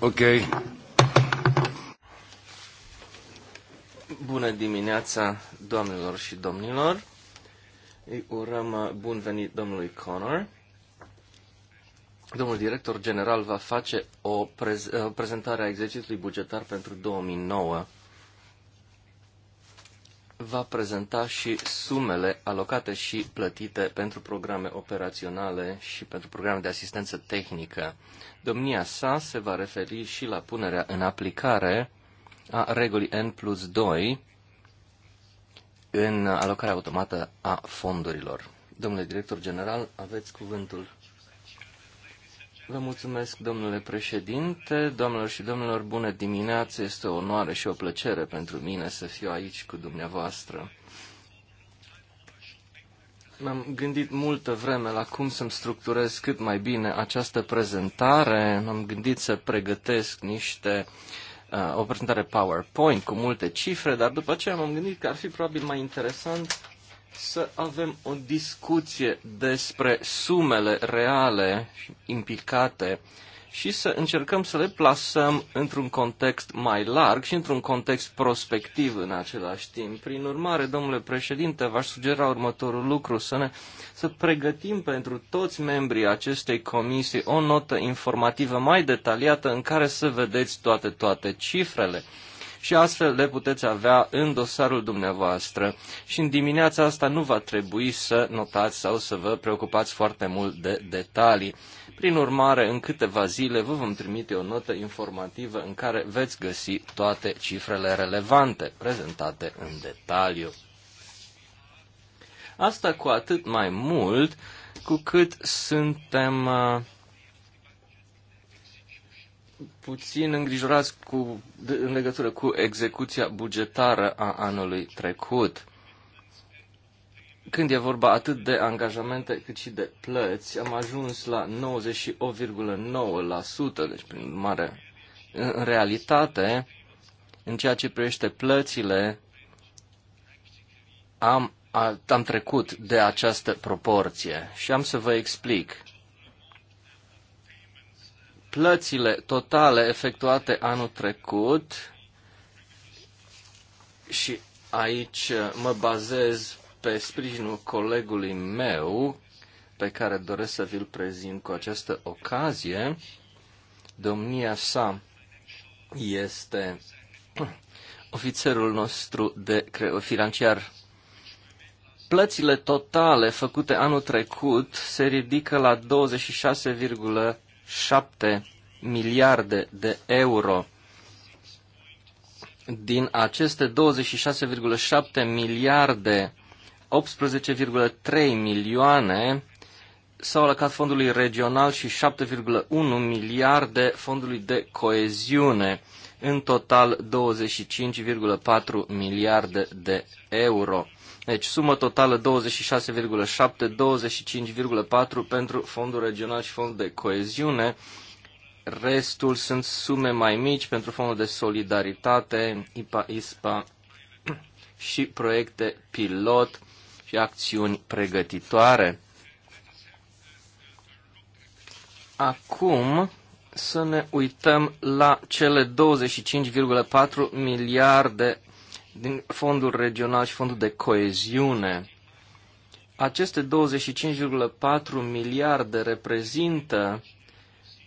Ok. Bună dimineața, doamnelor și domnilor. Îi urăm uh, bun venit domnului Connor. Domnul director general va face o, prez- o uh, prezentare a exercițiului bugetar pentru 2009 va prezenta și sumele alocate și plătite pentru programe operaționale și pentru programe de asistență tehnică. Domnia sa se va referi și la punerea în aplicare a regulii N plus 2 în alocarea automată a fondurilor. Domnule director general, aveți cuvântul. Vă mulțumesc, domnule președinte, doamnelor și domnilor, bună dimineață, este o onoare și o plăcere pentru mine să fiu aici cu dumneavoastră. M-am gândit multă vreme la cum să-mi structurez cât mai bine această prezentare, am gândit să pregătesc niște uh, o prezentare PowerPoint cu multe cifre, dar după aceea m-am gândit că ar fi probabil mai interesant să avem o discuție despre sumele reale implicate și să încercăm să le plasăm într-un context mai larg și într-un context prospectiv în același timp. Prin urmare, domnule președinte, v-aș sugera următorul lucru, să ne să pregătim pentru toți membrii acestei comisii o notă informativă mai detaliată în care să vedeți toate, toate cifrele și astfel le puteți avea în dosarul dumneavoastră. Și în dimineața asta nu va trebui să notați sau să vă preocupați foarte mult de detalii. Prin urmare, în câteva zile vă vom trimite o notă informativă în care veți găsi toate cifrele relevante prezentate în detaliu. Asta cu atât mai mult cu cât suntem uh, puțin îngrijorați cu, de, în legătură cu execuția bugetară a anului trecut. Când e vorba atât de angajamente cât și de plăți, am ajuns la 98,9%, deci prin urmare, în, în realitate, în ceea ce privește plățile, am, a, am trecut de această proporție și am să vă explic plățile totale efectuate anul trecut și aici mă bazez pe sprijinul colegului meu pe care doresc să vi-l prezint cu această ocazie. Domnia sa este ofițerul nostru de financiar. Plățile totale făcute anul trecut se ridică la 7 miliarde de euro. Din aceste 26,7 miliarde, 18,3 milioane s-au alocat fondului regional și 7,1 miliarde fondului de coeziune, în total 25,4 miliarde de euro. Deci, sumă totală 26,7, 25,4 pentru fondul regional și fondul de coeziune. Restul sunt sume mai mici pentru fondul de solidaritate, IPA, ISPA și proiecte pilot și acțiuni pregătitoare. Acum să ne uităm la cele 25,4 miliarde din fondul regional și fondul de coeziune. Aceste 25,4 miliarde reprezintă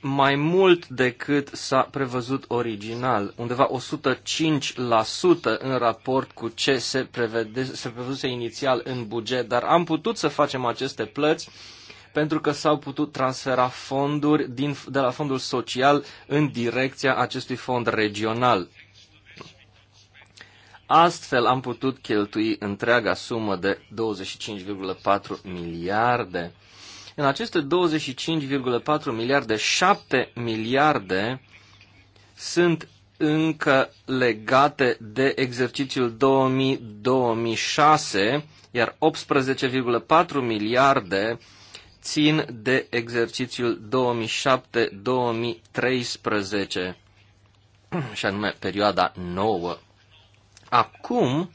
mai mult decât s-a prevăzut original, undeva 105% în raport cu ce se, prevede, se prevăzuse inițial în buget, dar am putut să facem aceste plăți pentru că s-au putut transfera fonduri din, de la fondul social în direcția acestui fond regional. Astfel am putut cheltui întreaga sumă de 25,4 miliarde. În aceste 25,4 miliarde, 7 miliarde sunt încă legate de exercițiul 2000-2006, iar 18,4 miliarde țin de exercițiul 2007-2013, și anume perioada nouă acum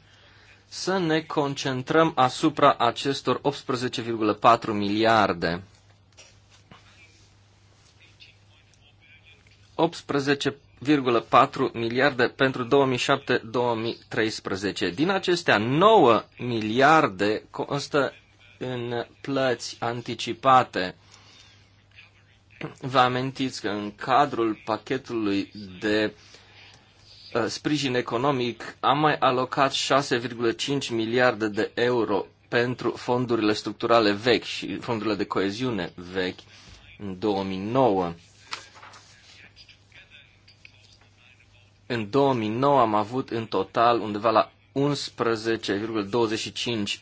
să ne concentrăm asupra acestor 18,4 miliarde. 18,4 miliarde pentru 2007-2013. Din acestea, 9 miliarde constă în plăți anticipate. Vă amintiți că în cadrul pachetului de uh, Uh, sprijin economic am mai alocat 6,5 miliarde de euro pentru fondurile structurale vechi și fondurile de coeziune vechi în 2009. În 2009 am avut în total undeva la 11,25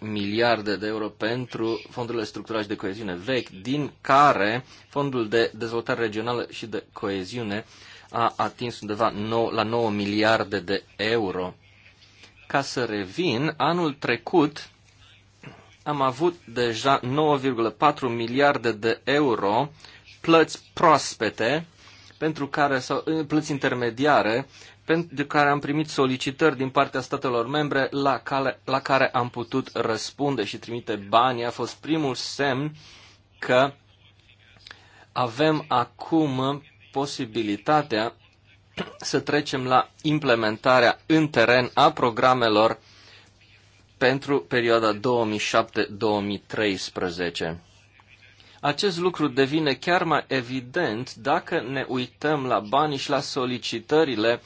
miliarde de euro pentru fondurile structurale și de coeziune vechi, din care fondul de dezvoltare regională și de coeziune a atins undeva la 9 miliarde de euro. Ca să revin, anul trecut am avut deja 9,4 miliarde de euro plăți proaspete pentru care, sau plăți intermediare pentru care am primit solicitări din partea statelor membre la care, la care am putut răspunde și trimite bani. A fost primul semn că avem acum posibilitatea să trecem la implementarea în teren a programelor pentru perioada 2007-2013. Acest lucru devine chiar mai evident dacă ne uităm la banii și la solicitările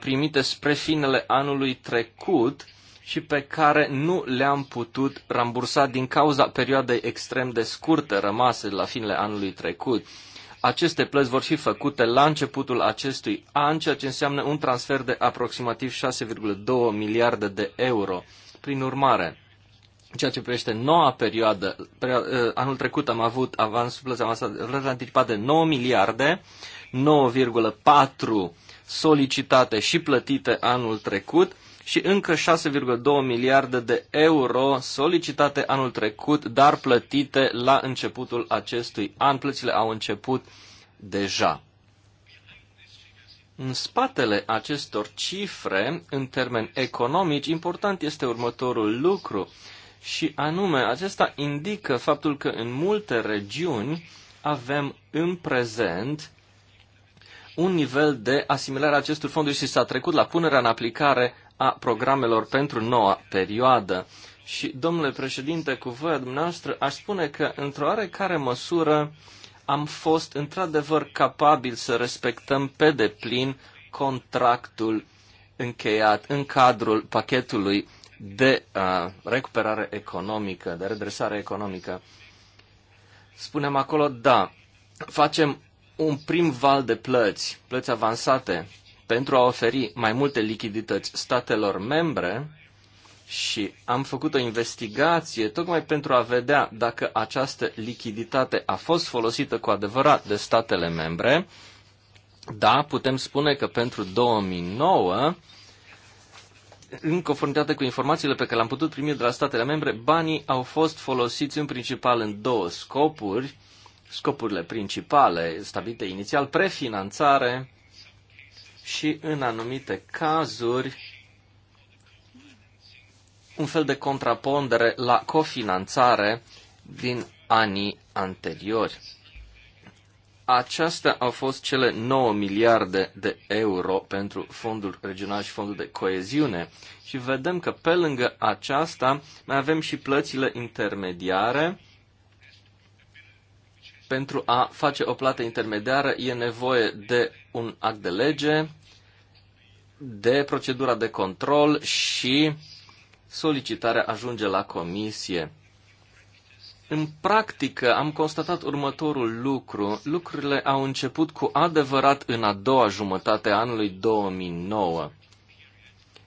primite spre finele anului trecut și pe care nu le-am putut rambursa din cauza perioadei extrem de scurte rămase la finele anului trecut. Aceste plăți vor fi făcute la începutul acestui an, ceea ce înseamnă un transfer de aproximativ 6,2 miliarde de euro. Prin urmare, ceea ce privește noua perioadă, ă, anul trecut am avut avans, plăți anticipat de 9 miliarde, 9,4 solicitate și plătite anul trecut, și încă 6,2 miliarde de euro solicitate anul trecut, dar plătite la începutul acestui an. Plățile au început deja. În spatele acestor cifre, în termeni economici, important este următorul lucru, și anume, acesta indică faptul că în multe regiuni avem în prezent un nivel de asimilare a acestor fonduri și s-a trecut la punerea în aplicare a programelor pentru noua perioadă. Și, domnule președinte, cu voia dumneavoastră, aș spune că, într-o oarecare măsură, am fost într-adevăr capabili să respectăm pe deplin contractul încheiat în cadrul pachetului de uh, recuperare economică, de redresare economică. Spunem acolo, da, facem un prim val de plăți, plăți avansate, pentru a oferi mai multe lichidități statelor membre și am făcut o investigație tocmai pentru a vedea dacă această lichiditate a fost folosită cu adevărat de statele membre. Da, putem spune că pentru 2009 în conformitate cu informațiile pe care le-am putut primi de la statele membre, banii au fost folosiți în principal în două scopuri. Scopurile principale stabilite inițial, prefinanțare și în anumite cazuri un fel de contrapondere la cofinanțare din anii anteriori. Aceasta au fost cele 9 miliarde de euro pentru fondul regional și fondul de coeziune. Și vedem că pe lângă aceasta mai avem și plățile intermediare pentru a face o plată intermediară e nevoie de un act de lege, de procedura de control și solicitarea ajunge la comisie. În practică am constatat următorul lucru. Lucrurile au început cu adevărat în a doua jumătate a anului 2009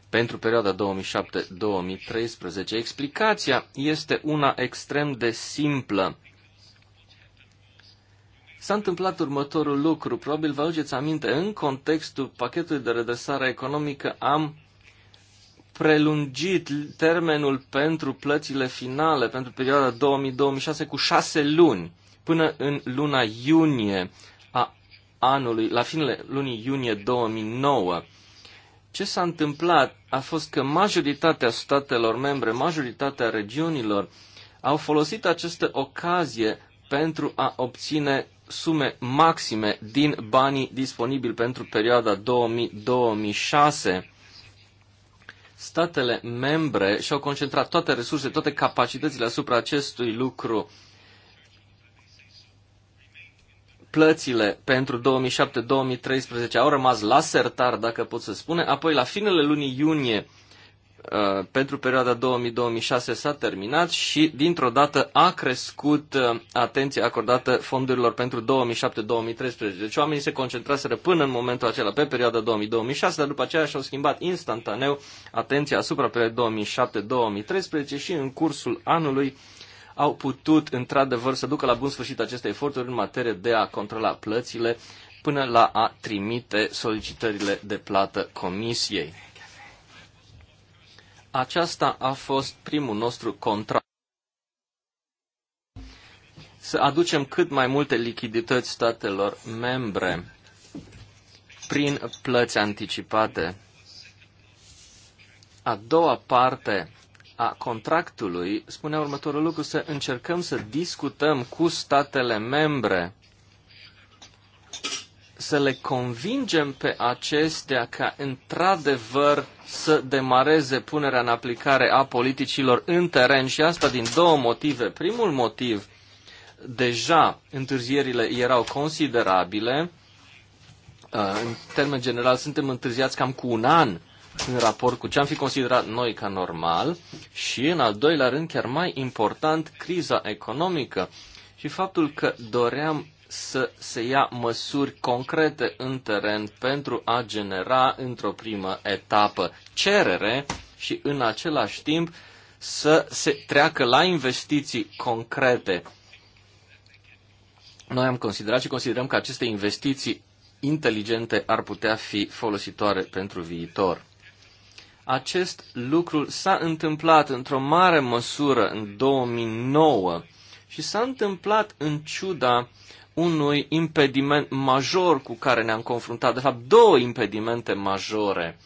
pentru perioada 2007-2013. Explicația este una extrem de simplă. S-a întâmplat următorul lucru. Probabil vă aduceți aminte, în contextul pachetului de redresare economică am prelungit termenul pentru plățile finale, pentru perioada 2000-2006, cu șase luni, până în luna iunie a anului, la finele lunii iunie 2009. Ce s-a întâmplat a fost că majoritatea statelor membre, majoritatea regiunilor, au folosit această ocazie pentru a obține sume maxime din banii disponibili pentru perioada 2000-2006 statele membre și-au concentrat toate resursele, toate capacitățile asupra acestui lucru. Plățile pentru 2007-2013 au rămas la sertar, dacă pot să spune, apoi la finele lunii iunie Uh, pentru perioada 2000-2006 s-a terminat și dintr-o dată a crescut uh, atenția acordată fondurilor pentru 2007-2013. Deci oamenii se concentraseră până în momentul acela pe perioada 2000-2006, dar după aceea și-au schimbat instantaneu atenția asupra perioadei 2007-2013 și în cursul anului au putut într-adevăr să ducă la bun sfârșit aceste eforturi în materie de a controla plățile până la a trimite solicitările de plată comisiei. Aceasta a fost primul nostru contract. Să aducem cât mai multe lichidități statelor membre prin plăți anticipate. A doua parte a contractului spunea următorul lucru, să încercăm să discutăm cu statele membre să le convingem pe acestea ca într-adevăr să demareze punerea în aplicare a politicilor în teren și asta din două motive. Primul motiv, deja întârzierile erau considerabile, uh, în termen general suntem întârziați cam cu un an în raport cu ce am fi considerat noi ca normal și, în al doilea rând, chiar mai important, criza economică și faptul că doream să se ia măsuri concrete în teren pentru a genera într-o primă etapă cerere și în același timp să se treacă la investiții concrete. Noi am considerat și considerăm că aceste investiții inteligente ar putea fi folositoare pentru viitor. Acest lucru s-a întâmplat într-o mare măsură în 2009 și s-a întâmplat în ciuda unui impediment major cu care ne-am confruntat, de fapt două impedimente majore.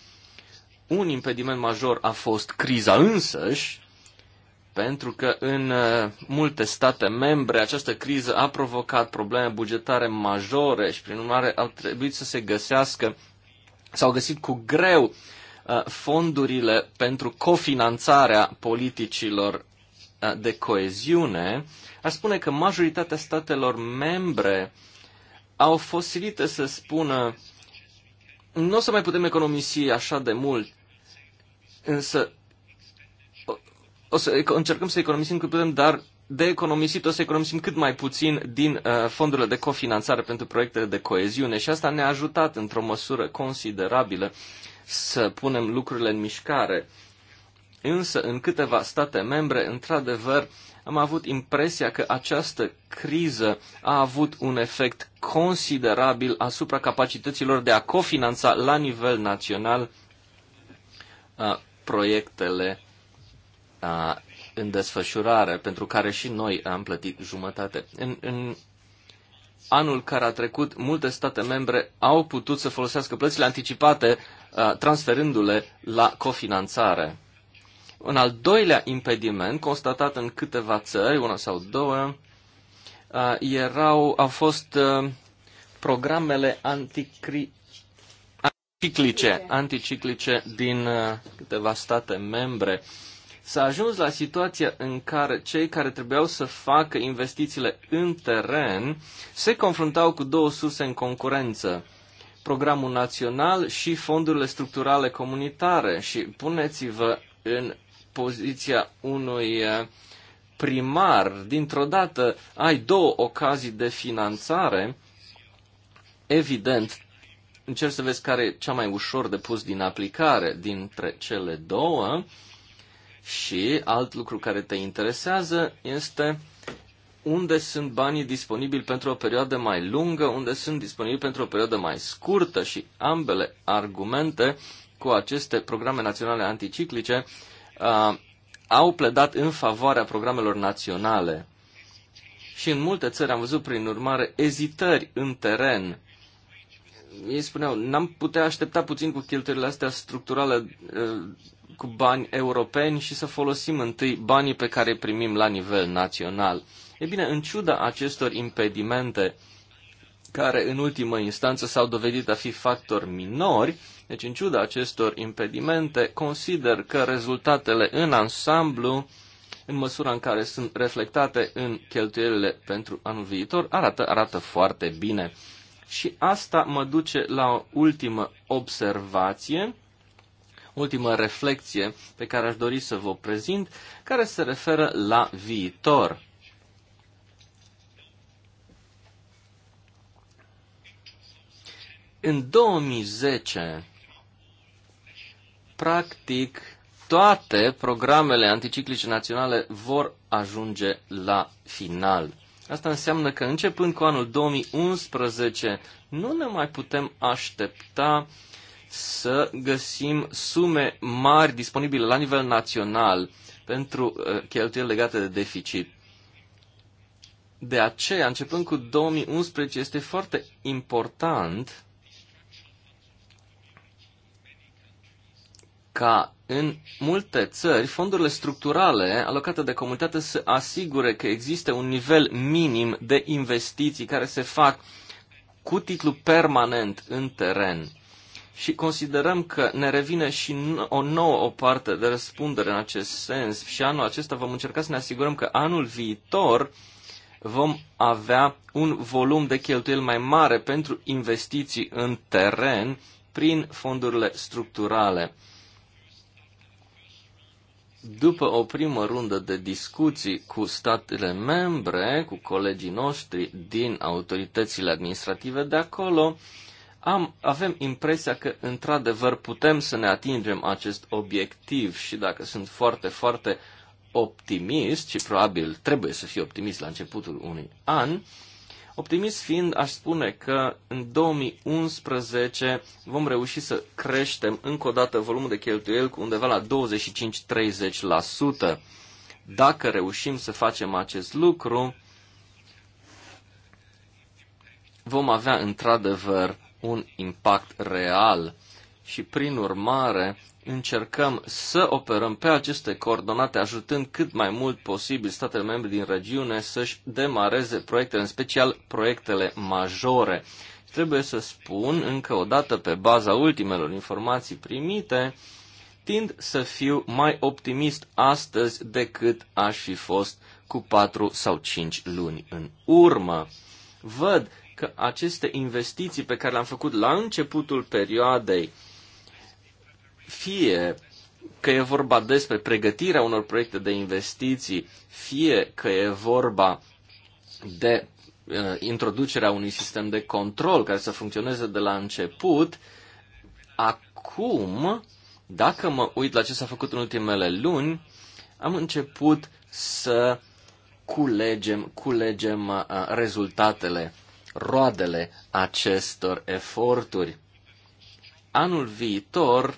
Un impediment major a fost criza însăși, pentru că în uh, multe state membre această criză a provocat probleme bugetare majore și prin urmare au trebuit să se găsească, s-au găsit cu greu uh, fondurile pentru cofinanțarea politicilor de coeziune, aș spune că majoritatea statelor membre au fost silite să spună nu o să mai putem economisi așa de mult, însă o, o să încercăm să economisim cât putem, dar de economisit o să economisim cât mai puțin din uh, fondurile de cofinanțare pentru proiectele de coeziune și asta ne-a ajutat într-o măsură considerabilă să punem lucrurile în mișcare. Uh, Însă, în câteva state membre, într-adevăr, am avut impresia că această criză a avut un efect considerabil asupra capacităților de a cofinanța la nivel național a, proiectele a, în desfășurare, pentru care și noi am plătit jumătate. În, în anul care a trecut, multe state membre au putut să folosească plățile anticipate, transferându-le la cofinanțare. Un al doilea impediment, constatat în câteva țări, una sau două, uh, erau, au fost uh, programele anticri, anticiclice, anticiclice din uh, câteva state membre. S-a ajuns la situația în care cei care trebuiau să facă investițiile în teren se confruntau cu două surse în concurență, programul național și fondurile structurale comunitare. Și puneți-vă în poziția unui eh, primar, dintr-o dată ai două ocazii de finanțare, evident, încerci să vezi care e cea mai ușor de pus din aplicare dintre cele două și alt lucru care te interesează este unde sunt banii disponibili pentru o perioadă mai lungă, unde sunt disponibili pentru o perioadă mai scurtă și ambele argumente cu aceste programe naționale anticiclice Uh, au pledat în favoarea programelor naționale. Și în multe țări am văzut, prin urmare, ezitări în teren. Ei spuneau, n-am putea aștepta puțin cu cheltuielile astea structurale uh, cu bani europeni și să folosim întâi banii pe care îi primim la nivel național. E bine, în ciuda acestor impedimente, care în ultimă instanță s-au dovedit a fi factori minori, deci, în ciuda acestor impedimente, consider că rezultatele în ansamblu, în măsura în care sunt reflectate în cheltuielile pentru anul viitor, arată, arată foarte bine. Și asta mă duce la o ultimă observație, ultimă reflexie pe care aș dori să vă prezint, care se referă la viitor. În 2010 practic, toate programele anticiclice naționale vor ajunge la final. Asta înseamnă că începând cu anul 2011 nu ne mai putem aștepta să găsim sume mari disponibile la nivel național pentru uh, cheltuieli legate de deficit. De aceea, începând cu 2011, este foarte important ca în multe țări fondurile structurale alocate de comunitate să asigure că există un nivel minim de investiții care se fac cu titlu permanent în teren. Și considerăm că ne revine și o nouă o parte de răspundere în acest sens și anul acesta vom încerca să ne asigurăm că anul viitor vom avea un volum de cheltuieli mai mare pentru investiții în teren prin fondurile structurale după o primă rundă de discuții cu statele membre, cu colegii noștri din autoritățile administrative de acolo, am, avem impresia că, într-adevăr, putem să ne atingem acest obiectiv și dacă sunt foarte, foarte optimist, și probabil trebuie să fii optimist la începutul unui an, Optimist fiind, aș spune că în 2011 vom reuși să creștem încă o dată volumul de cheltuieli cu undeva la 25-30%. Dacă reușim să facem acest lucru, vom avea într-adevăr un impact real și, prin urmare, încercăm să operăm pe aceste coordonate, ajutând cât mai mult posibil statele membre din regiune să-și demareze proiectele, în special proiectele majore. Trebuie să spun încă o dată, pe baza ultimelor informații primite, tind să fiu mai optimist astăzi decât aș fi fost cu 4 sau 5 luni în urmă. Văd că aceste investiții pe care le-am făcut la începutul perioadei, fie că e vorba despre pregătirea unor proiecte de investiții, fie că e vorba de uh, introducerea unui sistem de control care să funcționeze de la început, acum, dacă mă uit la ce s-a făcut în ultimele luni, am început să culegem, culegem uh, rezultatele, roadele acestor eforturi. Anul viitor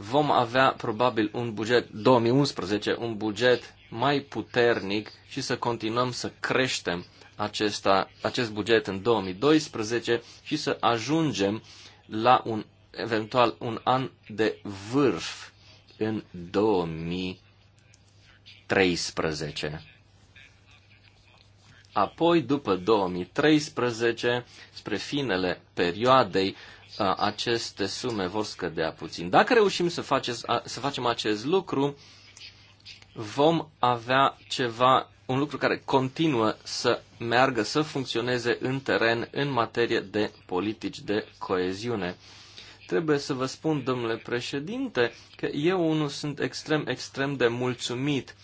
vom avea probabil un buget 2011, un buget mai puternic și să continuăm să creștem acesta, acest buget în 2012 și să ajungem la un eventual un an de vârf în 2013. Apoi, după 2013, spre finele perioadei, aceste sume vor scădea puțin. Dacă reușim să, faceți, să facem acest lucru, vom avea ceva, un lucru care continuă să meargă, să funcționeze în teren în materie de politici de coeziune. Trebuie să vă spun, domnule președinte, că eu unul sunt extrem, extrem de mulțumit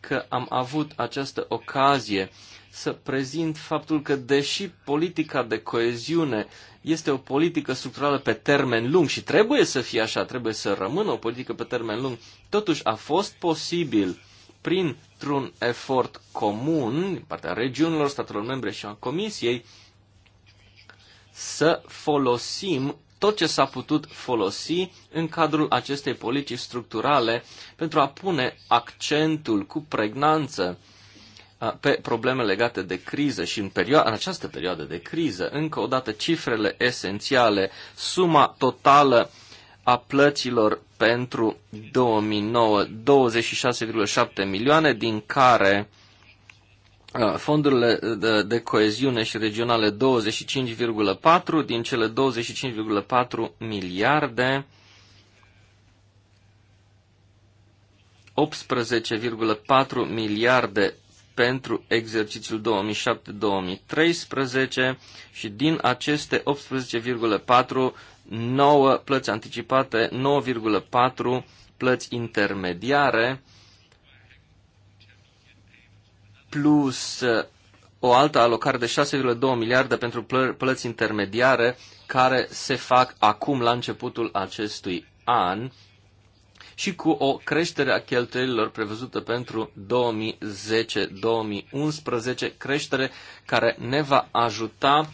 că am avut această ocazie să prezint faptul că, deși politica de coeziune este o politică structurală pe termen lung și trebuie să fie așa, trebuie să rămână o politică pe termen lung, totuși a fost posibil printr-un efort comun din partea regiunilor, statelor membre și a Comisiei să folosim tot ce s-a putut folosi în cadrul acestei politici structurale pentru a pune accentul cu pregnanță pe probleme legate de criză și în, perioada, în această perioadă de criză, încă o dată cifrele esențiale, suma totală a plăților pentru 2009, 26,7 milioane, din care fondurile de, de coeziune și regionale 25,4, din cele 25,4 miliarde, 18,4 miliarde pentru exercițiul 2007-2013 și din aceste 18,4, 9 plăți anticipate, 9,4 plăți intermediare, plus uh, o altă alocare de 6,2 miliarde pentru plăți intermediare care se fac acum la începutul acestui an și cu o creștere a cheltuielilor prevăzută pentru 2010-2011, creștere care ne va ajuta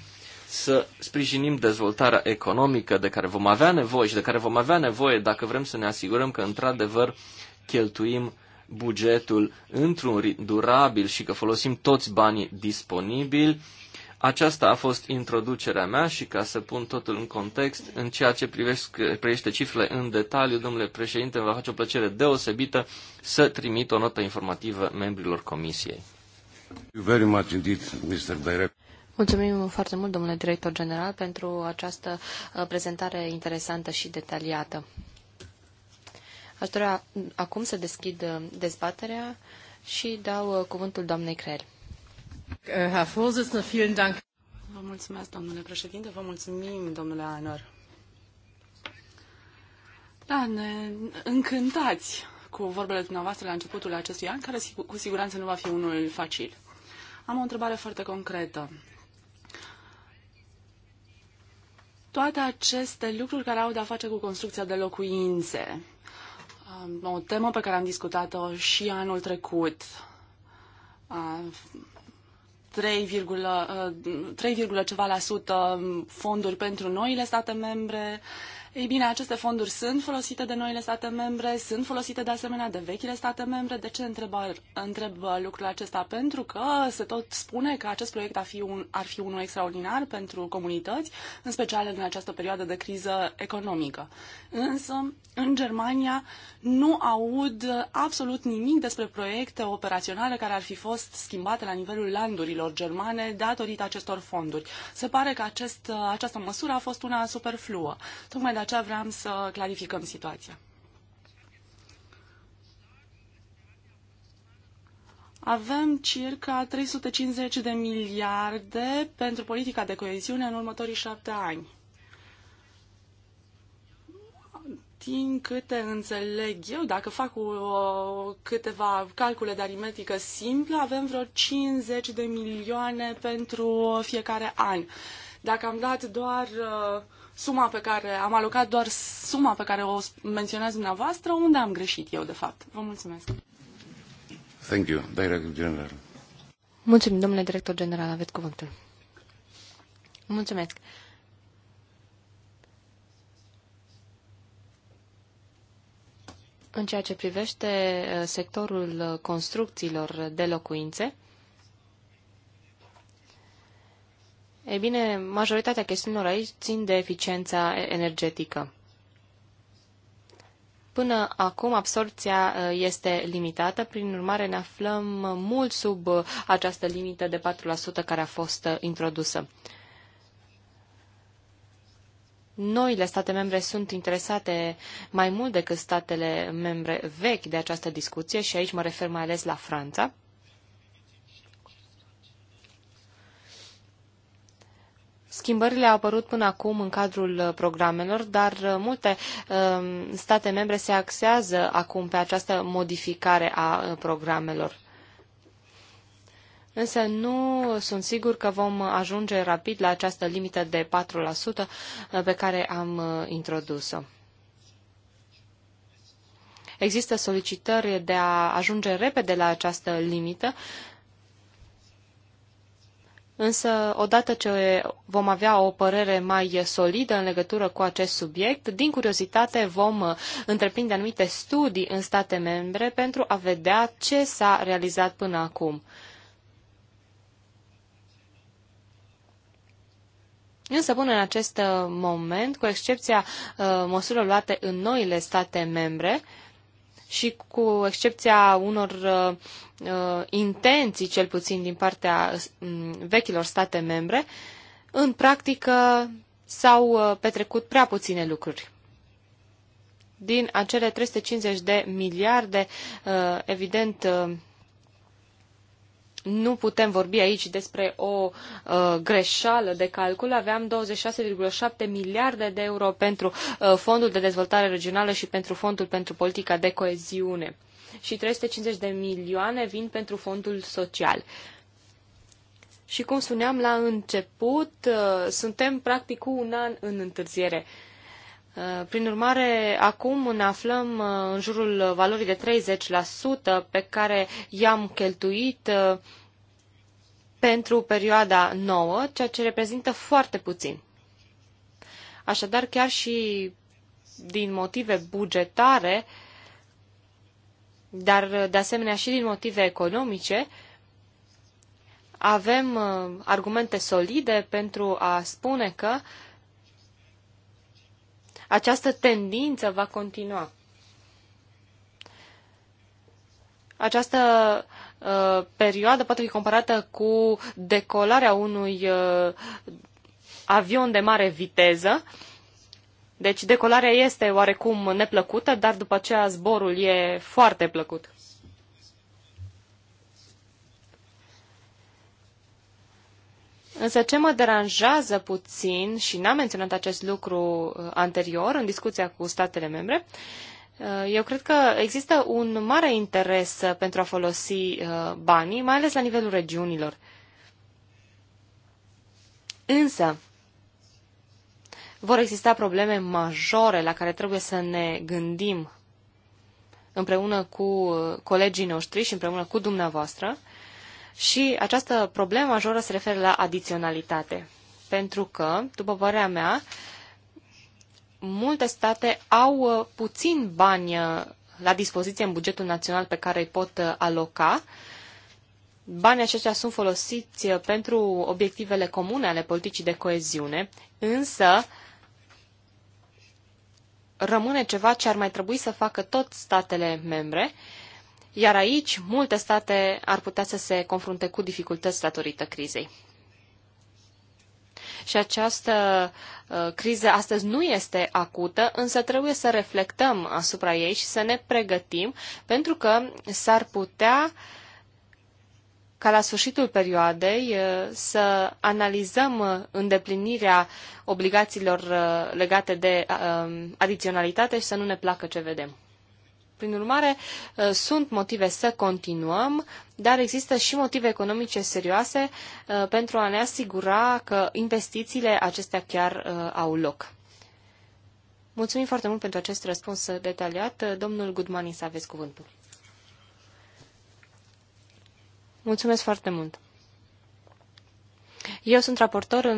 să sprijinim dezvoltarea economică de care vom avea nevoie și de care vom avea nevoie dacă vrem să ne asigurăm că într-adevăr cheltuim bugetul într-un ritm durabil și că folosim toți banii disponibili aceasta a fost introducerea mea și ca să pun totul în context, în ceea ce privește cifrele în detaliu, domnule președinte, va face o plăcere deosebită să trimit o notă informativă membrilor comisiei. Mulțumim foarte mult, domnule director general, pentru această uh, prezentare interesantă și detaliată. Aș dori acum să deschid uh, dezbaterea și dau uh, cuvântul doamnei Creel. Eh, Herr Vorsitzender, vielen Dank. Vă mulțumesc, domnule președinte, vă mulțumim, domnule Anor. Da, ne încântați cu vorbele dumneavoastră la începutul acestui an, care cu siguranță nu va fi unul facil. Am o întrebare foarte concretă. Toate aceste lucruri care au de-a face cu construcția de locuințe, um, o temă pe care am discutat-o și anul trecut, uh, 3, 3, uh, ceva la sută fonduri pentru noile state membre, ei bine, aceste fonduri sunt folosite de noile state membre, sunt folosite de asemenea de vechile state membre. De ce întreb, întreb lucrul acesta? Pentru că se tot spune că acest proiect ar fi, un, ar fi unul extraordinar pentru comunități, în special în această perioadă de criză economică. Însă, în Germania nu aud absolut nimic despre proiecte operaționale care ar fi fost schimbate la nivelul landurilor germane datorită acestor fonduri. Se pare că acest, această măsură a fost una superfluă. Tocmai de aceea vreau să clarificăm situația. Avem circa 350 de miliarde pentru politica de coeziune în următorii șapte ani. Din câte înțeleg eu, dacă fac o, câteva calcule de aritmetică simplă, avem vreo 50 de milioane pentru fiecare an. Dacă am dat doar uh, suma pe care am alocat doar suma pe care o menționați dumneavoastră, unde am greșit eu, de fapt. Vă mulțumesc. Thank you, Director General. Mulțumim, domnule Director General, aveți cuvântul. Mulțumesc. În ceea ce privește uh, sectorul uh, construcțiilor de locuințe, Ei bine, majoritatea chestiunilor aici țin de eficiența energetică. Până acum absorpția uh, este limitată, prin urmare ne aflăm mult sub uh, această limită de 4% care a fost uh, introdusă. Noile state membre sunt interesate mai mult decât statele membre vechi de această discuție și aici mă refer mai ales la Franța. Schimbările au apărut până acum în cadrul uh, programelor, dar uh, multe um, state membre se axează acum pe această modificare a uh, programelor însă nu sunt sigur că vom ajunge rapid la această limită de 4% pe care am introdus-o. Există solicitări de a ajunge repede la această limită Însă, odată ce vom avea o părere mai solidă în legătură cu acest subiect, din curiozitate vom uh, întreprinde anumite studii în state membre pentru a vedea ce s-a realizat până acum. Însă, până în acest uh, moment, cu excepția uh, măsurilor luate în noile state membre, uh, și cu excepția unor uh, uh, intenții, cel puțin din partea mm, vechilor state membre, în practică s-au uh, petrecut prea puține lucruri. Din acele 350 de miliarde, uh, evident, nu putem vorbi aici despre o uh, greșeală de calcul. Aveam 26,7 miliarde de euro pentru uh, Fondul de Dezvoltare Regională și pentru Fondul pentru Politica de Coeziune și 350 de milioane vin pentru Fondul Social. Și cum spuneam la început, uh, suntem practic cu un an în întârziere. Uh, Uh, prin urmare, acum ne aflăm uh, în jurul valorii de 30% pe care i-am cheltuit uh, pentru perioada nouă, ceea ce reprezintă foarte puțin. Așadar, chiar și din motive bugetare, dar de asemenea și din motive economice, avem argumente solide pentru a spune că uh, această tendință va continua. Această uh, perioadă poate fi comparată cu decolarea unui uh, avion de mare viteză. Deci decolarea este oarecum neplăcută, dar după aceea zborul e foarte plăcut. Însă ce mă deranjează puțin, și n-am menționat acest lucru uh, anterior în discuția cu statele membre, uh, eu cred că există un mare interes uh, pentru a folosi banii, mai ales la nivelul regiunilor. Însă, vor exista probleme majore la care trebuie să ne gândim împreună cu colegii noștri și împreună cu dumneavoastră, și această problemă majoră se referă la adiționalitate. Pentru că, după părerea mea, multe state au uh, puțin bani uh, la dispoziție în bugetul național pe care îi pot uh, aloca. Banii aceștia sunt folosiți pentru obiectivele comune ale politicii de coeziune, însă rămâne ceva ce ar mai trebui să facă tot statele membre iar aici multe state ar putea să se confrunte cu dificultăți datorită crizei. Și această uh, criză astăzi nu este acută, însă trebuie să reflectăm asupra ei și să ne pregătim, pentru că s-ar putea ca la sfârșitul perioadei uh, să analizăm îndeplinirea obligațiilor uh, legate de uh, adiționalitate și să nu ne placă ce vedem. Prin urmare, uh, sunt motive să continuăm, dar există și motive economice serioase uh, pentru a ne asigura că investițiile acestea chiar uh, au loc. Mulțumim foarte mult pentru acest răspuns detaliat. Domnul Gudmani, să aveți cuvântul. Mulțumesc foarte mult. Eu sunt raportor uh,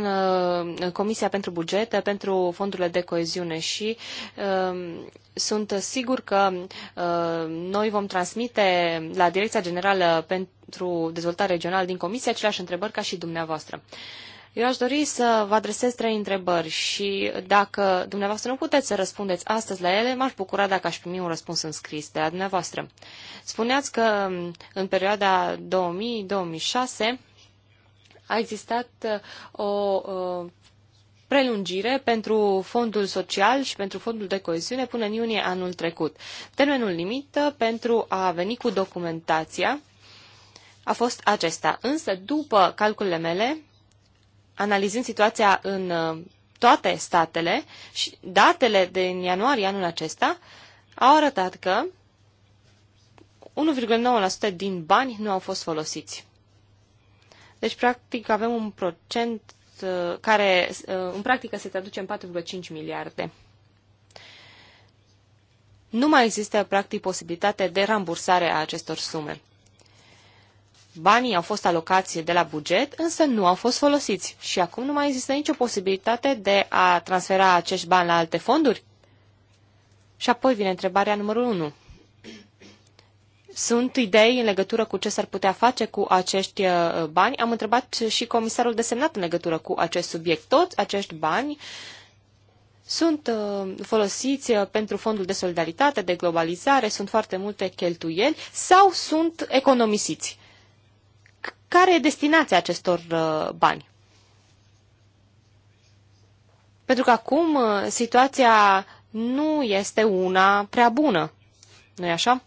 în Comisia pentru Bugete, pentru fondurile de coeziune și um, sunt sigur că uh, noi vom transmite la Direcția Generală pentru Dezvoltare Regională din Comisie aceleași întrebări ca și dumneavoastră. Eu aș dori să vă adresez trei întrebări și dacă dumneavoastră nu puteți să răspundeți astăzi la ele, m-aș bucura dacă aș primi un răspuns în scris de la dumneavoastră. Spuneați că um, în perioada 2000-2006 a existat uh, o uh, prelungire pentru fondul social și pentru fondul de coeziune până în iunie anul trecut. Termenul limită pentru a veni cu documentația a fost acesta. Însă, după calculele mele, analizând situația în uh, toate statele și datele din ianuarie anul acesta, au arătat că 1,9% din bani nu au fost folosiți. Deci, practic, avem un procent uh, care uh, în practică se traduce în 4,5 miliarde. Nu mai există, practic, posibilitate de rambursare a acestor sume. Banii au fost alocați de la buget, însă nu au fost folosiți și acum nu mai există nicio posibilitate de a transfera acești bani la alte fonduri? Și apoi vine întrebarea numărul 1 sunt idei în legătură cu ce s-ar putea face cu acești uh, bani. Am întrebat și comisarul desemnat în legătură cu acest subiect. Toți acești bani sunt uh, folosiți uh, pentru fondul de solidaritate, de globalizare, sunt foarte multe cheltuieli sau sunt economisiți. Care e destinația acestor bani? Pentru că acum situația nu este una prea bună. nu e așa?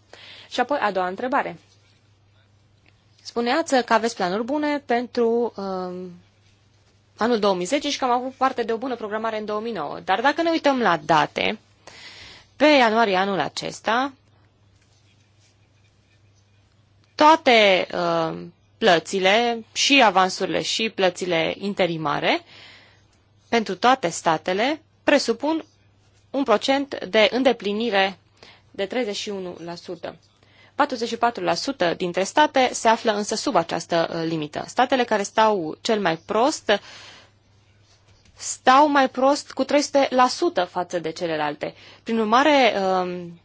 Și apoi a doua întrebare. Spuneați că aveți planuri bune pentru uh, anul 2010 și că am avut parte de o bună programare în 2009. Dar dacă ne uităm la date, pe ianuarie anul acesta, toate uh, plățile, și avansurile, și plățile interimare, pentru toate statele, presupun un procent de îndeplinire de 31%. 44% dintre state se află însă sub această uh, limită. Statele care stau cel mai prost stau mai prost cu 300% față de celelalte. Prin urmare, um,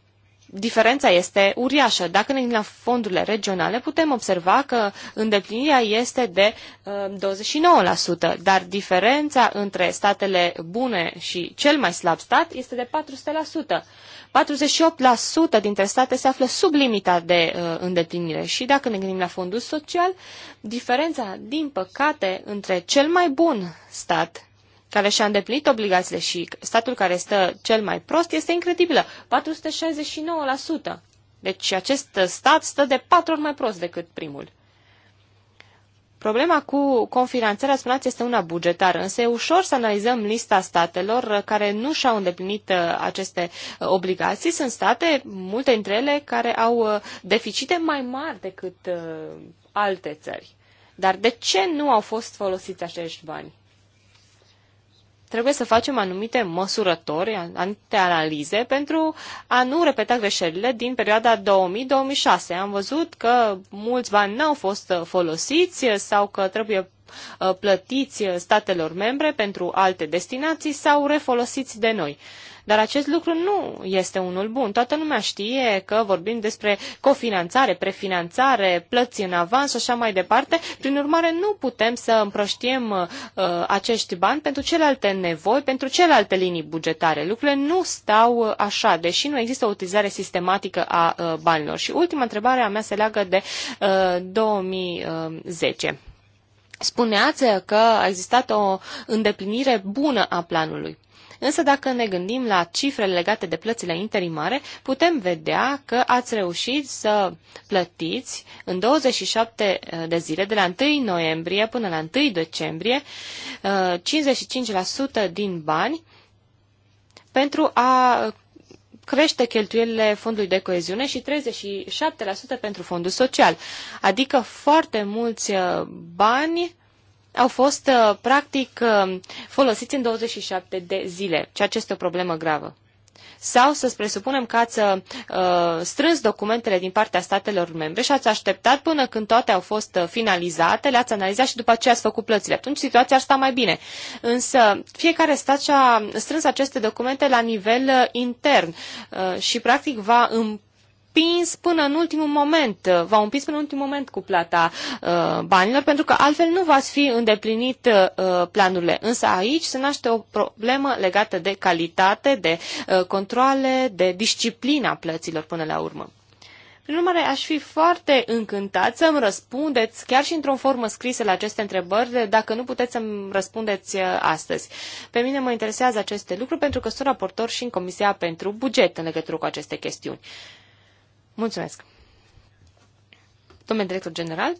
diferența este uriașă. Dacă ne gândim la fondurile regionale, putem observa că îndeplinirea este de 29%, uh, dar diferența între statele bune și cel mai slab stat este de 400%. 48% dintre state se află sub limita de uh, îndeplinire și dacă ne gândim la fondul social, diferența, din păcate, între cel mai bun stat care și-a îndeplinit obligațiile și statul care stă cel mai prost este incredibilă, 469%. Deci acest stat stă de patru ori mai prost decât primul. Problema cu confinanțarea, spuneați, este una bugetară, însă e ușor să analizăm lista statelor care nu și-au îndeplinit uh, aceste uh, obligații. Sunt state, multe dintre ele, care au uh, deficite mai mari decât alte țări. Dar de ce nu au fost folosiți acești bani? Trebuie să facem anumite măsurători, anumite analize pentru a nu repeta greșelile din perioada 2000-2006. Am văzut că mulți bani n-au fost uh, folosiți sau că trebuie uh, plătiți uh, statelor membre pentru alte destinații sau refolosiți de noi. Dar acest lucru nu este unul bun. Toată lumea știe că vorbim despre cofinanțare, prefinanțare, plăți în avans și așa mai departe. Prin urmare, nu putem să împrăștiem uh, acești bani pentru celelalte nevoi, pentru celelalte linii bugetare. Lucrurile nu stau uh, așa, deși nu există o utilizare sistematică a uh, banilor. Și ultima întrebare a mea se leagă de uh, 2010. Uh, Spuneați că a existat o îndeplinire bună a planului. Însă dacă ne gândim la cifrele legate de plățile interimare, putem vedea că ați reușit să plătiți în 27 uh, de zile, de la 1 noiembrie până la 1 decembrie, 55% uh, din bani pentru a crește cheltuielile fondului de coeziune și 37% pentru fondul social. Adică foarte mulți uh, bani au fost uh, practic uh, folosiți în 27 de zile, ceea ce este o problemă gravă. Sau să presupunem că ați uh, strâns documentele din partea statelor membre și ați așteptat până când toate au fost uh, finalizate, le-ați analizat și după aceea ați făcut plățile. Atunci situația ar sta mai bine. Însă fiecare stat și-a strâns aceste documente la nivel intern uh, și practic va împ- împins până în ultimul moment, uh, v-au împins până în ultimul moment cu plata uh, banilor, pentru că altfel nu v-ați fi îndeplinit uh, planurile. Însă aici se naște o problemă legată de calitate, de uh, controle, de disciplina plăților până la urmă. Prin urmare, aș fi foarte încântat să-mi răspundeți, chiar și într-o formă scrisă la aceste întrebări, dacă nu puteți să-mi răspundeți uh, astăzi. Pe mine mă interesează aceste lucruri pentru că sunt raportor și în Comisia pentru Buget în legătură cu aceste chestiuni. Mulțumesc. Domnule director general,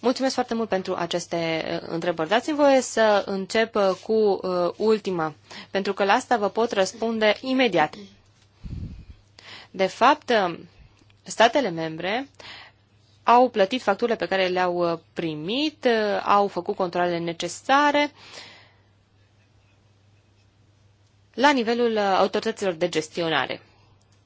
mulțumesc foarte mult pentru aceste uh, întrebări. Dați-mi voie să încep uh, cu uh, ultima, pentru că la asta vă pot răspunde imediat. De fapt, statele membre au plătit facturile pe care le-au primit, au făcut controlele necesare la nivelul autorităților de gestionare.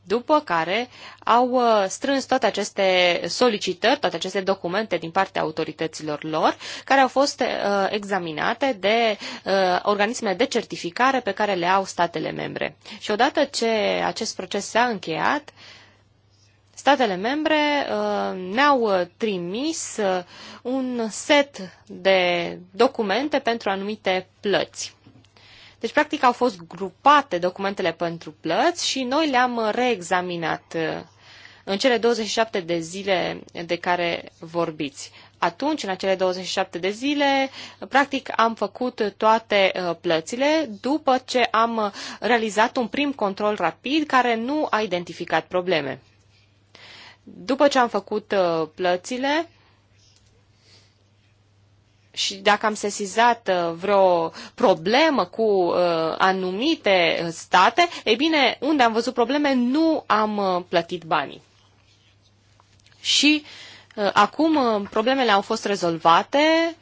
După care au uh, strâns toate aceste solicitări, toate aceste documente din partea autorităților lor, care au fost uh, examinate de uh, organismele de certificare pe care le au statele membre. Și odată ce acest proces s-a încheiat, statele membre ne-au trimis un set de documente pentru anumite plăți. Deci, practic, au fost grupate documentele pentru plăți și noi le-am reexaminat uh, în cele 27 de zile de care vorbiți. Atunci, în acele 27 de zile, practic am făcut toate uh, plățile după ce am realizat un prim control rapid care nu a identificat probleme. După ce am făcut uh, plățile, și dacă am sesizat uh, vreo problemă cu uh, anumite state, e bine, unde am văzut probleme, nu am uh, plătit banii. Și acum problemele au fost rezolvate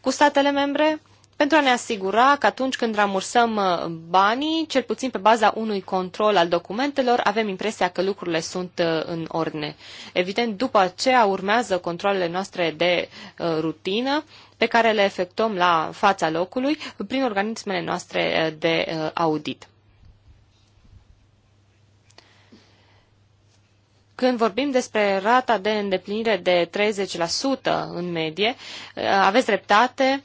cu statele membre pentru a ne asigura că atunci când ramursăm banii, cel puțin pe baza unui control al documentelor, avem impresia că lucrurile sunt în ordine. Evident, după aceea urmează controlele noastre de rutină pe care le efectuăm la fața locului prin organismele noastre eh, de eh, audit. Când vorbim despre rata de îndeplinire de 30% în medie, eh, aveți dreptate,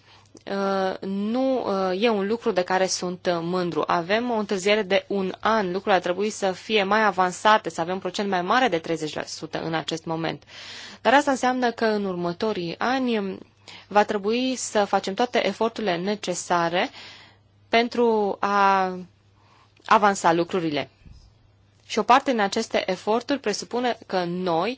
nu e un lucru de care sunt mândru. Avem o întârziere de un an. Lucrurile ar trebui să fie mai avansate, să avem un procent mai mare de 30% în acest moment. Dar asta înseamnă că în următorii ani Va trebui să facem toate eforturile necesare pentru a avansa lucrurile. Și o parte din aceste eforturi presupune că noi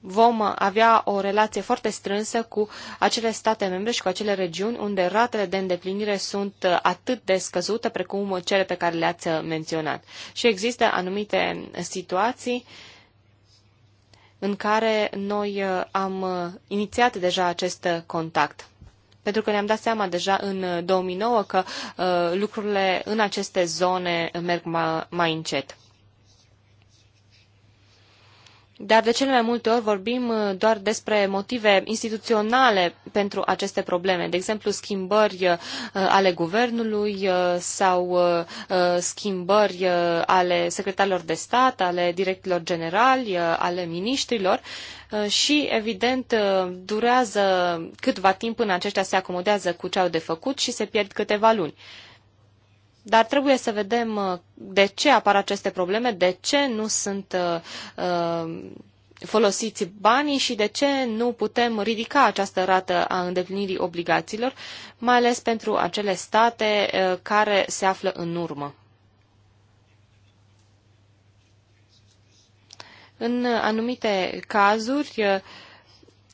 vom avea o relație foarte strânsă cu acele state membre și cu acele regiuni unde ratele de îndeplinire sunt atât de scăzute precum cele pe care le-ați menționat. Și există anumite situații uh, în care noi uh, am uh, inițiat deja acest uh, contact. Pentru că ne-am dat seama deja în 2009 că lucrurile în aceste zone merg mai încet. Dar de cele mai multe ori vorbim uh, doar despre motive instituționale pentru aceste probleme, de exemplu schimbări uh, ale guvernului uh, sau schimbări ale secretarilor de stat, ale directorilor generali, ale miniștrilor și, evident, durează câtva timp până aceștia se acomodează cu ce au de făcut și se pierd câteva luni. Dar trebuie să vedem uh, de ce apar aceste probleme, de ce nu sunt uh, uh, folosiți banii și de ce nu putem ridica această rată a îndeplinirii obligațiilor, mai ales pentru acele state care se află în urmă. În anumite cazuri,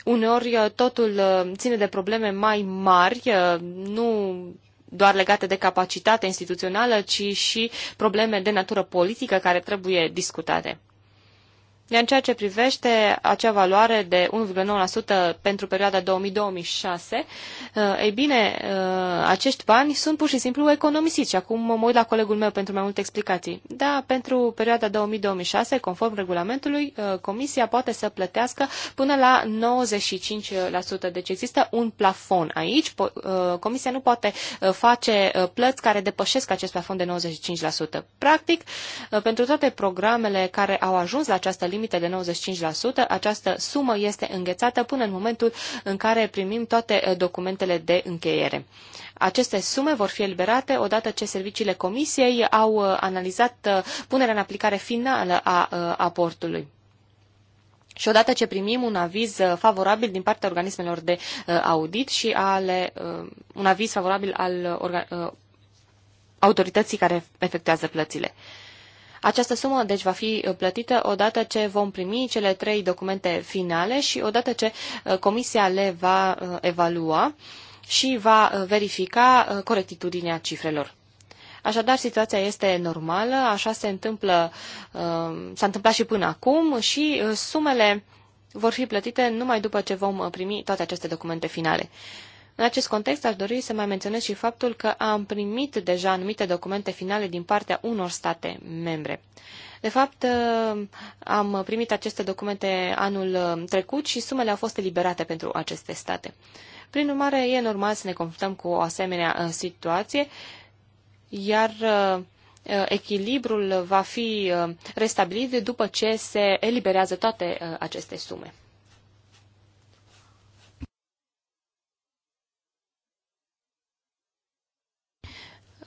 uneori totul ține de probleme mai mari, nu doar legate de capacitatea instituțională, ci și probleme de natură politică care trebuie discutate. Iar în ceea ce privește acea valoare de 1,9% pentru perioada 2000-2006, uh, ei bine, uh, acești bani sunt pur și simplu economisiți. Acum mă uit la colegul meu pentru mai multe explicații. Da, pentru perioada 2000-2006, conform regulamentului, uh, Comisia poate să plătească până la 95%. Deci există un plafon aici. Comisia nu poate face plăți care depășesc acest plafon de 95%. Practic, pentru toate programele care au ajuns la această limită, limită de 95%, această sumă este înghețată până în momentul în care primim toate eh, documentele de încheiere. Aceste sume vor fi eliberate odată ce serviciile comisiei au eh, analizat eh, punerea în aplicare finală a aportului. Și odată ce primim un aviz favorabil din partea organismelor de audit și ale, un aviz favorabil al autorității care efectuează plățile. Această sumă, deci, va fi uh, plătită odată ce vom primi cele trei documente finale și odată ce uh, comisia le va uh, evalua și va verifica corectitudinea cifrelor. Așadar, situația este normală, așa se întâmplă, s-a întâmplat și până acum și sumele vor fi plătite numai după ce vom primi toate aceste documente finale. În acest context, aș dori să mai menționez și faptul că am primit deja anumite documente finale din partea unor state membre. De fapt, uh, am primit aceste documente anul uh, trecut și sumele au fost eliberate pentru aceste state. Prin urmare, e normal să ne confruntăm cu o asemenea uh, situație, iar echilibrul va fi restabilit după ce se eliberează toate aceste sume.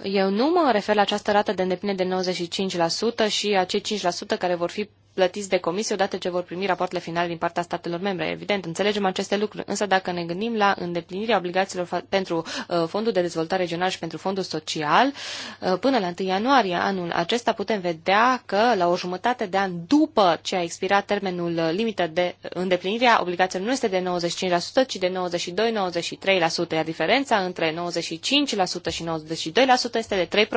Eu nu mă refer la această rată de îndeplinire de 95% și acei 5% care vor fi plătiți de comisie odată ce vor primi rapoartele finale din partea statelor membre. Evident, înțelegem aceste lucruri, însă dacă ne gândim la îndeplinirea obligațiilor pentru uh, Fondul de Dezvoltare Regional și pentru Fondul Social, uh, până la 1 ianuarie anul acesta putem vedea că la o jumătate de an după ce a expirat termenul uh, limită de îndeplinirea obligațiilor nu este de 95%, ci de 92-93%, iar diferența între 95% și 92% este de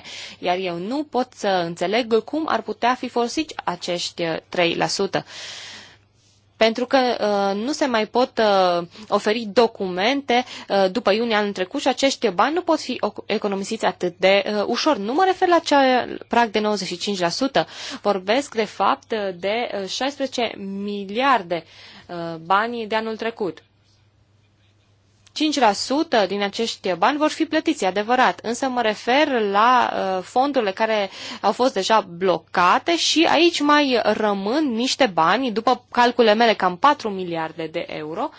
3%. Iar eu nu pot să înțeleg cum ar putea fi folosit acești acești 3%. Uh, Pentru că uh, nu se mai pot uh, oferi documente uh, după iunie anul trecut și acești bani nu pot fi economisiți atât de uh, ușor. Nu mă refer la cea prag de 95%, vorbesc de fapt de 16 uh, miliarde uh, bani de anul trecut. 5% din acești bani vor fi plătiți, adevărat, însă mă refer la uh, fondurile care au fost deja blocate și aici mai rămân niște bani, după calcule mele, cam 4 miliarde de euro.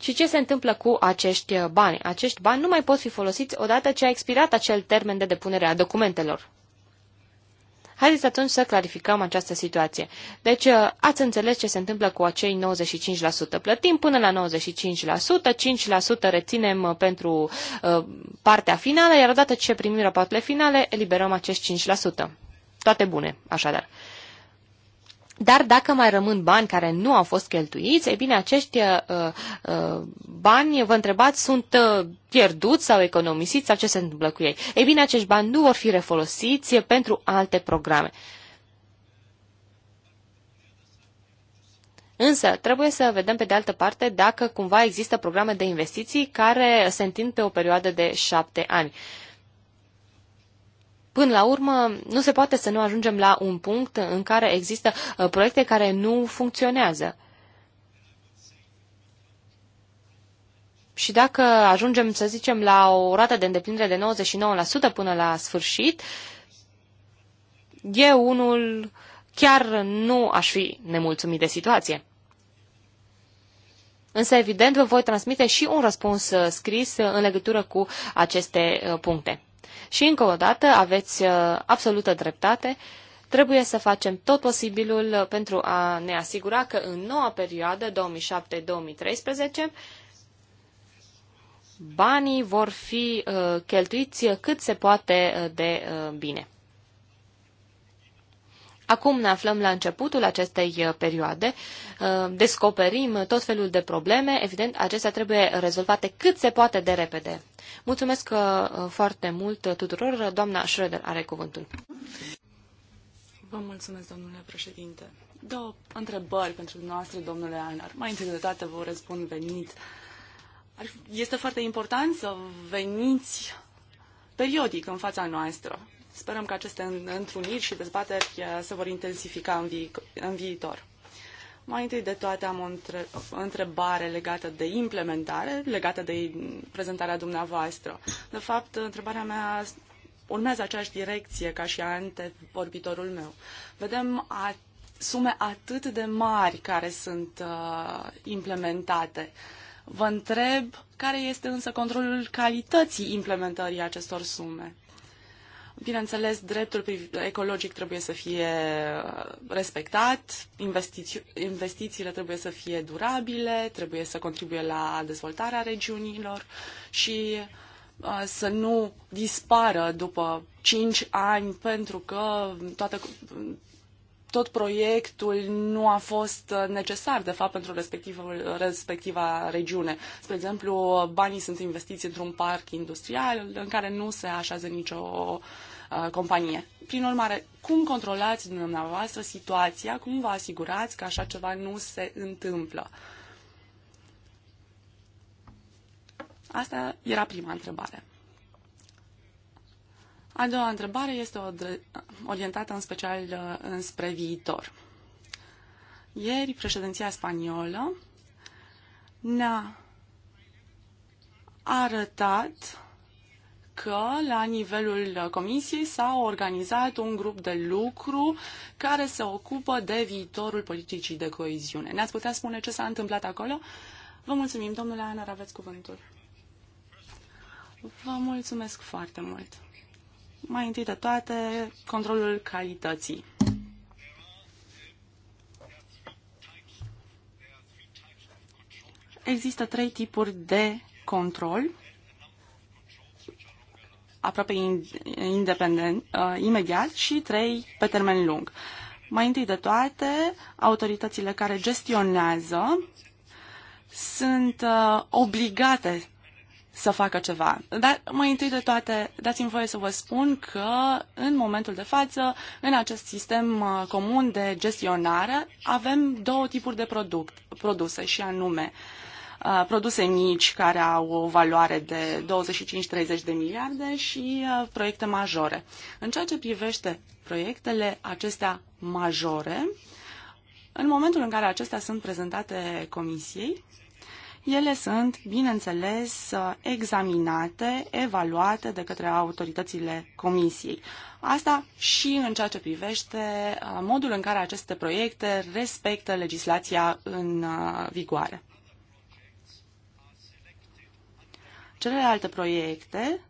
Și ce se întâmplă cu acești bani? Acești bani nu mai pot fi folosiți odată ce a expirat acel termen de depunere a documentelor. Haideți atunci să clarificăm această situație. Deci, uh, ați înțeles ce se întâmplă cu acei 95%. Plătim până la 95%, 5% reținem uh, pentru uh, partea finală, iar odată ce primim rapoartele finale, eliberăm acești 5%. Toate bune, așadar. Dar dacă mai rămân bani care nu au fost cheltuiți, e bine, acești uh, uh, bani, vă întrebați, sunt uh, pierduți sau economisiți sau ce se întâmplă cu ei? Ei bine, acești bani nu vor fi refolosiți pentru alte programe. Însă, trebuie să vedem pe de altă parte dacă cumva există programe de investiții care se întind pe o perioadă de șapte ani. Uh, Până la urmă, nu se poate să nu ajungem la un punct în care există uh, proiecte care nu funcționează. Și dacă ajungem, să zicem, la o rată de îndeplinire de 99% până la sfârșit, eu unul chiar nu aș fi nemulțumit de situație. Însă, evident, vă voi transmite și un răspuns uh, scris uh, în legătură cu aceste puncte. Și încă o dată, aveți uh, absolută dreptate, trebuie să facem tot posibilul uh, pentru a ne asigura că în noua perioadă, 2007-2013, banii vor fi uh, cheltuiți cât se poate uh, de bine. Acum ne aflăm la începutul acestei uh, perioade, uh, descoperim tot felul de probleme, evident, acestea trebuie rezolvate cât se poate de repede. Mulțumesc uh, foarte mult tuturor, doamna Schroeder are cuvântul. Vă mulțumesc, domnule președinte. Două întrebări pentru dumneavoastră, domnule Anar. Mai întâi de toate vă răspund venit. Este foarte important să veniți periodic în fața noastră Sperăm că aceste întruniri și dezbateri uh, se vor intensifica în, vi- în viitor. Mai întâi de toate am o între- întrebare legată de implementare, legată de prezentarea dumneavoastră. De fapt, întrebarea mea urmează aceeași direcție ca și antevorbitorul meu. Vedem a- sume atât de mari care sunt uh, implementate. Vă întreb care este însă controlul calității implementării acestor sume. Bineînțeles, dreptul ecologic trebuie să fie respectat, investiți- investițiile trebuie să fie durabile, trebuie să contribuie la dezvoltarea regiunilor și uh, să nu dispară după 5 ani pentru că toată, tot proiectul nu a fost necesar, de fapt, pentru respectiva respectiva regiune. Spre exemplu, banii sunt investiți într-un parc industrial în care nu se așează nicio uh, companie. Prin urmare, cum controlați dumneavoastră situația, cum vă asigurați că așa ceva nu se întâmplă? Asta era prima întrebare. A doua întrebare este orientată în special uh, înspre viitor. Ieri, președinția spaniolă ne-a arătat că la nivelul uh, comisiei s-a organizat un grup de lucru care se ocupă de viitorul politicii de coeziune. Ne-ați putea spune ce s-a întâmplat acolo? Vă mulțumim, domnule Anar, aveți cuvântul. Vă mulțumesc foarte mult. Mai întâi de toate, controlul calității. Există trei tipuri de control aproape independent, uh, imediat și trei pe termen lung. Mai întâi de toate, autoritățile care gestionează sunt uh, obligate să facă ceva. Dar mai întâi de toate, dați-mi voie să vă spun că în momentul de față, în acest sistem uh, comun de gestionare, avem două tipuri de product, produse și anume uh, produse mici care au o valoare de 25-30 de miliarde și uh, proiecte majore. În ceea ce privește proiectele acestea majore, în momentul în care acestea sunt prezentate comisiei, ele sunt, bineînțeles, examinate, evaluate de către autoritățile comisiei. Asta și în ceea ce privește uh, modul în care aceste proiecte respectă legislația în uh, vigoare. Celelalte proiecte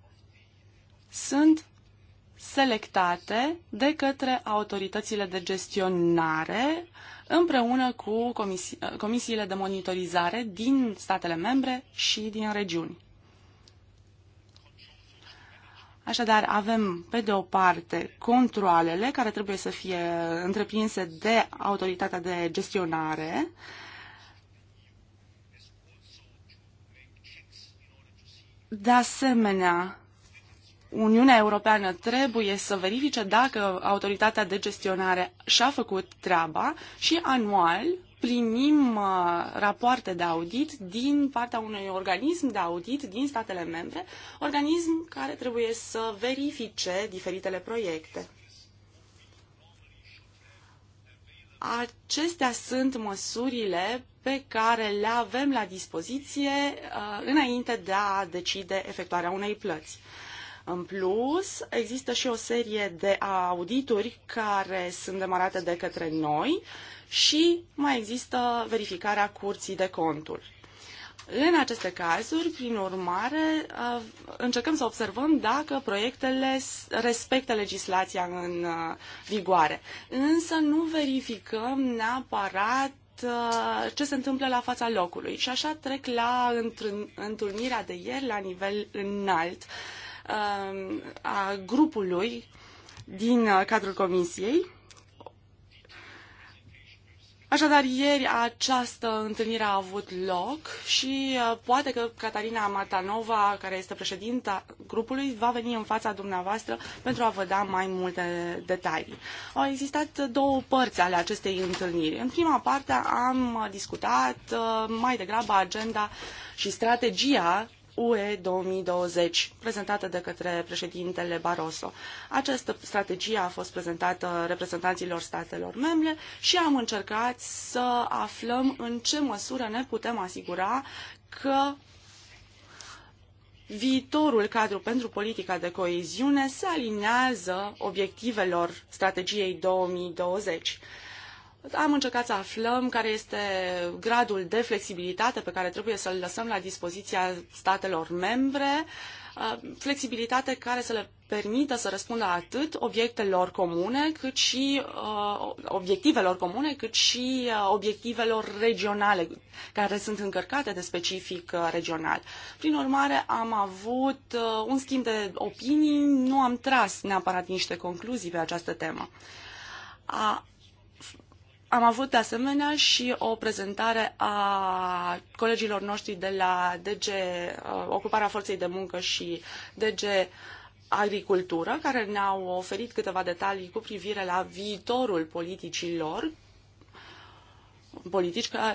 sunt selectate de către autoritățile de gestionare uh, împreună cu comisi- comisiile de monitorizare din statele membre și din regiuni. Așadar, avem, pe de o parte, controlele care trebuie să fie întreprinse de autoritatea de gestionare, de asemenea, Uniunea Europeană trebuie să verifice dacă autoritatea de gestionare și-a făcut treaba și anual primim uh, rapoarte de audit din partea unui organism de audit din statele membre, organism care trebuie să verifice diferitele proiecte. Acestea sunt măsurile pe care le avem la dispoziție uh, înainte de a decide efectuarea unei plăți. În plus, există și o serie de audituri care sunt demarate de către noi și mai există verificarea curții de conturi. În aceste cazuri, prin urmare, uh, încercăm să observăm dacă proiectele respectă legislația în uh, vigoare. Însă nu verificăm neapărat uh, ce se întâmplă la fața locului. Și așa trec la întâlnirea de ieri la nivel înalt Um, a grupului din uh, cadrul comisiei. Așadar, ieri această întâlnire a avut loc și uh, poate că Catarina Matanova, care este președinta grupului, va veni în fața dumneavoastră pentru a vă da mai multe detalii. Au existat două părți ale acestei întâlniri. În prima parte am discutat uh, mai degrabă agenda și strategia UE 2020, prezentată de către președintele Barroso. Această strategie a fost prezentată reprezentanților statelor membre și am încercat să aflăm în ce măsură ne putem asigura că viitorul cadru pentru politica de coeziune se alinează obiectivelor strategiei 2020. Am încercat să aflăm care este gradul de flexibilitate pe care trebuie să-l lăsăm la dispoziția statelor membre, uh, flexibilitate care să le permită să răspundă atât obiectelor comune, cât și uh, obiectivelor comune, cât și uh, obiectivelor regionale, care sunt încărcate de specific regional. Prin urmare, am avut un schimb de opinii, nu am tras neapărat niște concluzii pe această temă. Am avut de asemenea și o prezentare a colegilor noștri de la DG uh, Ocuparea Forței de Muncă și DG Agricultură, care ne-au oferit câteva detalii cu privire la viitorul politicilor, politici, uh,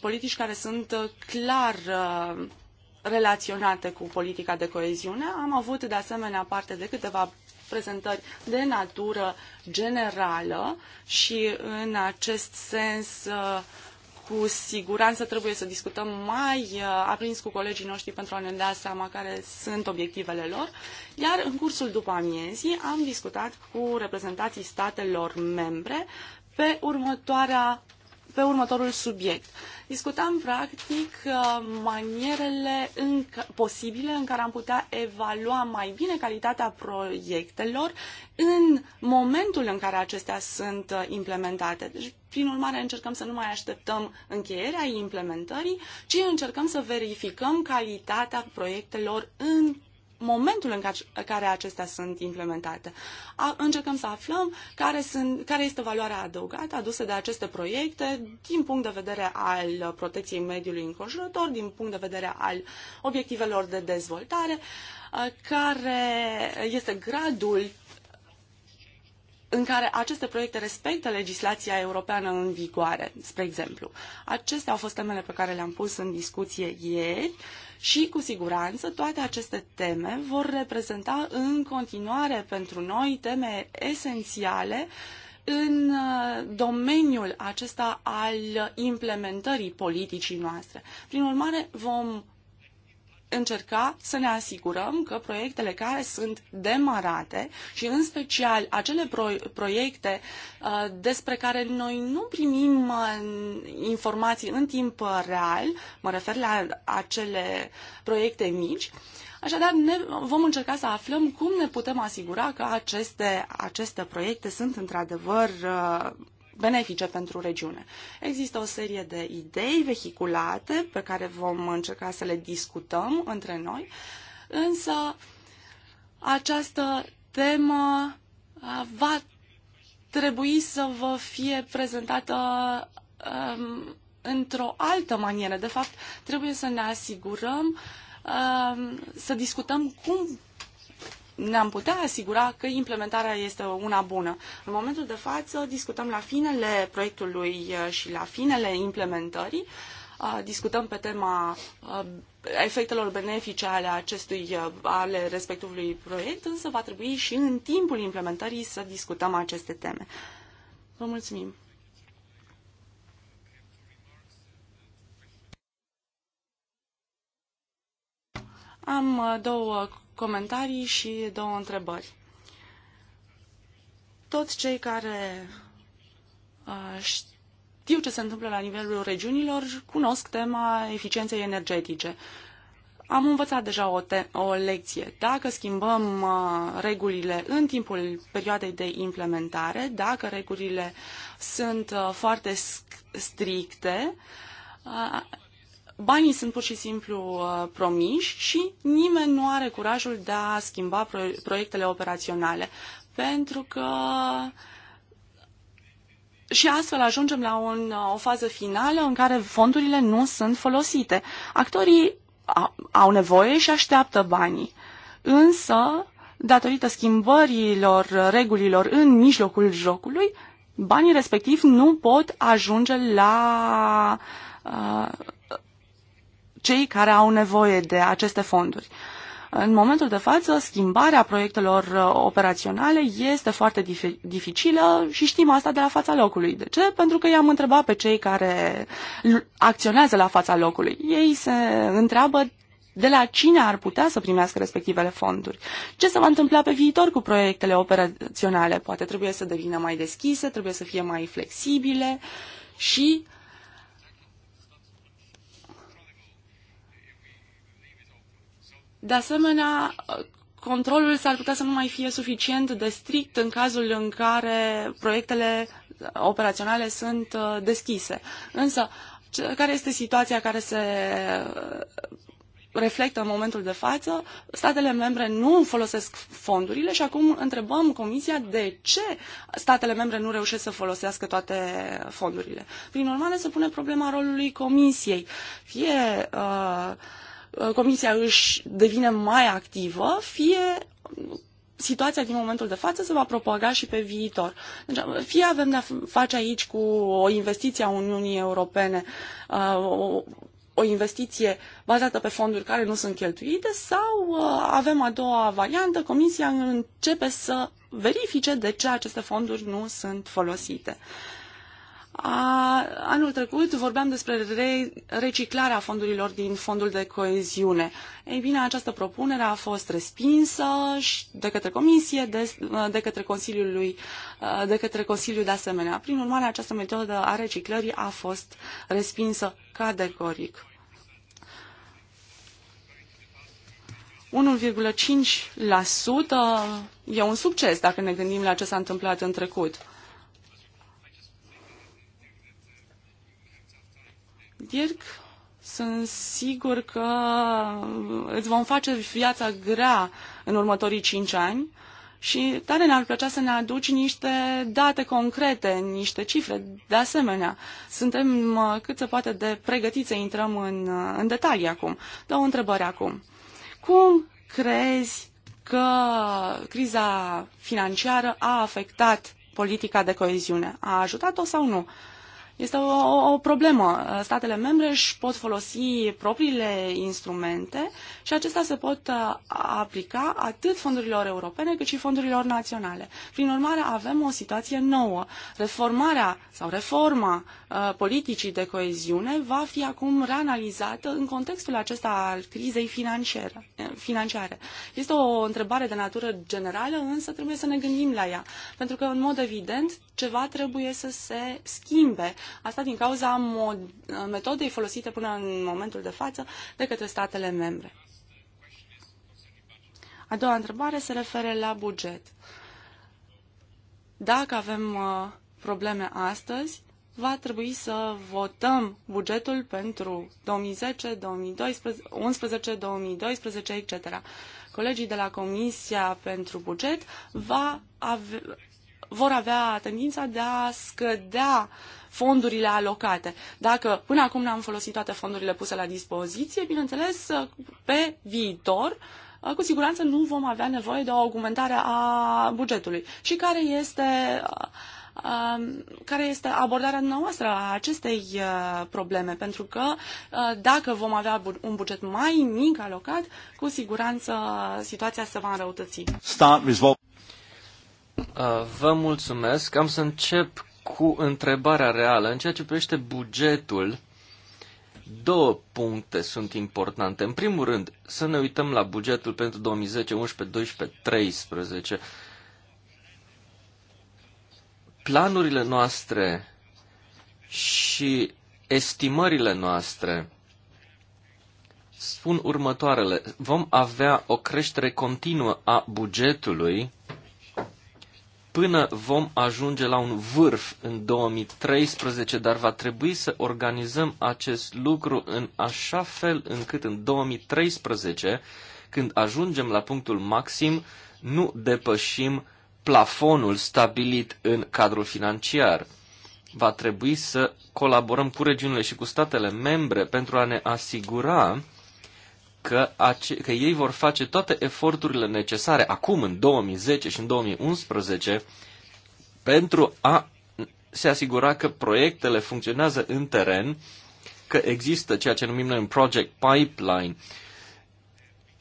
politici care sunt clar uh, relaționate cu politica de coeziune. Am avut de asemenea parte de câteva prezentări de natură generală și în acest sens uh, cu siguranță trebuie să discutăm mai uh, aprins cu colegii noștri pentru a ne da seama care sunt obiectivele lor. Iar în cursul după amiezii am discutat cu reprezentanții statelor membre pe următoarea pe următorul subiect. Discutam, practic, uh, manierele în, posibile în care am putea evalua mai bine calitatea proiectelor în momentul în care acestea sunt uh, implementate. Deci, prin urmare, încercăm să nu mai așteptăm încheierea implementării, ci încercăm să verificăm calitatea proiectelor în momentul în care acestea sunt implementate. A, încercăm să aflăm care, sunt, care este valoarea adăugată adusă de aceste proiecte din punct de vedere al protecției mediului înconjurător, din punct de vedere al obiectivelor de dezvoltare, care este gradul în care aceste proiecte respectă legislația europeană în vigoare, spre exemplu. Acestea au fost temele pe care le-am pus în discuție ieri și, cu siguranță, toate aceste teme vor reprezenta în continuare pentru noi teme esențiale în uh, domeniul acesta al implementării politicii noastre. Prin urmare, vom încerca să ne asigurăm că proiectele care sunt demarate și în special acele pro proiecte uh, despre care noi nu primim uh, informații în timp real, mă refer la acele proiecte mici, Așadar, ne vom încerca să aflăm cum ne putem asigura că aceste, aceste proiecte sunt într-adevăr uh, benefice pentru regiune. Există o serie de idei vehiculate pe care vom încerca să le discutăm între noi, însă această temă va trebui să vă fie prezentată um, într-o altă manieră. De fapt, trebuie să ne asigurăm, um, să discutăm cum ne-am putea asigura că implementarea este una bună. În momentul de față discutăm la finele proiectului uh, și la finele implementării, uh, discutăm pe tema uh, efectelor benefice ale acestui, ale respectivului proiect, însă va trebui și în timpul implementării să discutăm aceste teme. Vă mulțumim! Am două comentarii și două întrebări. Toți cei care uh, știu ce se întâmplă la nivelul regiunilor cunosc tema eficienței energetice. Am învățat deja o, te- o lecție. Dacă schimbăm uh, regulile în timpul perioadei de implementare, dacă regulile sunt uh, foarte stricte, uh, banii sunt pur și simplu uh, promiși și nimeni nu are curajul de a schimba proiectele operaționale. Pentru că și astfel ajungem la un, uh, o fază finală în care fondurile nu sunt folosite. Actorii au nevoie și așteaptă banii. Însă, datorită schimbărilor uh, regulilor în mijlocul jocului, banii respectiv nu pot ajunge la uh, cei care au nevoie de aceste fonduri. În momentul de față, schimbarea proiectelor uh, operaționale este foarte dificilă și știm asta de la fața locului. De ce? Pentru că i-am întrebat pe cei care acționează la fața locului. Ei se întreabă de la cine ar putea să primească respectivele fonduri. Ce se va întâmpla pe viitor cu proiectele operaționale? Poate trebuie să devină mai deschise, trebuie să fie mai flexibile și De asemenea, controlul s-ar putea să nu mai fie suficient de strict în cazul în care proiectele operaționale sunt uh, deschise. Însă, care este situația care se uh, reflectă în momentul de față, statele membre nu folosesc fondurile și acum întrebăm Comisia de ce statele membre nu reușesc să folosească toate fondurile. Prin urmare, se pune problema rolului Comisiei. Fie uh, Uh, comisia își devine mai activă, fie situația din momentul de față se va propaga și pe viitor. Deci, uh, fie avem de-a face aici cu o investiție a Uniunii Europene, uh, o, investiție bazată pe fonduri care nu sunt cheltuite sau avem a doua variantă, Comisia începe să verifice de ce aceste fonduri nu sunt folosite. Uh, a, anul trecut vorbeam despre re, reciclarea fondurilor din fondul de coeziune. Ei bine, această propunere a fost respinsă de către Comisie, de, de, către, Consiliului, de către Consiliul de asemenea. Prin urmare, această metodă a reciclării a fost respinsă categoric. 1,5% e un succes dacă ne gândim la ce s-a întâmplat în trecut. Dirk, sunt sigur că îți vom face viața grea în următorii cinci ani și tare ne-ar plăcea să ne aduci niște date concrete, niște cifre. De asemenea, suntem uh, cât se poate de pregătiți să intrăm în, uh, în detalii acum. Dau o întrebare acum. Cum crezi că criza financiară a afectat politica de coeziune? A ajutat-o sau nu? Este o, o problemă. Statele membre își pot folosi propriile instrumente și acestea se pot uh, aplica atât fondurilor europene cât și fondurilor naționale. Prin urmare, avem o situație nouă. Reformarea sau reforma uh, politicii de coeziune va fi acum reanalizată în contextul acesta al crizei financiare. Este o întrebare de natură generală, însă trebuie să ne gândim la ea, pentru că, în mod evident, ceva trebuie să se schimbe Asta din cauza metodei folosite până în momentul de față de către statele membre. A doua întrebare se referă la buget. Dacă avem uh, probleme astăzi, va trebui să votăm bugetul pentru 2010, 2012, 11, 2012, etc. Colegii de la Comisia pentru Buget va ave, vor avea tendința de a scădea uh, fondurile alocate. Dacă până acum n-am folosit toate fondurile puse la dispoziție, bineînțeles, pe viitor, uh, cu siguranță nu vom avea nevoie de o augmentare a bugetului. Și care este uh, um, care este abordarea noastră a acestei uh, probleme, pentru că dacă vom avea un buget mai mic alocat, cu siguranță situația se va înrăutăți. Vă mulțumesc. Am să încep cu întrebarea reală. În ceea ce privește bugetul, două puncte sunt importante. În primul rând, să ne uităm la bugetul pentru 2010, 11, 12, 13. Planurile noastre și estimările noastre spun următoarele. Vom avea o creștere continuă a bugetului până vom ajunge la un vârf în 2013, dar va trebui să organizăm acest lucru în așa fel încât în 2013, când ajungem la punctul maxim, nu depășim plafonul stabilit în cadrul financiar. Va trebui să colaborăm cu regiunile și cu statele membre pentru a ne asigura că, ace- că ei vor face toate eforturile necesare acum, în 2010 și în 2011, pentru a se asigura că proiectele funcționează în teren, că există ceea ce numim noi un project pipeline,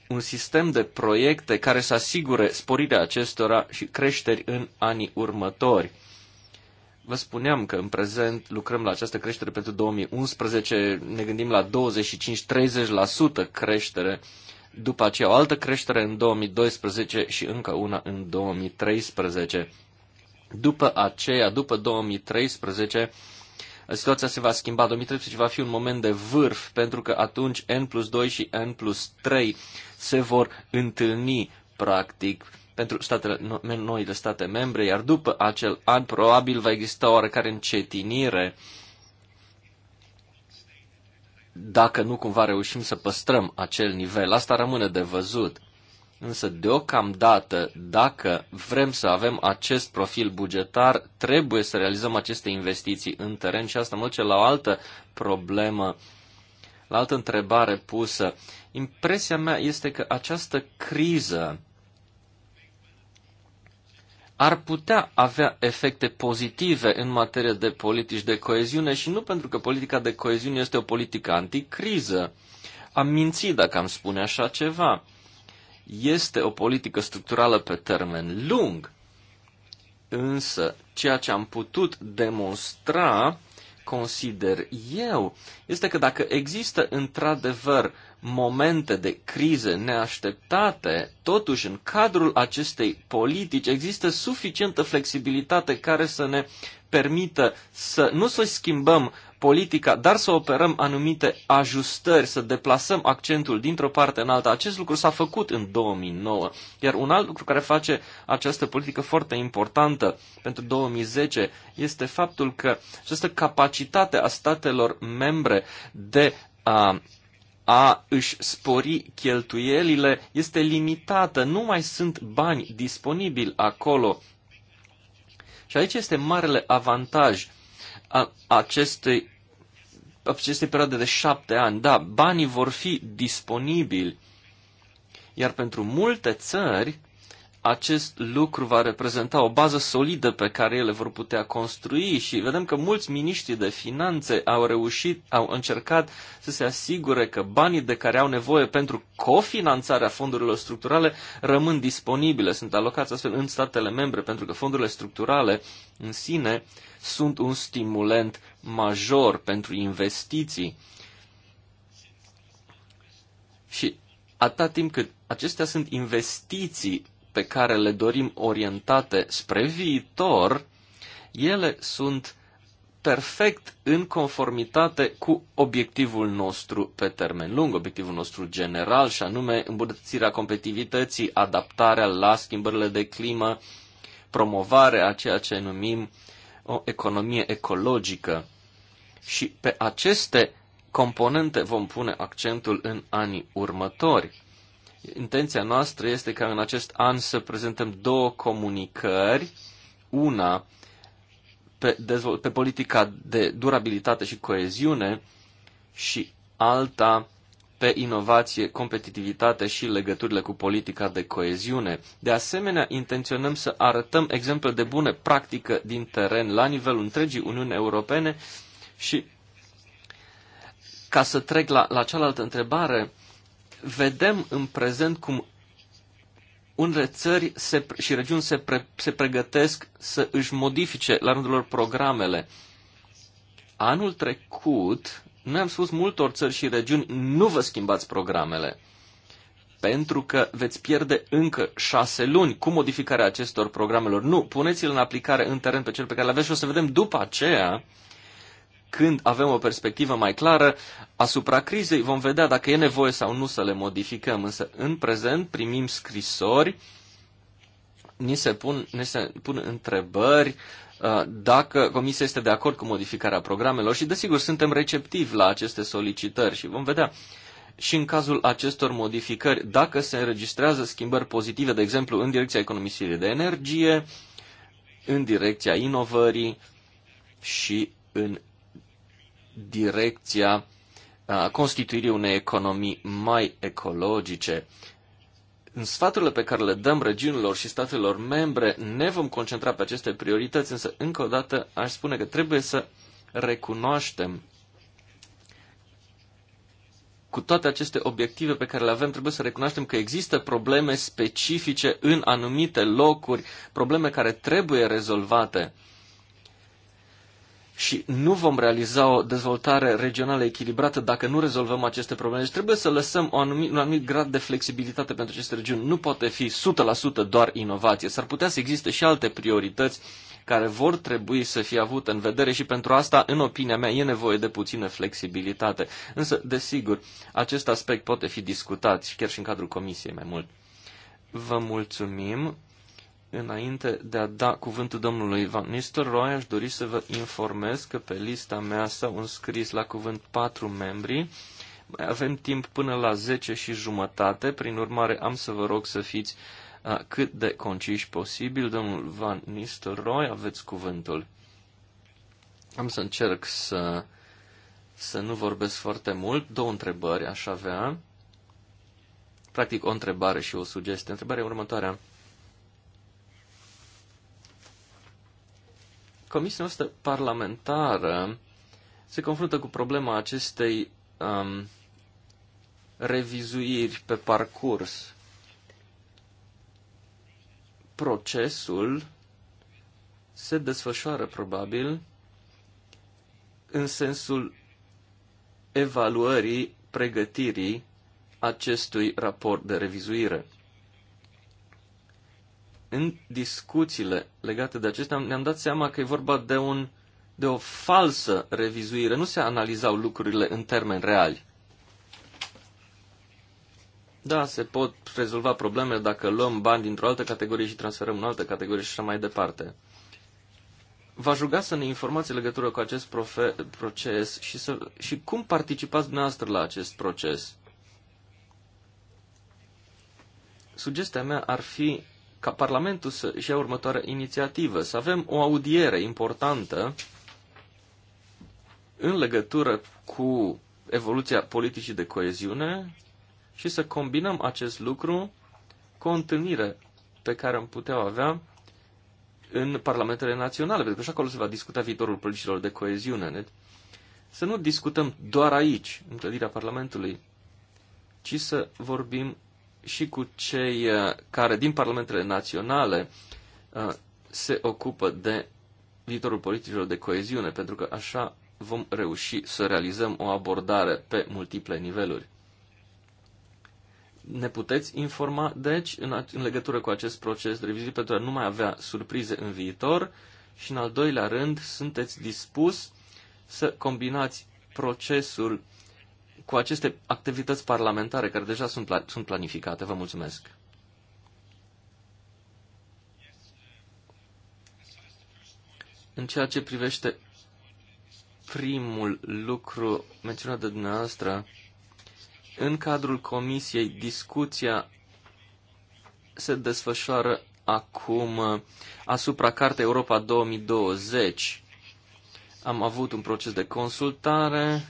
un sistem de proiecte care să asigure sporirea acestora și creșteri în anii următori. Vă spuneam că în prezent lucrăm la această creștere pentru 2011, ne gândim la 25-30% creștere, după aceea o altă creștere în 2012 și încă una în 2013. După aceea, după 2013, situația se va schimba. 2013 va fi un moment de vârf, pentru că atunci N plus 2 și N plus 3 se vor întâlni, practic pentru statele, noile state membre, iar după acel an probabil va exista oarecare încetinire dacă nu cumva reușim să păstrăm acel nivel. Asta rămâne de văzut. Însă, deocamdată, dacă vrem să avem acest profil bugetar, trebuie să realizăm aceste investiții în teren și asta mă duce la o altă problemă, la altă întrebare pusă. Impresia mea este că această criză ar putea avea efecte pozitive în materie de politici de coeziune și nu pentru că politica de coeziune este o politică anticriză. Am mințit dacă am spune așa ceva. Este o politică structurală pe termen lung, însă ceea ce am putut demonstra, consider eu, este că dacă există într-adevăr momente de crize neașteptate, totuși în cadrul acestei politici există suficientă flexibilitate care să ne permită să nu să schimbăm politica, dar să operăm anumite ajustări, să deplasăm accentul dintr-o parte în alta. Acest lucru s-a făcut în 2009. Iar un alt lucru care face această politică foarte importantă pentru 2010 este faptul că această capacitate a statelor membre de a a își spori cheltuielile este limitată, nu mai sunt bani disponibili acolo. Și aici este marele avantaj a acestei, acestei perioade de șapte ani. Da, banii vor fi disponibili. Iar pentru multe țări, acest lucru va reprezenta o bază solidă pe care ele vor putea construi și vedem că mulți miniștri de finanțe au reușit, au încercat să se asigure că banii de care au nevoie pentru cofinanțarea fondurilor structurale rămân disponibile, sunt alocați astfel în statele membre, pentru că fondurile structurale în sine sunt un stimulent major pentru investiții. Și atâta timp cât acestea sunt investiții pe care le dorim orientate spre viitor, ele sunt perfect în conformitate cu obiectivul nostru pe termen lung, obiectivul nostru general, și anume îmbunătățirea competitivității, adaptarea la schimbările de climă, promovarea a ceea ce numim o economie ecologică. Și pe aceste componente vom pune accentul în anii următori. Intenția noastră este ca în acest an să prezentăm două comunicări, una pe, pe politica de durabilitate și coeziune și alta pe inovație, competitivitate și legăturile cu politica de coeziune. De asemenea, intenționăm să arătăm exemple de bune practică din teren la nivelul întregii Uniuni Europene și ca să trec la, la cealaltă întrebare, vedem în prezent cum unele țări se, și regiuni se, pre, se pregătesc să își modifice la rândul lor programele. Anul trecut, noi am spus multor țări și regiuni, nu vă schimbați programele, pentru că veți pierde încă șase luni cu modificarea acestor programelor. Nu, puneți-le în aplicare în teren pe cel pe care le aveți și o să vedem după aceea când avem o perspectivă mai clară asupra crizei, vom vedea dacă e nevoie sau nu să le modificăm. Însă, în prezent, primim scrisori, ni se pun, ni se pun întrebări uh, dacă Comisia este de acord cu modificarea programelor și, desigur, suntem receptivi la aceste solicitări și vom vedea și în cazul acestor modificări, dacă se înregistrează schimbări pozitive, de exemplu, în direcția economisirii de energie, în direcția inovării și în direcția a constituirii unei economii mai ecologice. În sfaturile pe care le dăm regiunilor și statelor membre, ne vom concentra pe aceste priorități, însă, încă o dată, aș spune că trebuie să recunoaștem cu toate aceste obiective pe care le avem, trebuie să recunoaștem că există probleme specifice în anumite locuri, probleme care trebuie rezolvate și nu vom realiza o dezvoltare regională echilibrată dacă nu rezolvăm aceste probleme. Deci trebuie să lăsăm un anumit, un anumit grad de flexibilitate pentru aceste regiuni. Nu poate fi 100% doar inovație. S-ar putea să existe și alte priorități care vor trebui să fie avute în vedere și pentru asta, în opinia mea, e nevoie de puțină flexibilitate. Însă, desigur, acest aspect poate fi discutat și chiar și în cadrul comisiei mai mult. Vă mulțumim. Înainte de a da cuvântul domnului Van Nistelrooy, aș dori să vă informez că pe lista mea s-au înscris la cuvânt patru membri. Avem timp până la 10 și jumătate, prin urmare am să vă rog să fiți a, cât de conciși posibil. Domnul Van Nistelrooy, aveți cuvântul. Am să încerc să, să nu vorbesc foarte mult. Două întrebări aș avea. Practic o întrebare și o sugestie. Întrebarea următoarea Comisia noastră parlamentară se confruntă cu problema acestei um, revizuiri pe parcurs. Procesul se desfășoară probabil în sensul evaluării, pregătirii acestui raport de revizuire în discuțiile legate de acestea ne-am dat seama că e vorba de, un, de o falsă revizuire. Nu se analizau lucrurile în termeni reali. Da, se pot rezolva probleme dacă luăm bani dintr-o altă categorie și transferăm în altă categorie și așa mai departe. V-aș ruga să ne informați în legătură cu acest profe- proces și, să, și cum participați dumneavoastră la acest proces. Sugestia mea ar fi ca Parlamentul să-și ia următoarea inițiativă, să avem o audiere importantă în legătură cu evoluția politicii de coeziune și să combinăm acest lucru cu o întâlnire pe care am putea avea în parlamentele naționale, pentru că și acolo se va discuta viitorul politicilor de coeziune. să nu discutăm doar aici, în clădirea Parlamentului, ci să vorbim și cu cei uh, care din parlamentele naționale uh, se ocupă de viitorul politicilor de coeziune, pentru că așa vom reuși să realizăm o abordare pe multiple niveluri. Ne puteți informa, deci, în, în legătură cu acest proces de revizie pentru a nu mai avea surprize în viitor și, în al doilea rând, sunteți dispus să combinați procesul cu aceste activități parlamentare care deja sunt, pla- sunt planificate. Vă mulțumesc. În ceea ce privește primul lucru menționat de dumneavoastră, în cadrul comisiei discuția se desfășoară acum uh, asupra Cartei Europa 2020. Am avut un proces de consultare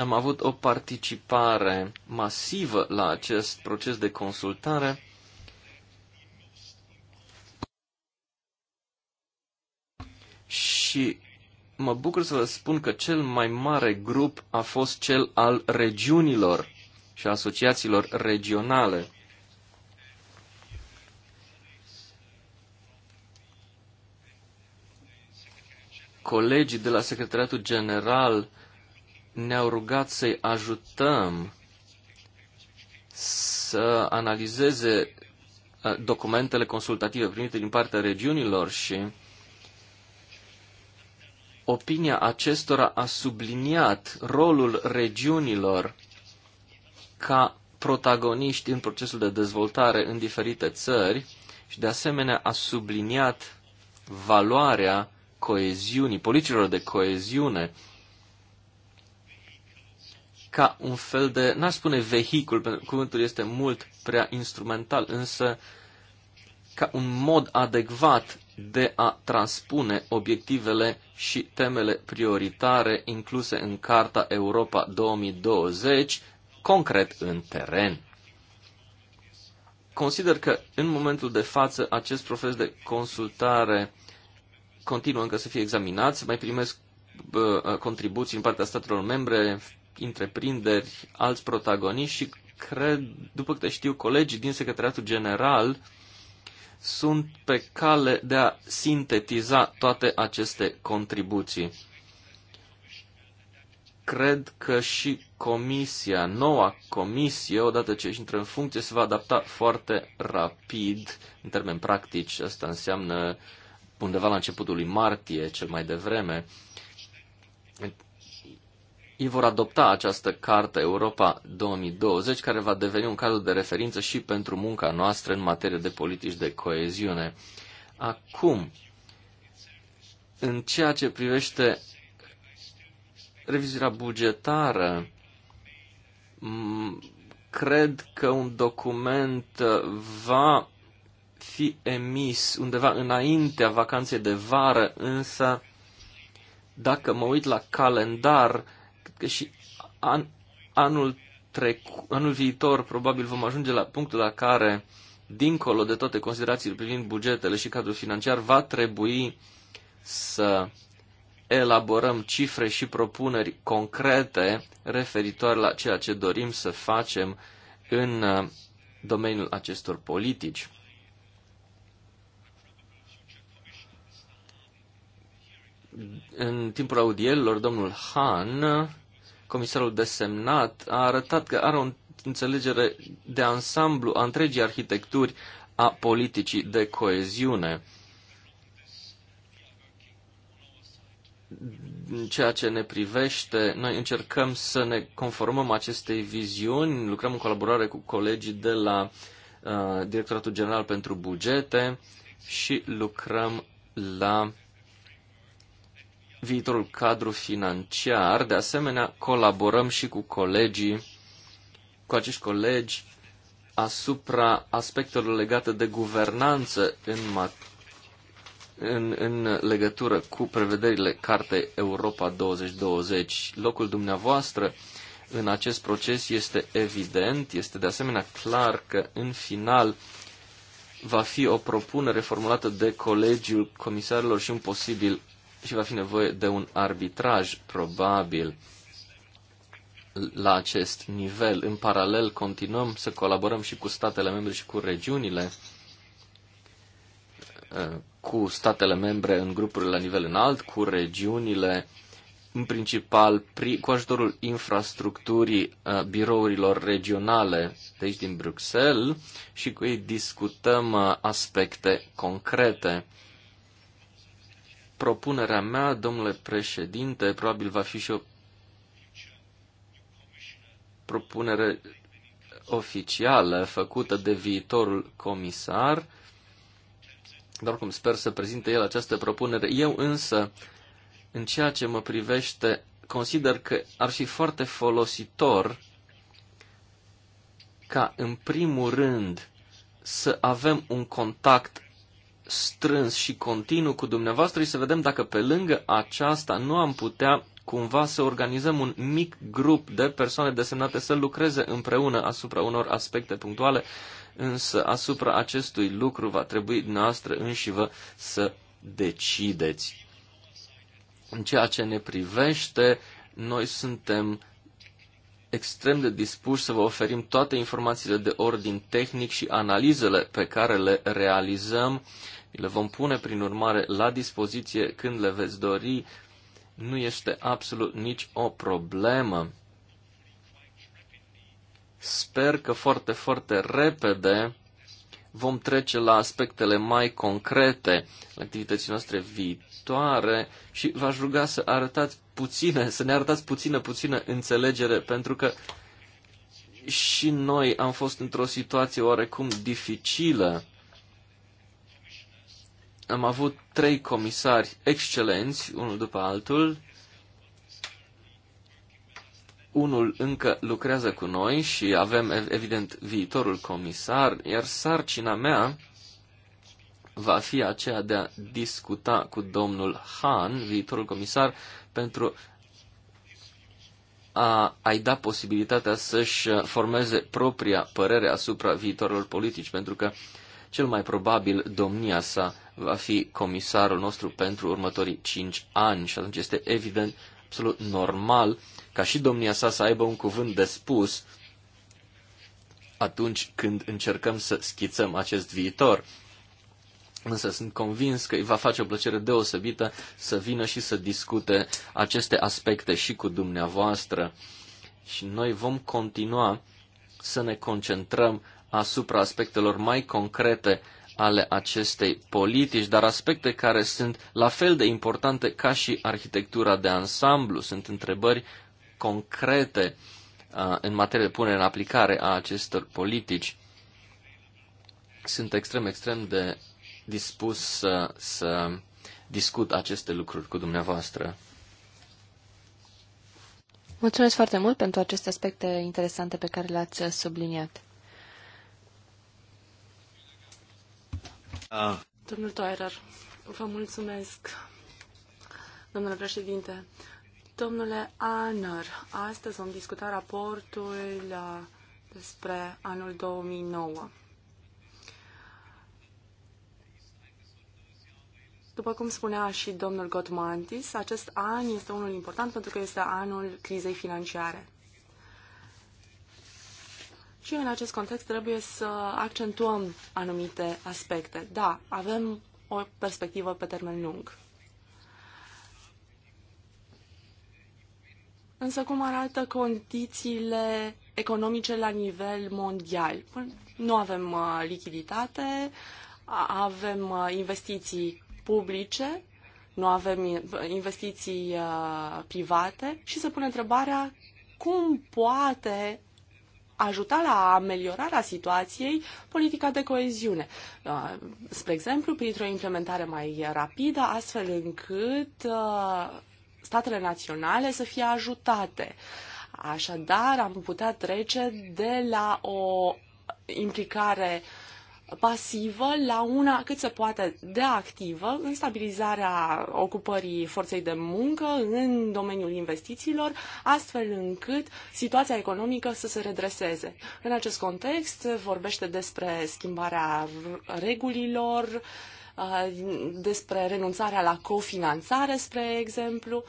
am avut o participare masivă la acest proces de consultare. Și mă bucur să vă spun că cel mai mare grup a fost cel al regiunilor și asociațiilor regionale. Colegii de la Secretariatul General ne-au rugat să-i ajutăm să analizeze uh, documentele consultative primite din partea regiunilor și opinia acestora a subliniat rolul regiunilor ca protagoniști în procesul de dezvoltare în diferite țări și de asemenea a subliniat valoarea coeziunii, politicilor de coeziune ca un fel de, n-aș spune vehicul, pentru că cuvântul este mult prea instrumental, însă ca un mod adecvat de a transpune obiectivele și temele prioritare incluse în Carta Europa 2020, concret în teren. Consider că în momentul de față acest proces de consultare continuă încă să fie examinat, mai primesc contribuții în partea statelor membre, întreprinderi, alți protagoniști și cred, după câte știu, colegii din Secretariatul General sunt pe cale de a sintetiza toate aceste contribuții. Cred că și comisia, noua comisie, odată ce își intră în funcție, se va adapta foarte rapid, în termen practici, asta înseamnă undeva la începutul lui martie, cel mai devreme ei vor adopta această carte Europa 2020, care va deveni un cadru de referință și pentru munca noastră în materie de politici de coeziune. Acum, în ceea ce privește revizuirea bugetară, cred că un document uh, va fi emis undeva înaintea vacanței de vară, însă dacă mă uit la calendar, Cred că și an, anul, trecu, anul viitor probabil vom ajunge la punctul la care, dincolo de toate considerațiile privind bugetele și cadrul financiar, va trebui să elaborăm cifre și propuneri concrete referitoare la ceea ce dorim să facem în uh, domeniul acestor politici. În timpul audierilor, domnul Han, comisarul desemnat, a arătat că are o înțelegere de ansamblu a întregii arhitecturi a politicii de coeziune. În ceea ce ne privește, noi încercăm să ne conformăm acestei viziuni, lucrăm în colaborare cu colegii de la uh, Directoratul General pentru Bugete și lucrăm la viitorul cadru financiar. De asemenea, colaborăm și cu colegii, cu acești colegi asupra aspectelor legate de guvernanță în, în, în legătură cu prevederile Cartei Europa 2020. Locul dumneavoastră în acest proces este evident, este de asemenea clar că în final va fi o propunere formulată de Colegiul Comisarilor și un posibil și va fi nevoie de un arbitraj probabil la acest nivel. În paralel continuăm să colaborăm și cu statele membre și cu regiunile, eh, cu statele membre în grupuri la nivel înalt, cu regiunile, în principal cu ajutorul infrastructurii eh, birourilor regionale de aici din Bruxelles și cu ei discutăm eh, aspecte concrete propunerea mea, domnule președinte, probabil va fi și o propunere oficială făcută de viitorul comisar, dar cum sper să prezinte el această propunere. Eu însă, în ceea ce mă privește, consider că ar fi foarte folositor ca, în primul rând, să avem un contact strâns și continuu cu dumneavoastră și să vedem dacă pe lângă aceasta nu am putea cumva să organizăm un mic grup de persoane desemnate să lucreze împreună asupra unor aspecte punctuale, însă asupra acestui lucru va trebui noastră înși vă să decideți. În ceea ce ne privește, noi suntem extrem de dispuși să vă oferim toate informațiile de ordin tehnic și analizele pe care le realizăm le vom pune, prin urmare, la dispoziție când le veți dori. Nu este absolut nici o problemă. Sper că foarte, foarte repede vom trece la aspectele mai concrete la activității noastre viitoare și v-aș ruga să arătați puține, să ne arătați puțină, puțină înțelegere, pentru că și noi am fost într-o situație oarecum dificilă am avut trei comisari excelenți, unul după altul. Unul încă lucrează cu noi și avem, evident, viitorul comisar, iar sarcina mea va fi aceea de a discuta cu domnul Han, viitorul comisar, pentru a, a-i da posibilitatea să-și formeze propria părere asupra viitorilor politici, pentru că uh, cel mai probabil domnia sa va fi comisarul nostru pentru următorii cinci ani și atunci este evident absolut normal ca și domnia sa să aibă un cuvânt de spus atunci când încercăm să schițăm acest viitor. Însă sunt convins că îi va face o plăcere deosebită să vină și să discute aceste aspecte și cu dumneavoastră. Și noi vom continua să ne concentrăm asupra aspectelor mai concrete ale acestei politici, dar aspecte care sunt la fel de importante ca și arhitectura de ansamblu. Sunt întrebări concrete în materie de punere în aplicare a acestor politici. Sunt extrem, extrem de dispus să, să discut aceste lucruri cu dumneavoastră. Mulțumesc foarte mult pentru aceste aspecte interesante pe care le-ați subliniat. Da. Domnul Toerer, vă mulțumesc, domnule președinte. Domnule Aner, astăzi vom discuta raportul despre anul 2009. După cum spunea și domnul Gotmantis, acest an este unul important pentru că este anul crizei financiare. Și în acest context trebuie să accentuăm anumite aspecte. Da, avem o perspectivă pe termen lung. Însă cum arată condițiile economice la nivel mondial? Păi, nu avem uh, lichiditate, avem uh, investiții publice, nu avem investiții uh, private și se pune întrebarea cum poate ajuta la ameliorarea situației politica de coeziune. Uh, spre exemplu, printr-o implementare mai rapidă, astfel încât uh, statele naționale să fie ajutate. Așadar, am putea trece de la o implicare uh, pasivă la una cât se poate de activă în stabilizarea ocupării forței de muncă în domeniul investițiilor, astfel încât situația economică să se redreseze. În acest context vorbește despre schimbarea regulilor, uh, despre renunțarea la cofinanțare, spre exemplu,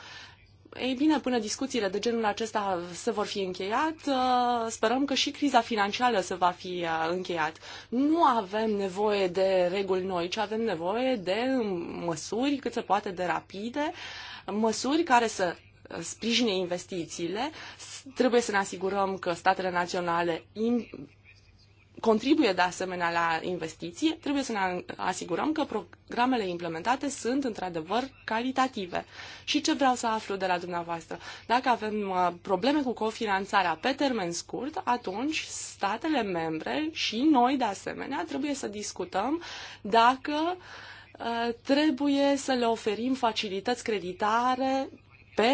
ei bine, până discuțiile de genul acesta se vor fi încheiat, uh, sperăm că și criza financiară se va fi uh, încheiat. Nu avem nevoie de reguli noi, ci avem nevoie de măsuri cât se poate de rapide, măsuri care să sprijine investițiile. Trebuie să ne asigurăm că statele naționale contribuie de asemenea la investiții, trebuie să ne asigurăm că programele implementate sunt într-adevăr calitative. Și ce vreau să aflu de la dumneavoastră? Dacă avem uh, probleme cu cofinanțarea pe termen scurt, atunci statele membre și noi de asemenea trebuie să discutăm dacă uh, trebuie să le oferim facilități creditare pe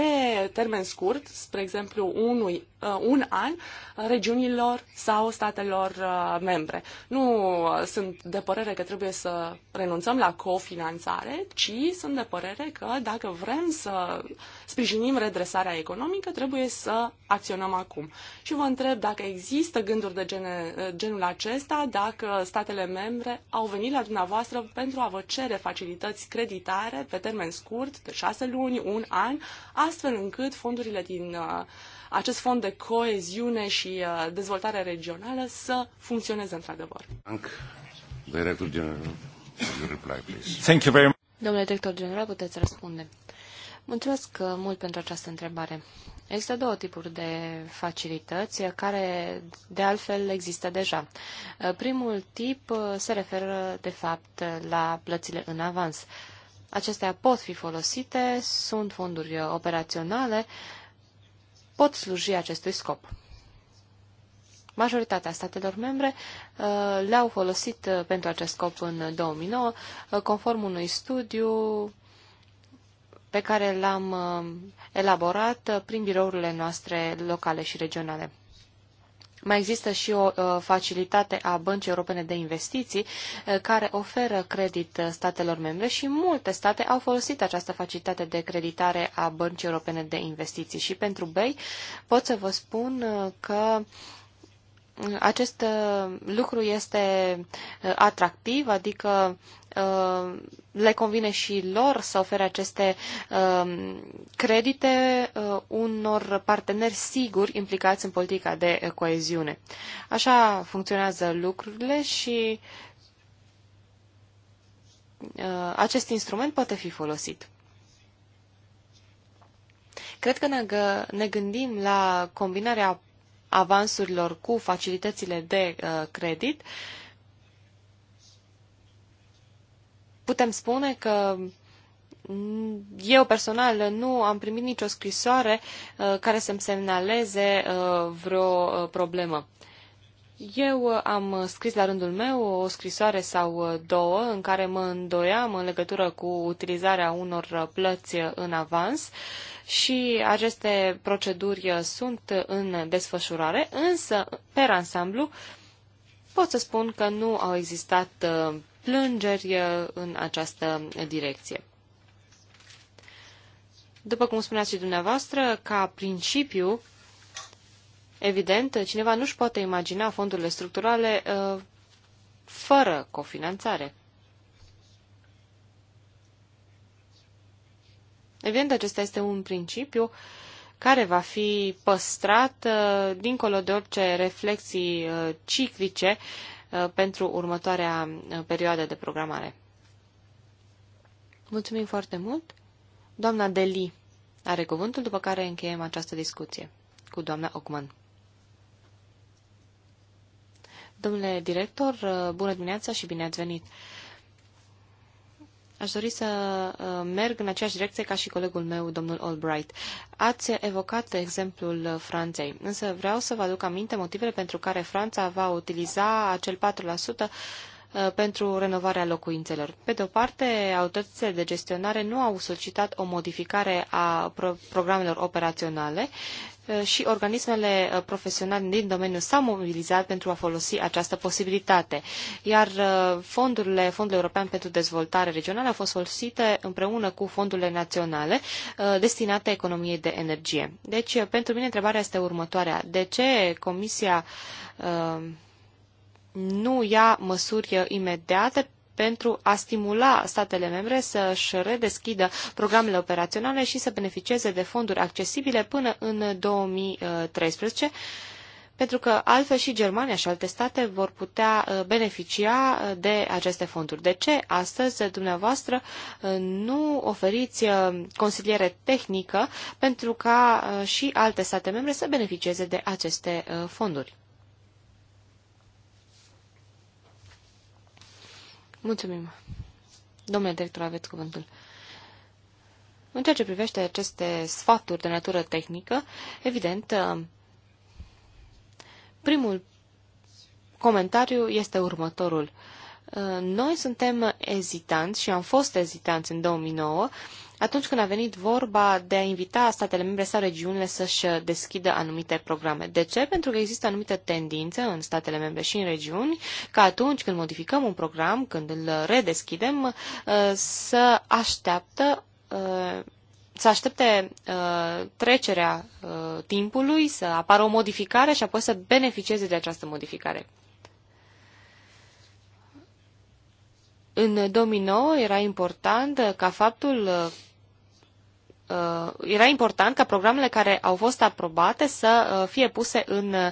termen scurt, spre exemplu unui, uh, un an, regiunilor sau statelor uh, membre. Nu uh, sunt de părere că trebuie să renunțăm la cofinanțare, ci sunt de părere că dacă vrem să sprijinim redresarea economică, trebuie să acționăm acum. Și vă întreb dacă există gânduri de gene, genul acesta, dacă statele membre au venit la dumneavoastră pentru a vă cere facilități creditare pe termen scurt, de șase luni, un an, astfel încât fondurile din uh, acest fond de coeziune și uh, dezvoltare regională să funcționeze într-adevăr. Director General, reply, please. Thank you very much. Domnule director general, puteți răspunde. Mulțumesc uh, mult pentru această întrebare. Există două tipuri de facilități care, de altfel, există deja. Primul tip se referă, de fapt, la plățile în avans. Acestea pot fi folosite, sunt fonduri operaționale, pot sluji acestui scop. Majoritatea statelor membre uh, le-au folosit uh, pentru acest scop în 2009, uh, conform unui studiu pe care l-am elaborat prin birourile noastre locale și regionale. Mai există și o uh, facilitate a Băncii Europene de Investiții uh, care oferă credit uh, statelor membre și multe state au folosit această facilitate de creditare a Băncii Europene de Investiții și pentru BEI pot să vă spun că acest uh, lucru este uh, atractiv, adică uh, le convine și lor să ofere aceste um, credite unor parteneri siguri implicați în politica de coeziune. Așa funcționează lucrurile și acest instrument poate fi folosit. Cred că ne gândim la combinarea avansurilor cu facilitățile de uh, credit, putem spune că mm, eu personal nu am primit nicio scrisoare uh, care să-mi semnaleze uh, vreo problemă. Eu uh, am uh, scris la rândul meu o scrisoare sau uh, două în care mă îndoiam în legătură cu utilizarea unor plăți în avans și aceste proceduri sunt în desfășurare, însă, pe ansamblu, pot să spun că nu au existat plângeri în această direcție. După cum spuneați și dumneavoastră, ca principiu, Evident, cineva nu-și poate imagina fondurile structurale uh, fără cofinanțare. Evident, acesta este un principiu care va fi păstrat uh, dincolo de orice reflexii uh, ciclice uh, pentru următoarea uh, perioadă de programare. Mulțumim foarte mult. Doamna Deli are cuvântul, după care încheiem această discuție cu doamna Ockman. Domnule director, uh, bună dimineața și bine ați venit! Aș dori să uh, merg în aceeași direcție ca și colegul meu, domnul Albright. Ați evocat exemplul uh, Franței, însă vreau să vă aduc aminte motivele pentru care Franța va utiliza acel 4% pentru renovarea locuințelor. Pe de o parte, autoritățile de gestionare nu au solicitat o modificare a pro programelor operaționale Uh, și organismele uh, profesionale din domeniu s-au mobilizat pentru a folosi această posibilitate. Iar uh, fondurile, Fondul European pentru Dezvoltare Regională a fost folosite împreună cu fondurile naționale destinate economiei de energie. Deci, pentru mine, întrebarea este următoarea. De ce Comisia nu ia măsuri imediate pentru a stimula statele membre să își redeschidă programele operaționale și să beneficieze de fonduri accesibile până în 2013, pentru că altfel și Germania și alte state vor putea uh, beneficia uh, de aceste fonduri. De ce astăzi dumneavoastră uh, nu oferiți consiliere tehnică pentru ca și alte state membre să beneficieze de aceste fonduri? Mulțumim. Domnule director, aveți cuvântul. În ceea ce privește aceste sfaturi de natură tehnică, evident, uh, primul comentariu este următorul. Uh, noi suntem ezitanți și am fost ezitanți în 2009 atunci când a venit vorba de a invita statele membre sau regiunile să-și deschidă anumite programe. De ce? Pentru că există anumite tendințe în statele membre și în regiuni ca atunci când modificăm un program, când îl redeschidem, uh, să așteaptă uh, să aștepte uh, trecerea uh, timpului, să apară o modificare și apoi să beneficieze de această modificare. În 2009 era important ca faptul Uh, era important ca programele care au fost aprobate să uh, fie puse în uh,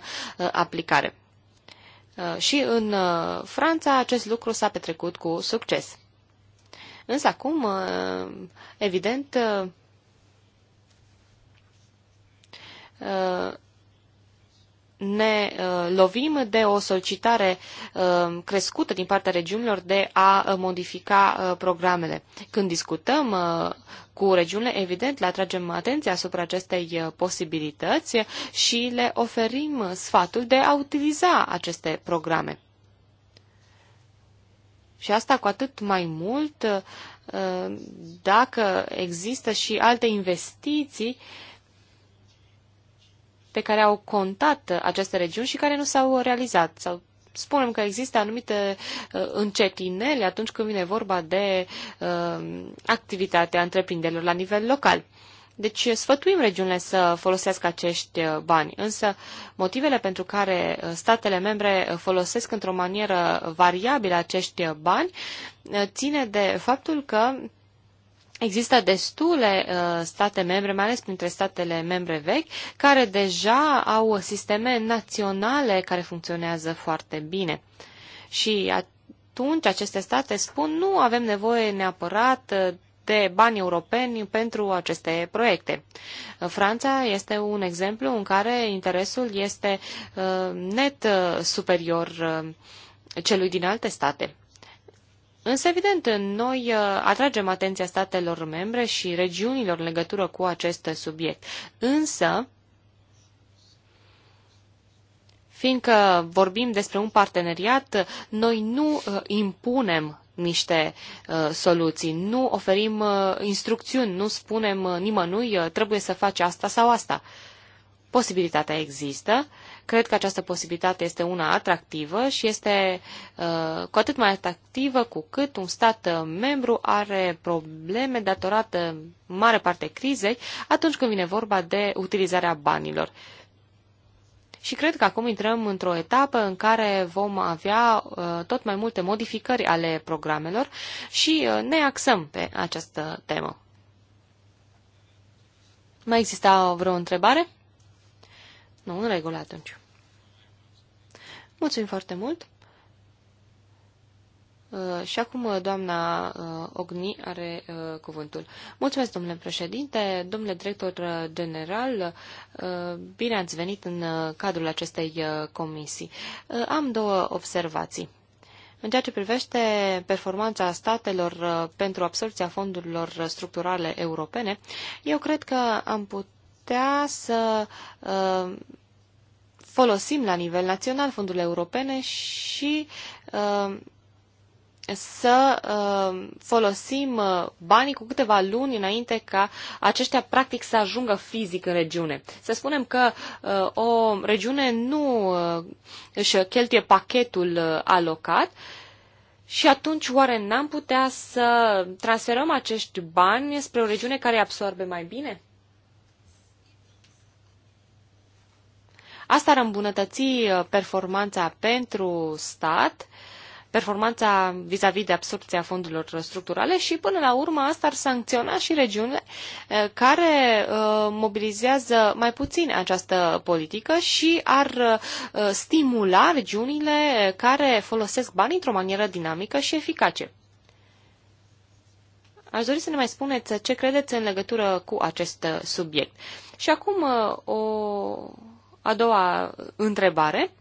aplicare. Și în Franța acest lucru s-a petrecut cu succes. Însă acum, evident, ne uh, lovim de o solicitare uh, crescută din partea regiunilor de a uh, modifica programele. Când discutăm cu regiunile, evident, le atragem atenția asupra acestei posibilități și le oferim sfatul de a utiliza aceste programe. Și asta cu atât mai mult dacă există și alte investiții uh, pe care au contat aceste regiuni și care nu s-au realizat. Sau spunem că există anumite uh, încetinele atunci când vine vorba de uh, activitatea întreprinderilor la nivel local. Deci sfătuim regiunile să folosească acești uh, bani, însă motivele pentru care uh, statele membre folosesc într-o manieră variabilă acești uh, bani ține de faptul că Există destule uh, state membre, mai ales printre statele membre vechi, care deja au sisteme naționale care funcționează foarte bine. Și atunci aceste state spun nu avem nevoie neapărat uh, de bani europeni pentru aceste proiecte. Uh, Franța este un exemplu în care interesul este uh, net uh, superior uh, celui din alte state. Însă, evident, noi uh, atragem atenția statelor membre și regiunilor în legătură cu acest subiect. Însă, fiindcă vorbim despre un parteneriat, noi nu uh, impunem niște uh, soluții, nu oferim uh, instrucțiuni, nu spunem uh, nimănui uh, trebuie să faci asta sau asta. Posibilitatea există, Cred că această posibilitate este una atractivă și este uh, cu atât mai atractivă cu cât un stat uh, membru are probleme datorată mare parte crizei atunci când vine vorba de utilizarea banilor. Și cred că acum intrăm într-o etapă în care vom avea uh, tot mai multe modificări ale programelor și uh, ne axăm pe această temă. Mai exista vreo întrebare? Nu, în regulă atunci. Mulțumim foarte mult. Uh, și acum uh, doamna uh, Ogni are cuvântul. Mulțumesc, domnule președinte, domnule director general, bine ați venit în cadrul acestei comisii. Am două observații. În ceea ce privește performanța statelor pentru absorbția fondurilor structurale europene, eu cred că am putut putea să uh, folosim la nivel național fondurile europene și uh, să uh, folosim uh, banii cu câteva luni înainte ca aceștia practic să ajungă fizic în regiune. Să spunem că uh, o regiune nu uh, își cheltuie pachetul uh, alocat și atunci oare n-am putea să transferăm acești bani spre o regiune care absorbe mai bine? Asta ar îmbunătăți uh, performanța pentru stat, performanța vis-a-vis -vis de absorpția fondurilor structurale și, până la urmă, asta ar sancționa și regiunile uh, care uh, mobilizează mai puțin această politică și ar stimula regiunile care folosesc bani într-o manieră dinamică și eficace. Aș dori să ne mai spuneți ce credeți în legătură cu acest subiect. Și acum o a doua întrebare.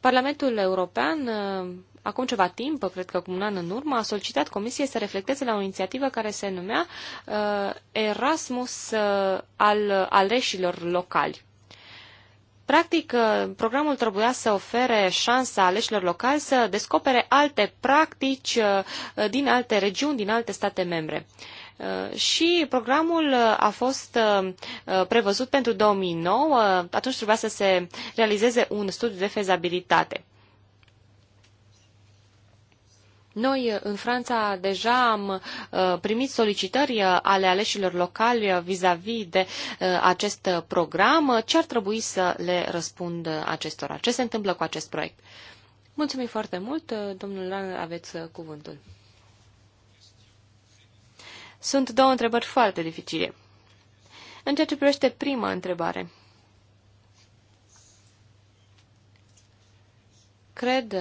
Parlamentul European, uh, acum ceva timp, cred că acum un an în urmă, a solicitat Comisiei să reflecteze la o inițiativă care se numea uh, Erasmus uh, al aleșilor locali. Practic, programul trebuia să ofere șansa aleșilor locali să descopere alte practici din alte regiuni, din alte state membre. Uh, și programul uh, a fost uh, prevăzut pentru 2009, atunci trebuia să se realizeze un studiu de fezabilitate. Noi, în Franța, deja am primit solicitări ale aleșilor locali vis-a-vis -vis de acest program. Ce ar trebui să le răspund acestora? Ce se întâmplă cu acest proiect? Mulțumim foarte mult. Domnul Lan, aveți cuvântul. Sunt două întrebări foarte dificile. În ceea ce privește prima întrebare, cred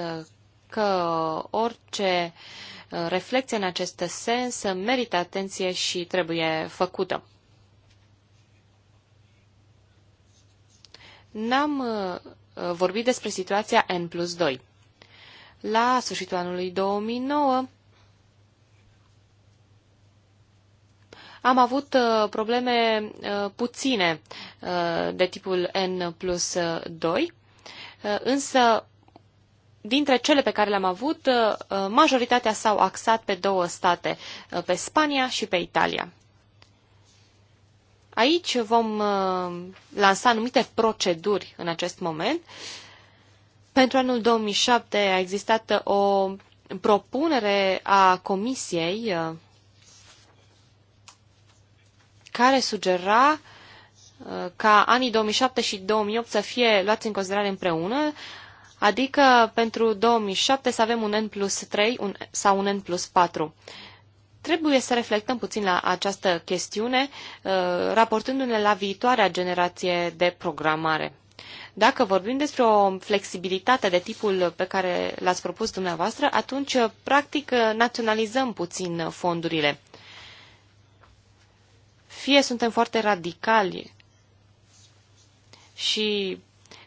că orice uh, reflexie în acest sens merită atenție și trebuie făcută. N-am uh, vorbit despre situația N plus 2. La sfârșitul anului 2009 am avut uh, probleme uh, puține uh, de tipul N plus 2, însă dintre cele pe care le-am avut, majoritatea s-au axat pe două state, pe Spania și pe Italia. Aici vom lansa anumite proceduri în acest moment. Pentru anul 2007 a existat o propunere a Comisiei care sugera uh, ca anii 2007 și 2008 să fie luați în considerare împreună, adică pentru 2007 să avem un N plus 3 un, sau un N plus 4. Trebuie să reflectăm puțin la această chestiune, uh, raportându-ne la viitoarea generație de programare. Dacă vorbim despre o flexibilitate de tipul pe care l-ați propus dumneavoastră, atunci, practic, naționalizăm puțin fondurile. Fie suntem foarte radicali și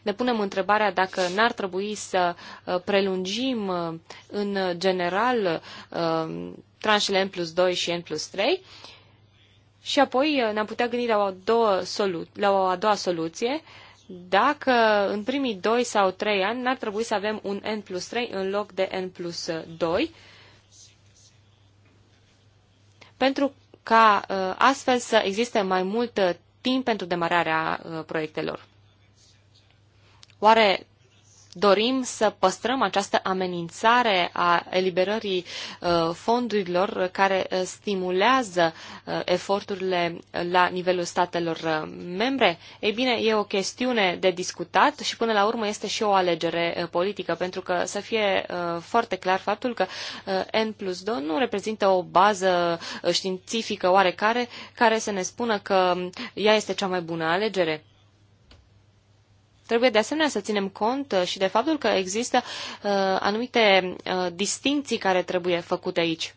ne punem întrebarea dacă n-ar trebui să uh, prelungim uh, în general uh, tranșele N plus 2 și N plus 3 și apoi ne-am putea gândi la o, două solu- la o a doua soluție dacă în primii 2 sau 3 ani n-ar trebui să avem un N plus 3 în loc de N plus 2 pentru ca uh, astfel să existe mai mult uh, timp pentru demararea uh, proiectelor. Oare dorim să păstrăm această amenințare a eliberării uh, fondurilor care uh, stimulează uh, eforturile la nivelul statelor membre? Ei bine, e o chestiune de discutat și până la urmă este și o alegere politică, pentru că să fie foarte clar faptul că N plus 2 nu reprezintă o bază științifică oarecare care să ne spună că um, ea este cea mai bună alegere. Trebuie de asemenea să ținem cont uh, și de faptul că există uh, anumite uh, distinții care trebuie făcute aici.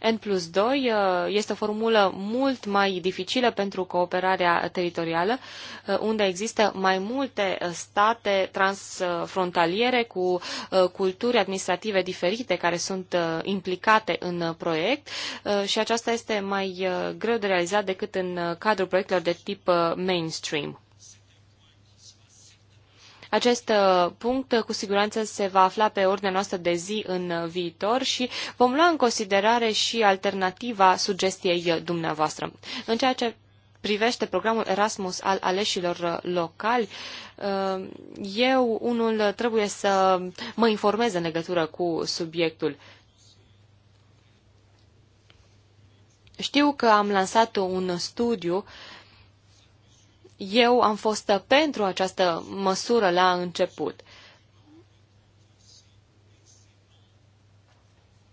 N plus 2 uh, este o formulă mult mai dificilă pentru cooperarea teritorială, uh, unde există mai multe uh, state transfrontaliere cu culturi administrative diferite care sunt implicate în proiect și aceasta este mai greu de realizat decât în cadrul proiectelor de tip mainstream. Acest uh, punct uh, cu siguranță se va afla pe ordinea noastră de zi în uh, viitor și vom lua în considerare și alternativa sugestiei dumneavoastră. În ceea ce privește programul Erasmus al aleșilor locali, eu unul trebuie să mă informez în legătură cu subiectul. Știu că am lansat un studiu uh, eu am fost pentru această măsură la început.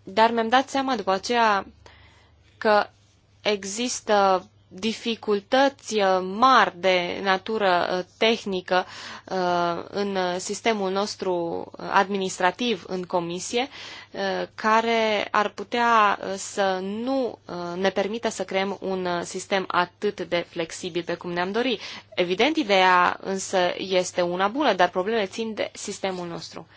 Dar mi-am dat seama după aceea că există dificultăți uh, mari de natură uh, tehnică uh, în sistemul nostru administrativ în comisie, care ar putea să nu ne permită să creăm un sistem atât de flexibil pe cum ne-am dorit. Evident, ideea însă este una bună, dar problemele țin de sistemul nostru.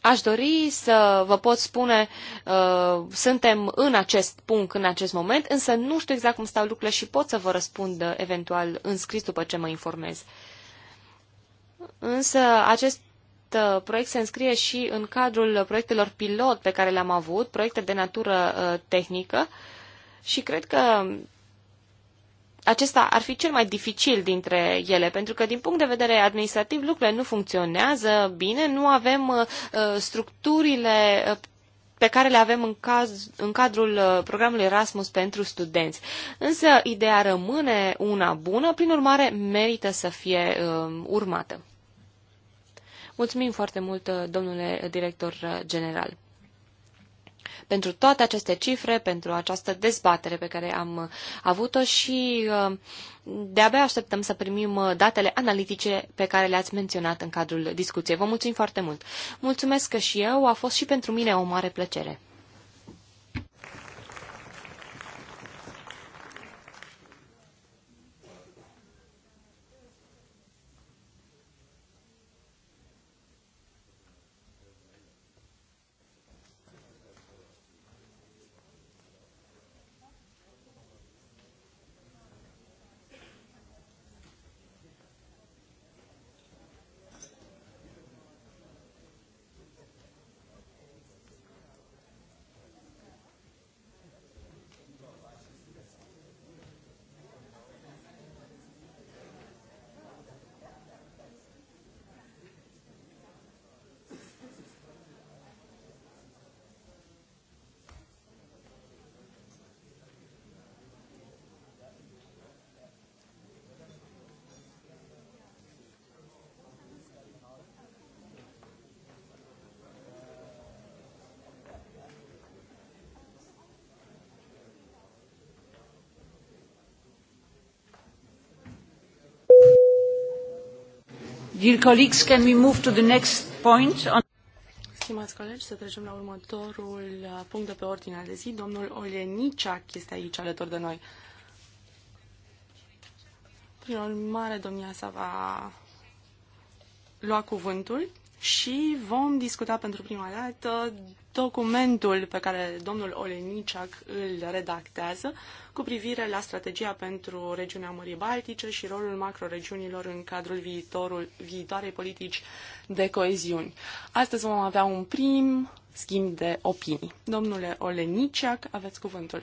Aș dori să vă pot spune, uh, suntem în acest punct, în acest moment, însă nu știu exact cum stau lucrurile și pot să vă răspund uh, eventual în scris după ce mă informez. Însă acest uh, proiect se înscrie și în cadrul proiectelor pilot pe care le-am avut, proiecte de natură uh, tehnică și cred că acesta ar fi cel mai dificil dintre ele, pentru că din punct de vedere administrativ lucrurile nu funcționează bine, nu avem uh, uh structurile uh, pe care le avem în, caz, în cadrul uh, programului Erasmus pentru studenți. Însă ideea rămâne una bună, prin urmare merită să fie uh, urmată. Mulțumim foarte mult, domnule director general pentru toate aceste cifre, pentru această dezbatere pe care am avut-o și uh, de-abia așteptăm să primim uh, datele analitice pe care le-ați menționat în cadrul discuției. Vă mulțumim foarte mult! Mulțumesc că și eu, a fost și pentru mine o mare plăcere! Stimați colegi, să trecem la următorul uh, punct de pe ordinea de zi. Domnul Oleniciac este aici alături de noi. Prin urmare, domnia sa va lua cuvântul și vom discuta pentru prima dată documentul pe care domnul Oleniciac îl redactează cu privire la strategia pentru regiunea Mării Baltice și rolul macroregiunilor în cadrul viitorul, viitoarei politici de coeziuni. Astăzi vom avea un prim schimb de opinii. Domnule Oleniciac, aveți cuvântul.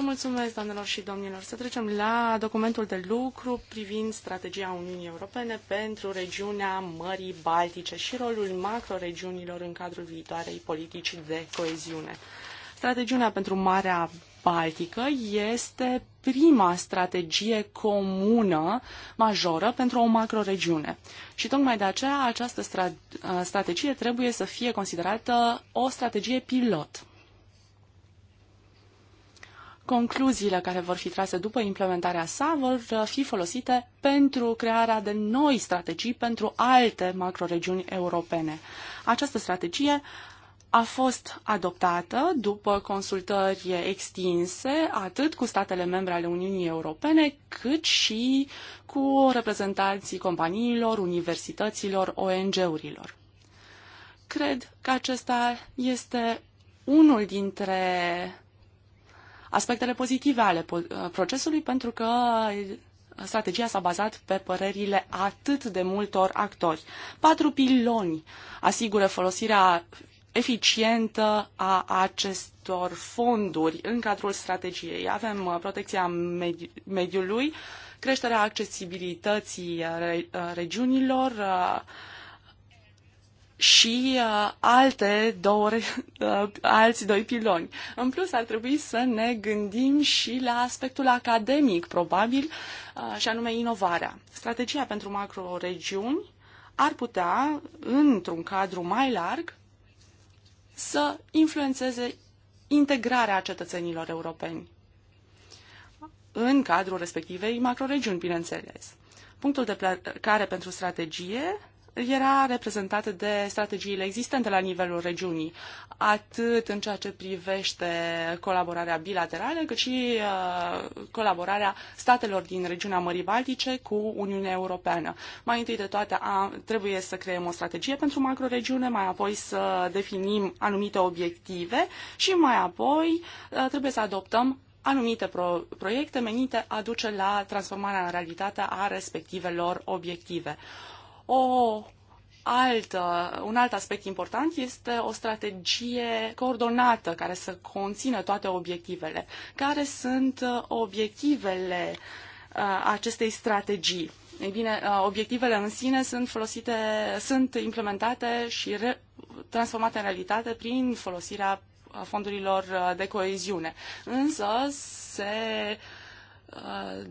Vă mulțumesc, doamnelor și domnilor. Să trecem la documentul de lucru privind strategia Uniunii Europene pentru regiunea Mării Baltice și rolul macroregiunilor în cadrul viitoarei politici de coeziune. Strategiunea pentru Marea Baltică este prima strategie comună majoră pentru o macroregiune. Și tocmai de aceea această stra- strategie trebuie să fie considerată o strategie pilot concluziile care vor fi trase după implementarea sa vor uh, fi folosite pentru crearea de noi strategii pentru alte macroregiuni europene. Această strategie a fost adoptată după consultări extinse atât cu statele membre ale Uniunii Europene, cât și cu reprezentanții companiilor, universităților, ONG-urilor. Cred că acesta este unul dintre aspectele pozitive ale uh, procesului, pentru că uh, strategia s-a bazat pe părerile atât de multor actori. Patru piloni asigură folosirea eficientă a acestor fonduri în cadrul strategiei. Avem uh, protecția medi mediului, creșterea accesibilității regiunilor, și uh, alte două, uh, alți doi piloni. În plus, ar trebui să ne gândim și la aspectul academic, probabil, uh, și anume inovarea. Strategia pentru macroregiuni ar putea, într-un cadru mai larg, să influențeze integrarea cetățenilor europeni în cadrul respectivei macroregiuni, bineînțeles. Punctul de plecare pentru strategie era reprezentată de strategiile existente la nivelul regiunii, atât în ceea ce privește colaborarea bilaterală, cât și uh, colaborarea statelor din regiunea Mării Baltice cu Uniunea Europeană. Mai întâi de toate trebuie să creăm o strategie pentru macroregiune, mai apoi să definim anumite obiective și mai apoi uh, trebuie să adoptăm anumite pro- proiecte menite a duce la transformarea în realitate a respectivelor obiective. O altă, un alt aspect important este o strategie coordonată care să conțină toate obiectivele. Care sunt uh, obiectivele uh, acestei strategii? Ei bine, uh, obiectivele în sine sunt folosite, sunt implementate și re, transformate în realitate prin folosirea fondurilor de coeziune. Însă se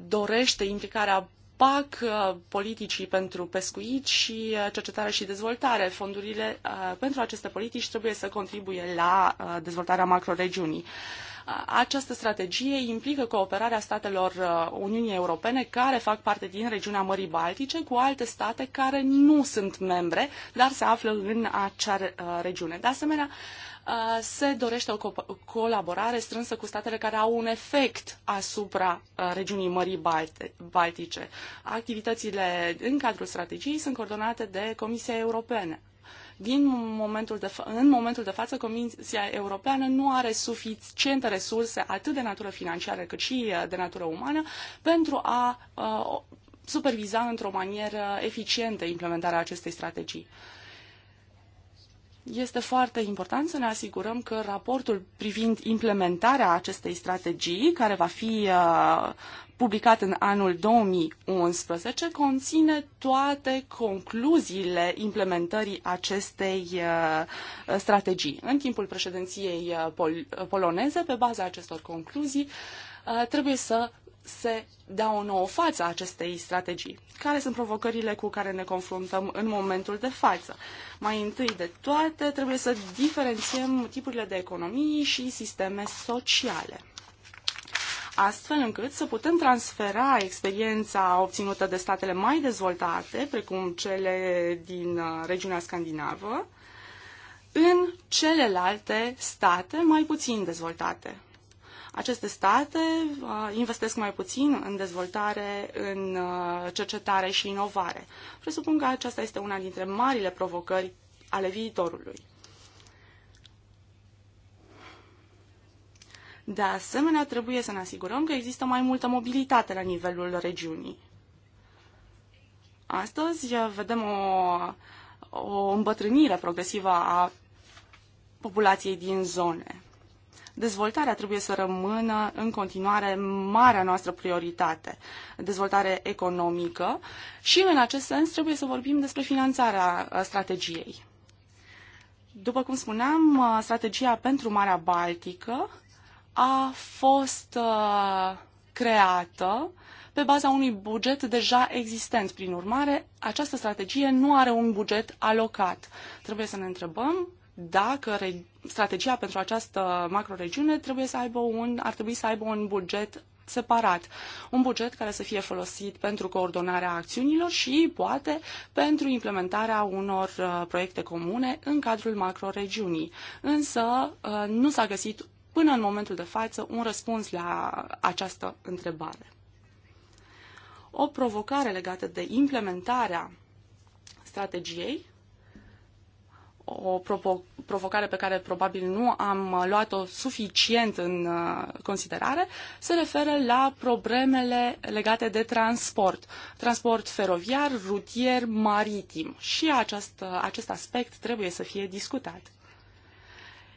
dorește implicarea PAC, uh, politicii pentru pescuit și uh, cercetare și dezvoltare. Fondurile uh, pentru aceste politici trebuie să contribuie la dezvoltarea macroregiunii. Această strategie implică cooperarea statelor Uniunii Europene care fac parte din regiunea Mării Baltice cu alte state care nu sunt membre, dar se află în acea regiune. De asemenea, Uh, se dorește o co colaborare strânsă cu statele care au un efect asupra uh, regiunii Mării Baltice. Activitățile în cadrul strategiei sunt coordonate de Comisia Europeană. Din momentul de în momentul de față, Comisia Europeană nu are suficiente resurse, atât de natură financiară cât și uh, de natură umană, pentru a uh, superviza într-o manieră eficientă implementarea acestei strategii. Este foarte important să ne asigurăm că raportul privind implementarea acestei strategii, care va fi uh, publicat în anul 2011, conține toate concluziile implementării acestei uh, strategii. În timpul președinției uh, pol poloneze, pe baza acestor concluzii, trebuie să se dea o nouă față acestei strategii. Care sunt provocările cu care ne confruntăm în momentul de față? Mai întâi de toate, trebuie să diferențiem tipurile de economii și sisteme sociale astfel încât să putem transfera experiența obținută de statele mai dezvoltate, precum cele din uh, regiunea scandinavă, în celelalte state mai puțin dezvoltate. Aceste state uh, investesc mai puțin în dezvoltare, în uh, cercetare și inovare. Presupun că aceasta este una dintre marile provocări ale viitorului. De asemenea, trebuie să ne asigurăm că există mai multă mobilitate la nivelul regiunii. Astăzi uh, vedem o, o îmbătrânire progresivă a populației din zone. Dezvoltarea trebuie să rămână în continuare marea noastră prioritate, dezvoltare economică și în acest sens trebuie să vorbim despre finanțarea uh, strategiei. După cum spuneam, uh, strategia pentru Marea Baltică a fost uh, creată pe baza unui buget deja existent. Prin urmare, această strategie nu are un buget alocat. Trebuie să ne întrebăm dacă strategia pentru această macroregiune trebuie să aibă un, ar trebui să aibă un buget separat. Un buget care să fie folosit pentru coordonarea acțiunilor și, poate, pentru implementarea unor uh, proiecte comune în cadrul macroregiunii. Însă, uh, nu s-a găsit până în momentul de față un răspuns la această întrebare. O provocare legată de implementarea strategiei o provo- provocare pe care probabil nu am uh, luat-o suficient în uh, considerare, se referă la problemele legate de transport. Transport feroviar, rutier, maritim. Și acest, acest aspect trebuie să fie discutat.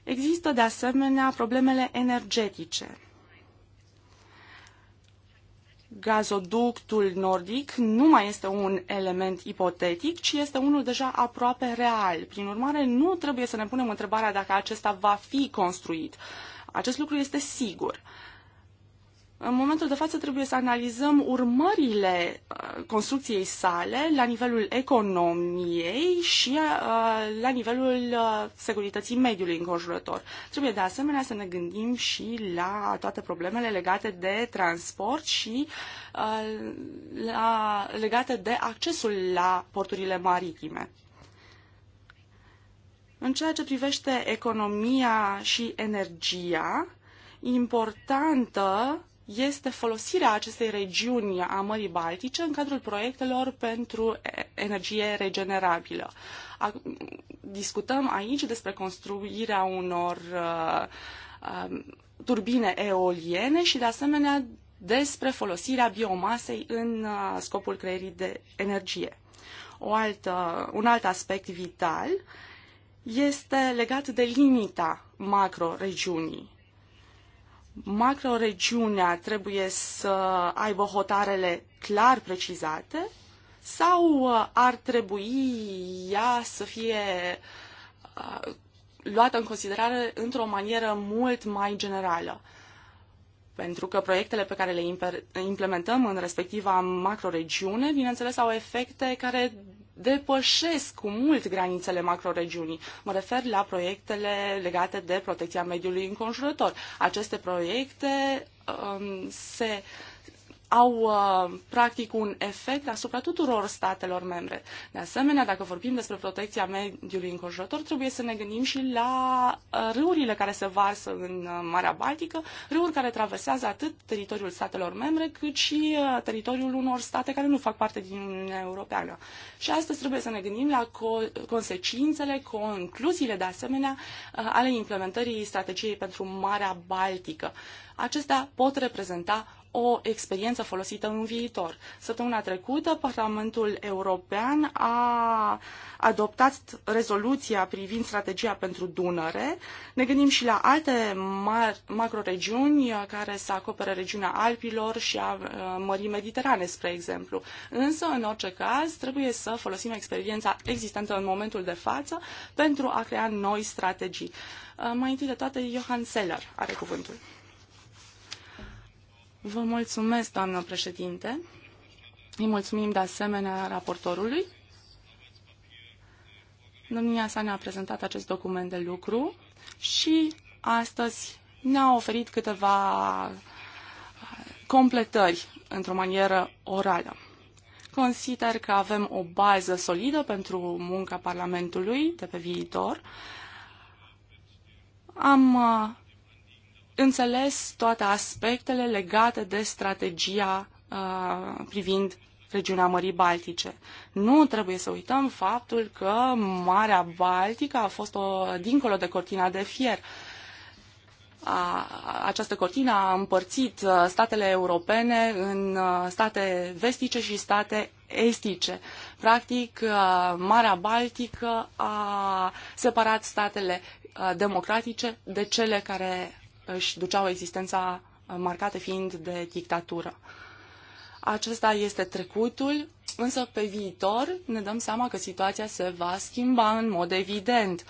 Există de asemenea problemele energetice gazoductul nordic nu mai este un element ipotetic, ci este unul deja aproape real. Prin urmare, nu trebuie să ne punem întrebarea dacă acesta va fi construit. Acest lucru este sigur. Uh, în momentul de față trebuie să analizăm urmările uh, construcției sale la nivelul economiei și uh, la nivelul uh, securității mediului înconjurător. Trebuie de asemenea să ne gândim și la toate problemele legate de transport și la, legate de accesul la porturile maritime. În ceea ce privește economia și energia, importantă este folosirea acestei regiuni a Mării Baltice în cadrul proiectelor pentru energie regenerabilă. discutăm aici despre construirea unor uh, um, turbine eoliene și, de asemenea, despre folosirea biomasei în uh, scopul creierii de energie. O altă, un alt aspect vital este legat de limita macro-regiunii macroregiunea trebuie să aibă hotarele clar precizate sau uh, ar trebui ea să fie uh, luată în considerare într-o manieră mult mai generală? Pentru că proiectele pe care le implementăm în respectiva macroregiune, bineînțeles, au efecte care depășesc cu mult granițele macroregiunii. Mă refer la proiectele legate de protecția mediului înconjurător. Aceste proiecte um, se uh, au uh, practic un efect asupra tuturor statelor membre. De asemenea, dacă vorbim despre protecția mediului înconjurător, trebuie să ne gândim și la uh, râurile care se varsă în uh, Marea Baltică, râuri care traversează atât teritoriul statelor membre, cât și uh, teritoriul unor state care nu fac parte din Uniunea Europeană. Și astăzi trebuie să ne gândim la co- consecințele, concluziile de asemenea uh, ale implementării strategiei pentru Marea Baltică. Acestea pot reprezenta o experiență folosită în viitor. Săptămâna trecută, Parlamentul European a adoptat rezoluția privind strategia pentru Dunăre. Ne gândim și la alte macroregiuni care să acopere regiunea Alpilor și a uh, Mării Mediterane, spre exemplu. Însă, în orice caz, trebuie să folosim experiența existentă în momentul de față pentru a crea noi strategii. Uh, mai întâi de toate, Johan Seller are cuvântul. Vă mulțumesc, doamnă președinte. Îi mulțumim de asemenea raportorului. Domnia sa ne-a prezentat acest document de lucru și astăzi ne-a oferit câteva uh, completări într-o manieră orală. Consider că avem o bază solidă pentru munca Parlamentului de pe viitor. Am uh, înțeles toate aspectele legate de strategia uh, privind regiunea Mării Baltice. Nu trebuie să uităm faptul că Marea Baltică a fost o, dincolo de cortina de fier. A, această cortină a împărțit uh, statele europene în uh, state vestice și state estice. Practic, uh, Marea Baltică a separat statele democratice de cele care își duceau existența uh, marcată fiind de dictatură. Acesta este trecutul, însă pe viitor ne dăm seama că situația se va schimba în mod evident.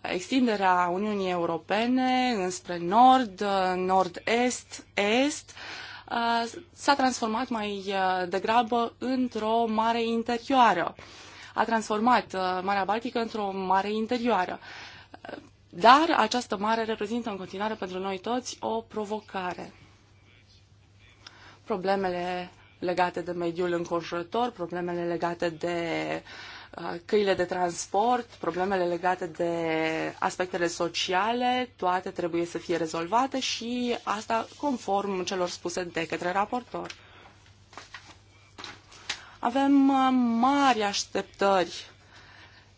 Extinderea Uniunii Europene înspre nord, uh, nord-est, est, uh, s-a transformat mai degrabă într-o mare interioară. A transformat Marea Baltică într-o mare interioară dar această mare reprezintă în continuare pentru noi toți o provocare. Problemele legate de mediul înconjurător, problemele legate de uh, căile de transport, problemele legate de aspectele sociale, toate trebuie să fie rezolvate și asta conform celor spuse de către raportor. Avem uh, mari așteptări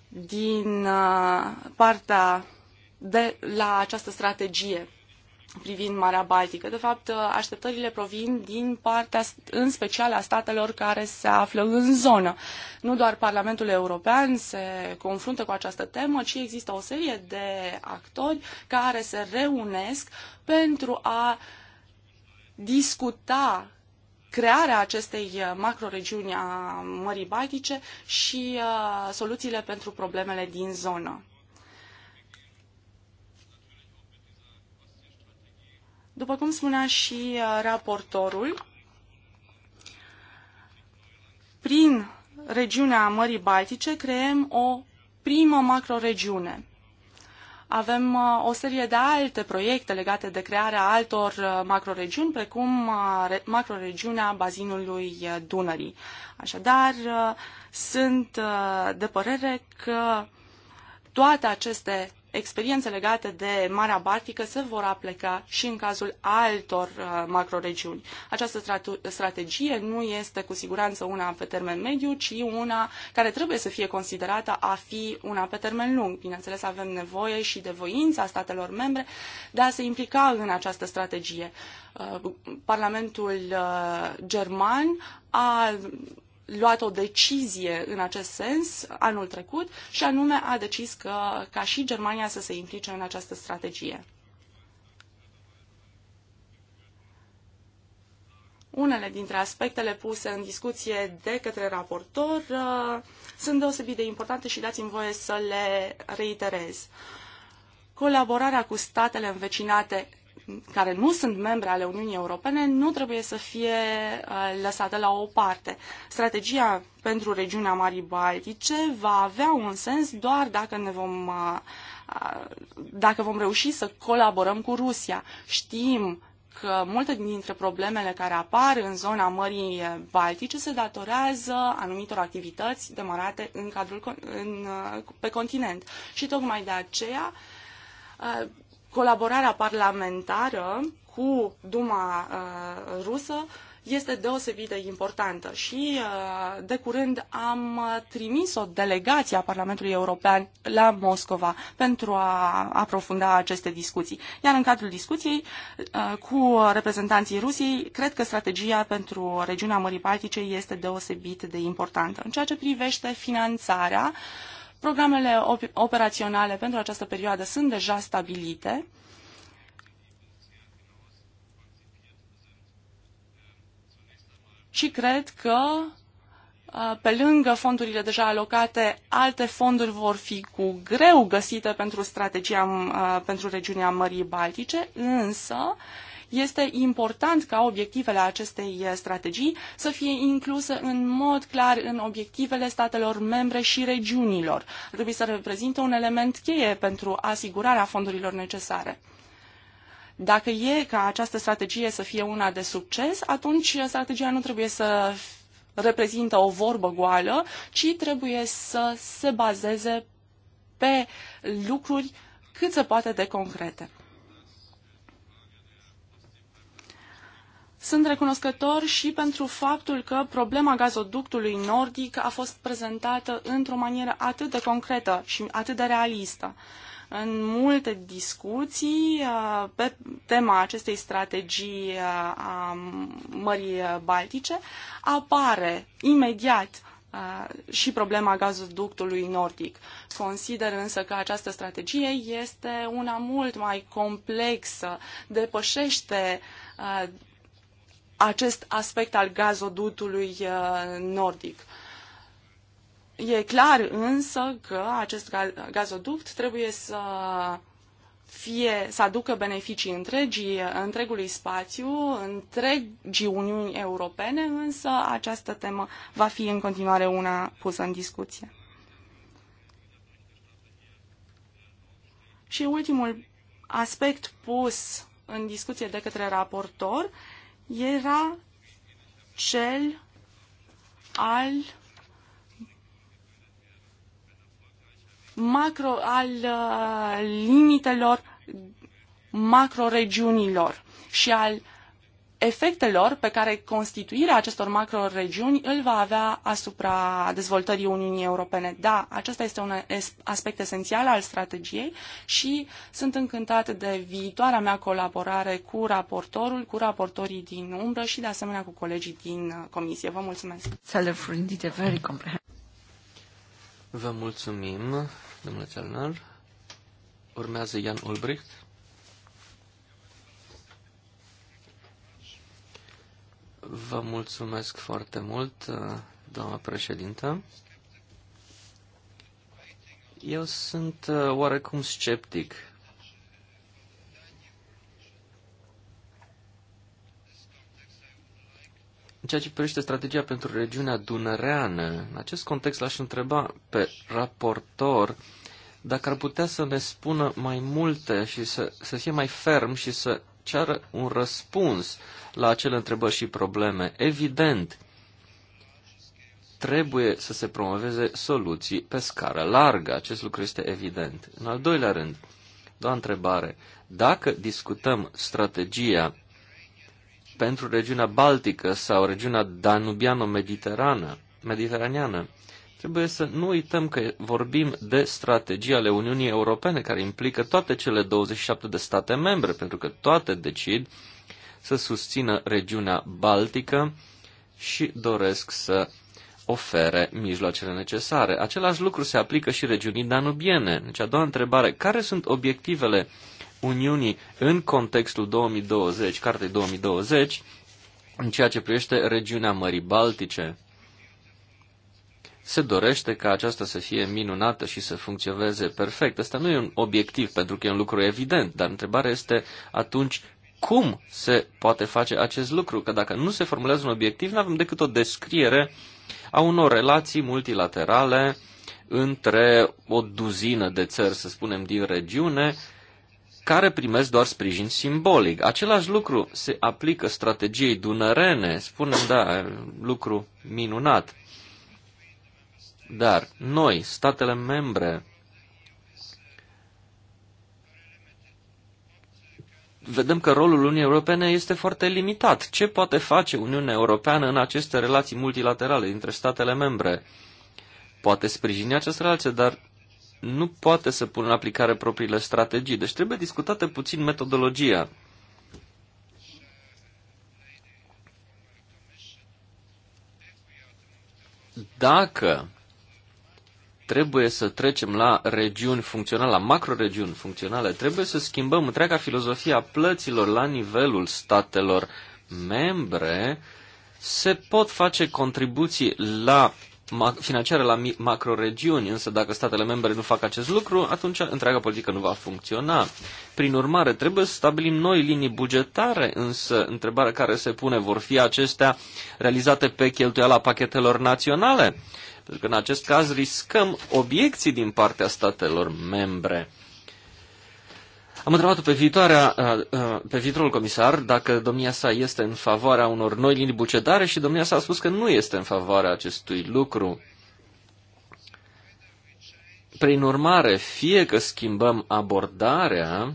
din uh, partea de la această strategie privind Marea Baltică. De fapt, așteptările provin din partea, în special, a statelor care se află în zonă. Nu doar Parlamentul European se confruntă cu această temă, ci există o serie de actori care se reunesc pentru a discuta crearea acestei macroregiuni a Mării Baltice și uh, soluțiile pentru problemele din zonă. După cum spunea și uh, raportorul, prin regiunea Mării Baltice creăm o primă macroregiune. Avem uh, o serie de alte proiecte legate de crearea altor uh, macroregiuni, precum macroregiunea bazinului Dunării. Așadar, sunt de părere că toate aceste experiențe legate de Marea Baltică se vor aplica și în cazul altor uh, macroregiuni. Această strategie nu este cu siguranță una pe termen mediu, ci una care trebuie să fie considerată a fi una pe termen lung. Bineînțeles, avem nevoie și de voința statelor membre de a se implica în această strategie. Uh, Parlamentul uh, german a luat o decizie în acest sens anul trecut și anume a decis că, ca și Germania să se implice în această strategie. Unele dintre aspectele puse în discuție de către raportor uh, sunt deosebit de importante și dați-mi voie să le reiterez. Colaborarea cu statele învecinate care nu sunt membre ale Uniunii Europene nu trebuie să fie uh, lăsată la o parte. Strategia pentru regiunea Marii Baltice va avea un sens doar dacă ne vom uh, uh, dacă vom reuși să colaborăm cu Rusia. Știm că multe dintre problemele care apar în zona Mării Baltice se datorează anumitor activități demarate în cadrul, în, pe continent. Și tocmai de aceea colaborarea parlamentară cu Duma uh, rusă este deosebit de importantă și uh, de curând am trimis o delegație a Parlamentului European la Moscova pentru a aprofunda aceste discuții. Iar în cadrul discuției uh, cu reprezentanții Rusiei, cred că strategia pentru regiunea Mării Baltice este deosebit de importantă. În ceea ce privește finanțarea, Programele operaționale pentru această perioadă sunt deja stabilite. Și cred că pe lângă fondurile deja alocate, alte fonduri vor fi cu greu găsite pentru strategia pentru regiunea Mării Baltice, însă este important ca obiectivele acestei eh, strategii să fie incluse în mod clar în obiectivele statelor membre și regiunilor. Trebuie să reprezintă un element cheie pentru asigurarea fondurilor necesare. Dacă e ca această strategie să fie una de succes, atunci eh, strategia nu trebuie să reprezintă o vorbă goală, ci trebuie să se bazeze pe lucruri cât se poate de concrete. Sunt recunoscător și pentru faptul că problema gazoductului nordic a fost prezentată într-o manieră atât de concretă și atât de realistă. În multe discuții uh, pe tema acestei strategii uh, a Mării Baltice apare imediat uh, și problema gazoductului nordic. Consider însă că această strategie este una mult mai complexă, depășește acest aspect al gazodutului uh, nordic. E clar însă că acest gazoduct trebuie să fie să aducă beneficii întregii, întregului spațiu, întregii Uniuni Europene, însă această temă va fi în continuare una pusă în discuție. Și ultimul aspect pus în discuție de către raportor era cel al macro al uh, limitelor macroregiunilor și al efectelor pe care constituirea acestor macroregiuni îl va avea asupra dezvoltării Uniunii Europene. Da, acesta este un aspect esențial al strategiei și sunt încântat de viitoarea mea colaborare cu raportorul, cu raportorii din umbră și de asemenea cu colegii din comisie. Vă mulțumesc! Vă mulțumim, domnule Cernar. Urmează Ian Ulbricht. Vă mulțumesc foarte mult, doamna președintă. Eu sunt uh, oarecum sceptic. În ceea ce privește strategia pentru regiunea dunăreană, în acest context l-aș întreba pe raportor dacă ar putea să ne spună mai multe și să, să fie mai ferm și să ceară un răspuns la acele întrebări și probleme. Evident, trebuie să se promoveze soluții pe scară largă. Acest lucru este evident. În al doilea rând, doua întrebare. Dacă discutăm strategia pentru regiunea Baltică sau regiunea Danubiano-Mediteraneană, Trebuie să nu uităm că vorbim de strategii ale Uniunii Europene care implică toate cele 27 de state membre, pentru că toate decid să susțină regiunea Baltică și doresc să ofere mijloacele necesare. Același lucru se aplică și regiunii danubiene. Deci a doua întrebare, care sunt obiectivele Uniunii în contextul 2020, Cartei 2020, în ceea ce privește regiunea Mării Baltice? se dorește ca aceasta să fie minunată și să funcționeze perfect. Asta nu e un obiectiv, pentru că e un lucru evident, dar întrebarea este atunci cum se poate face acest lucru, că dacă nu se formulează un obiectiv, nu avem decât o descriere a unor relații multilaterale între o duzină de țări, să spunem, din regiune, care primesc doar sprijin simbolic. Același lucru se aplică strategiei dunărene, spunem, da, lucru minunat, dar noi, statele membre, vedem că rolul Uniunii Europene este foarte limitat. Ce poate face Uniunea Europeană în aceste relații multilaterale dintre statele membre? Poate sprijini această relație, dar nu poate să pună în aplicare propriile strategii. Deci trebuie discutată puțin metodologia. Dacă trebuie să trecem la regiuni funcționale, la macroregiuni funcționale, trebuie să schimbăm întreaga filozofie a plăților la nivelul statelor membre, se pot face contribuții la financiare la macroregiuni, însă dacă statele membre nu fac acest lucru, atunci întreaga politică nu va funcționa. Prin urmare, trebuie să stabilim noi linii bugetare, însă întrebarea care se pune, vor fi acestea realizate pe cheltuiala pachetelor naționale? Pentru că în acest caz riscăm obiecții din partea statelor membre. Am întrebat pe, viitoarea, pe viitorul comisar dacă domnia sa este în favoarea unor noi linii bucetare și domnia sa a spus că nu este în favoarea acestui lucru. Prin urmare, fie că schimbăm abordarea,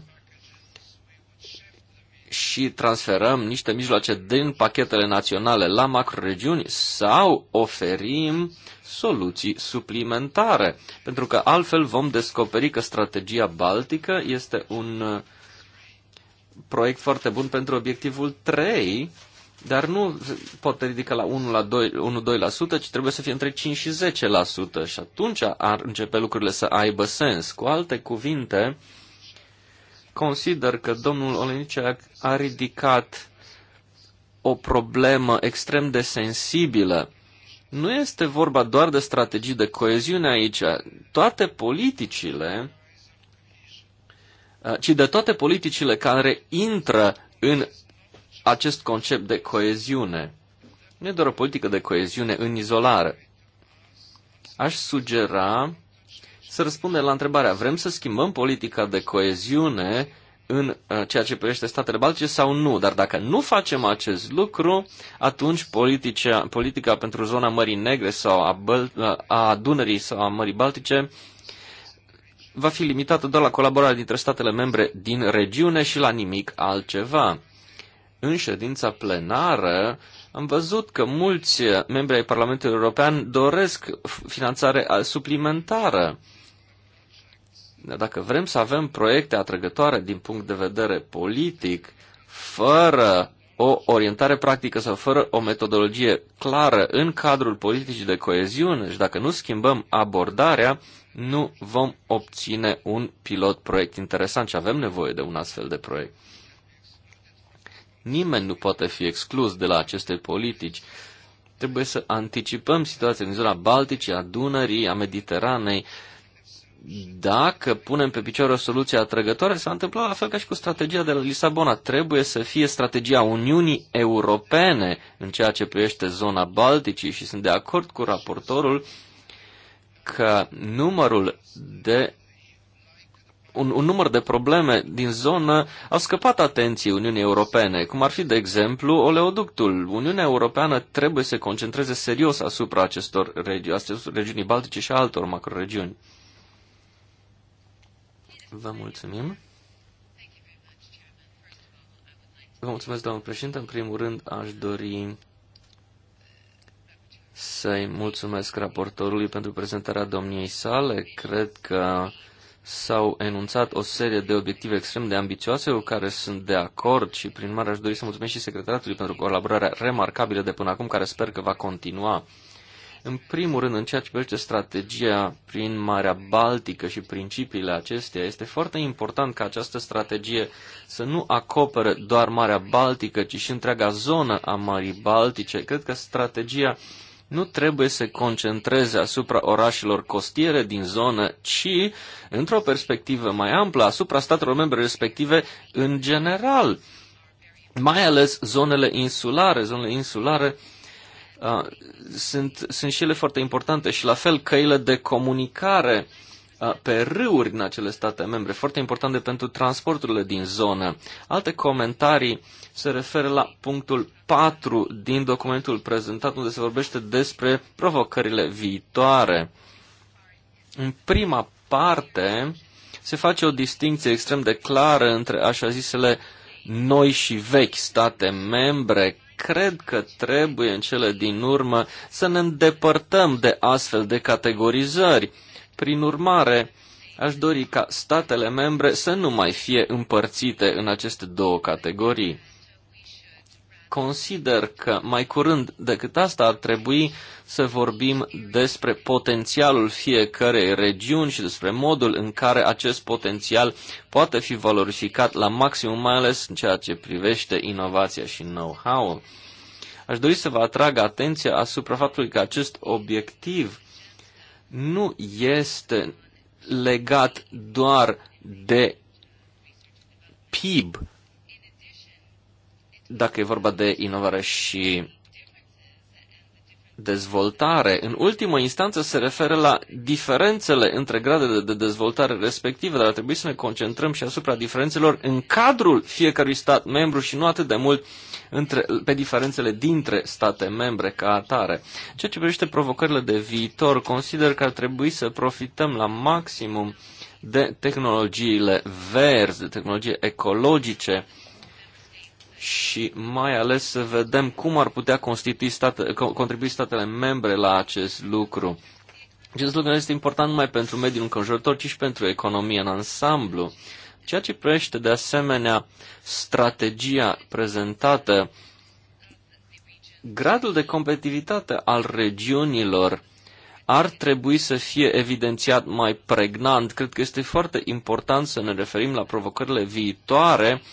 și transferăm niște mijloace din pachetele naționale la macroregiuni sau oferim soluții suplimentare. Pentru că altfel vom descoperi că strategia baltică este un uh, proiect foarte bun pentru obiectivul 3, dar nu poate ridica la 1 la 2, 1 2%, ci trebuie să fie între 5 și 10% și atunci ar începe lucrurile să aibă sens. Cu alte cuvinte, Consider că domnul Oleniceac a ridicat o problemă extrem de sensibilă. Nu este vorba doar de strategii de coeziune aici. Toate politicile, ci de toate politicile care intră în acest concept de coeziune. Nu e doar o politică de coeziune în izolare. Aș sugera să răspunde la întrebarea, vrem să schimbăm politica de coeziune în uh, ceea ce privește statele baltice sau nu. Dar dacă nu facem acest lucru, atunci politica, politica pentru zona Mării Negre sau a, Băl, uh, a Dunării sau a Mării Baltice va fi limitată doar la colaborarea dintre statele membre din regiune și la nimic altceva. În ședința plenară am văzut că mulți membri ai Parlamentului European doresc finanțare uh, suplimentară dacă vrem să avem proiecte atrăgătoare din punct de vedere politic, fără o orientare practică sau fără o metodologie clară în cadrul politicii de coeziune și dacă nu schimbăm abordarea, nu vom obține un pilot proiect interesant și avem nevoie de un astfel de proiect. Nimeni nu poate fi exclus de la aceste politici. Trebuie să anticipăm situația din zona Balticii, a Dunării, a Mediteranei, uh, dacă punem pe picior o soluție atrăgătoare, s-a întâmplat la fel ca și cu strategia de la Lisabona. Trebuie să fie strategia Uniunii Europene în ceea ce privește zona Balticii și sunt de acord cu raportorul că numărul de un, un număr de probleme din zonă au scăpat atenției Uniunii Europene, cum ar fi, de exemplu, oleoductul. Uniunea Europeană trebuie să se concentreze serios asupra acestor, regi- acestor regiuni baltice și altor macroregiuni. Vă mulțumim. Vă mulțumesc, domnul președinte. În primul rând, aș dori să-i mulțumesc raportorului pentru prezentarea domniei sale. Cred că s-au enunțat o serie de obiective extrem de ambițioase cu care sunt de acord și, prin mare, aș dori să mulțumesc și secretariatului pentru colaborarea remarcabilă de până acum, care sper că va continua. În primul rând, în ceea ce privește strategia prin Marea Baltică și principiile acesteia, este foarte important ca această strategie să nu acopere doar Marea Baltică, ci și întreaga zonă a Marii Baltice. Cred că strategia nu trebuie să se concentreze asupra orașelor costiere din zonă, ci, într-o perspectivă mai amplă, asupra statelor membre respective în general, mai ales zonele insulare. Zonele insulare uh, sunt, sunt și ele foarte importante și la fel căile de comunicare pe râuri în acele state membre, foarte importante pentru transporturile din zonă. Alte comentarii se referă la punctul 4 din documentul prezentat, unde se vorbește despre provocările viitoare. În prima parte se face o distinție extrem de clară între așa zisele noi și vechi state membre cred că trebuie în cele din urmă să ne îndepărtăm de astfel de categorizări. Prin urmare, aș dori ca statele membre să nu mai fie împărțite în aceste două categorii consider că mai curând decât asta ar trebui să vorbim despre potențialul fiecarei regiuni și despre modul în care acest potențial poate fi valorificat la maximum, mai ales în ceea ce privește inovația și know-how-ul. Aș dori să vă atrag atenția asupra faptului că acest obiectiv nu este legat doar de PIB, dacă e vorba de inovare și dezvoltare, în ultimă instanță se referă la diferențele între gradele de dezvoltare respective, dar ar trebui să ne concentrăm și asupra diferențelor în cadrul fiecărui stat membru și nu atât de mult între, pe diferențele dintre state membre ca atare. Ceea ce privește provocările de viitor, consider că ar trebui să profităm la maximum de tehnologiile verzi, de tehnologie ecologice, și mai ales să vedem cum ar putea constitui state, contribui statele membre la acest lucru. Acest lucru este important numai pentru mediul înconjurător, ci și pentru economia în ansamblu. Ceea ce privește de asemenea strategia prezentată, gradul de competitivitate al regiunilor ar trebui să fie evidențiat mai pregnant. Cred că este foarte important să ne referim la provocările viitoare uh,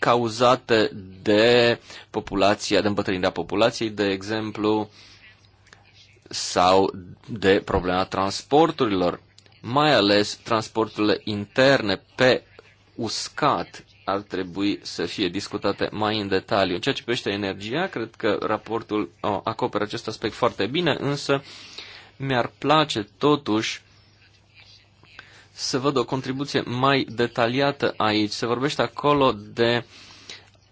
cauzate de populația, de îmbătrânirea populației, de exemplu, sau de problema transporturilor, mai ales transporturile interne pe uscat ar trebui să fie discutate mai în detaliu. În ceea ce privește energia, cred că raportul uh, acoperă acest aspect foarte bine, însă mi-ar place totuși să văd o contribuție mai detaliată aici. Se vorbește acolo de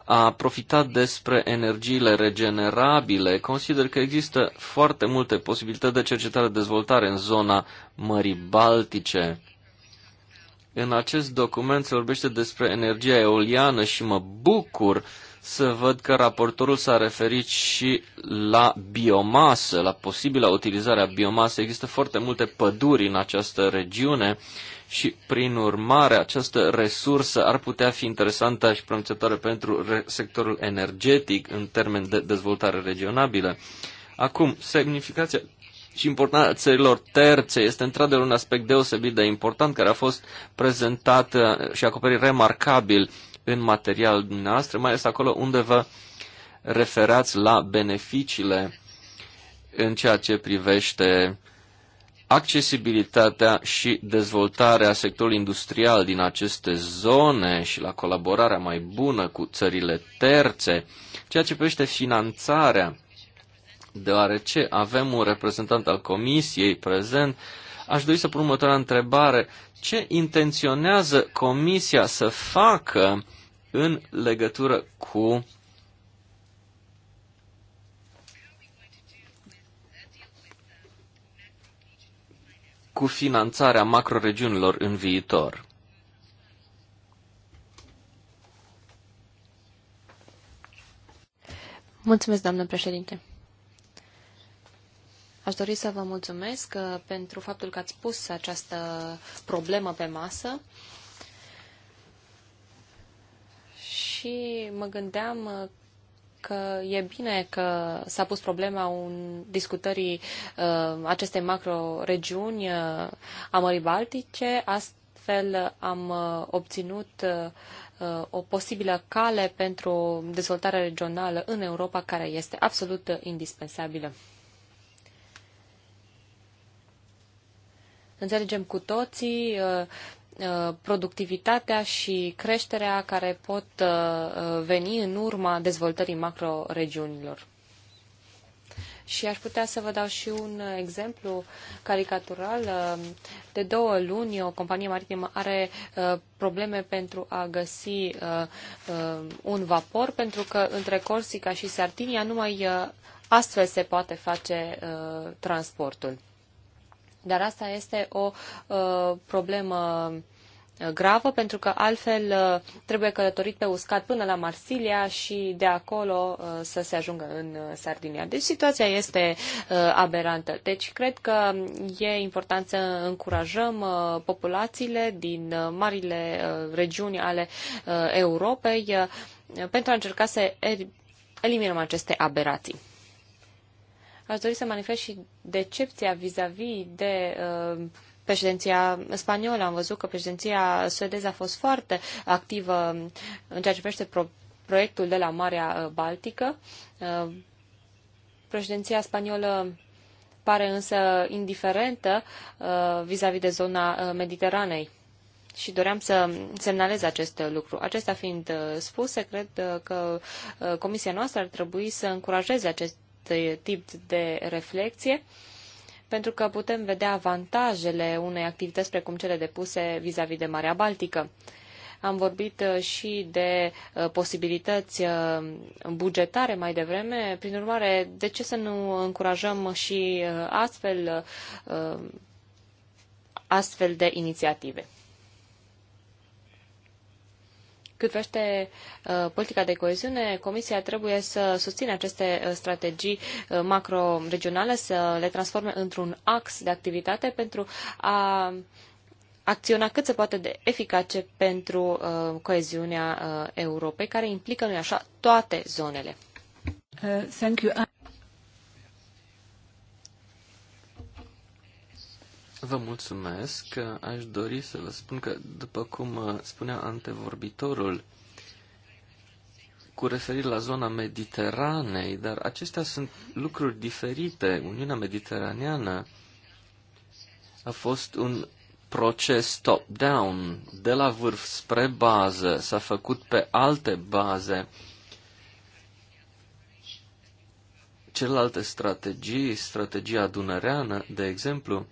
a profita despre energiile regenerabile. Consider că există foarte multe posibilități de cercetare-dezvoltare în zona Mării Baltice. În acest document se vorbește despre energia eoliană și mă bucur uh, să văd că raportorul s-a referit și la biomasă, la posibila a biomasă. Există foarte multe păduri în această regiune și, prin urmare, această resursă ar putea fi interesantă și promițătoare pentru sectorul energetic în termen de dezvoltare regionabilă. Acum, semnificația și importanța țărilor terțe este într-adevăr un aspect deosebit de important care a fost prezentat uh, și acoperit remarcabil în materialul dumneavoastră, mai ales acolo unde vă referați la beneficiile în ceea ce privește accesibilitatea și dezvoltarea sectorului industrial din aceste zone și la colaborarea mai bună cu țările terțe, ceea ce privește finanțarea, deoarece avem un reprezentant al Comisiei prezent, aș dori să pun următoarea întrebare. Ce intenționează Comisia să facă în legătură cu cu finanțarea macroregiunilor în viitor. Mulțumesc, doamnă președinte. Aș dori să vă mulțumesc uh, pentru faptul că ați pus această problemă pe masă și mă gândeam uh, că e bine că s-a pus problema un, discutării uh, acestei macro-regiuni uh, a Mării Baltice. Astfel am uh, obținut uh, uh o posibilă cale pentru dezvoltarea regională în Europa, care este absolut indispensabilă. Înțelegem cu toții uh, Uh, productivitatea și creșterea care pot uh, uh, veni în urma dezvoltării macroregiunilor. Și aș putea să vă dau și un exemplu caricatural. De două luni, o companie maritimă are probleme pentru a găsi un vapor, pentru că între Corsica și Sardinia numai astfel se poate face transportul. Dar asta este o uh, problemă uh, gravă, pentru că altfel uh, trebuie călătorit pe uscat până la Marsilia și de acolo uh, să se ajungă în Sardinia. Deci situația este aberantă. Deci cred că e important să încurajăm populațiile din marile regiuni ale Europei pentru a încerca să eliminăm aceste aberații. Aș dori să manifest și decepția vis-a-vis -vis de uh, președinția spaniolă. Am văzut că președinția suedeză a fost foarte activă în ceea ce privește pro- proiectul de la Marea uh, Baltică. Uh, președinția spaniolă pare însă indiferentă uh, vis-a-vis uh, -vis de zona uh, Mediteranei și doream să semnalez acest lucru. Acesta fiind spuse, cred că comisia noastră ar trebui să încurajeze acest acest eh, tip de reflexie, pentru că putem vedea avantajele unei activități precum cele depuse vis-a-vis -vis de Marea Baltică. Am vorbit eh, și de eh, posibilități bugetare mai devreme. Prin urmare, de ce să nu încurajăm și astfel, astfel de inițiative? Cât vește uh, politica de coeziune, Comisia trebuie să susține aceste uh, strategii uh, macro-regionale, să le transforme într-un ax de activitate pentru a acționa cât se poate de eficace pentru uh, coeziunea uh, Europei, care implică, nu așa, toate zonele. Uh, thank you. Vă mulțumesc. Aș dori să vă spun că, după cum uh, spunea antevorbitorul, cu referire la zona Mediteranei, dar acestea sunt lucruri diferite. Uniunea Mediteraneană a fost un proces top-down, de la vârf spre bază, s-a făcut pe alte baze. Celelalte strategii, strategia dunăreană, de exemplu,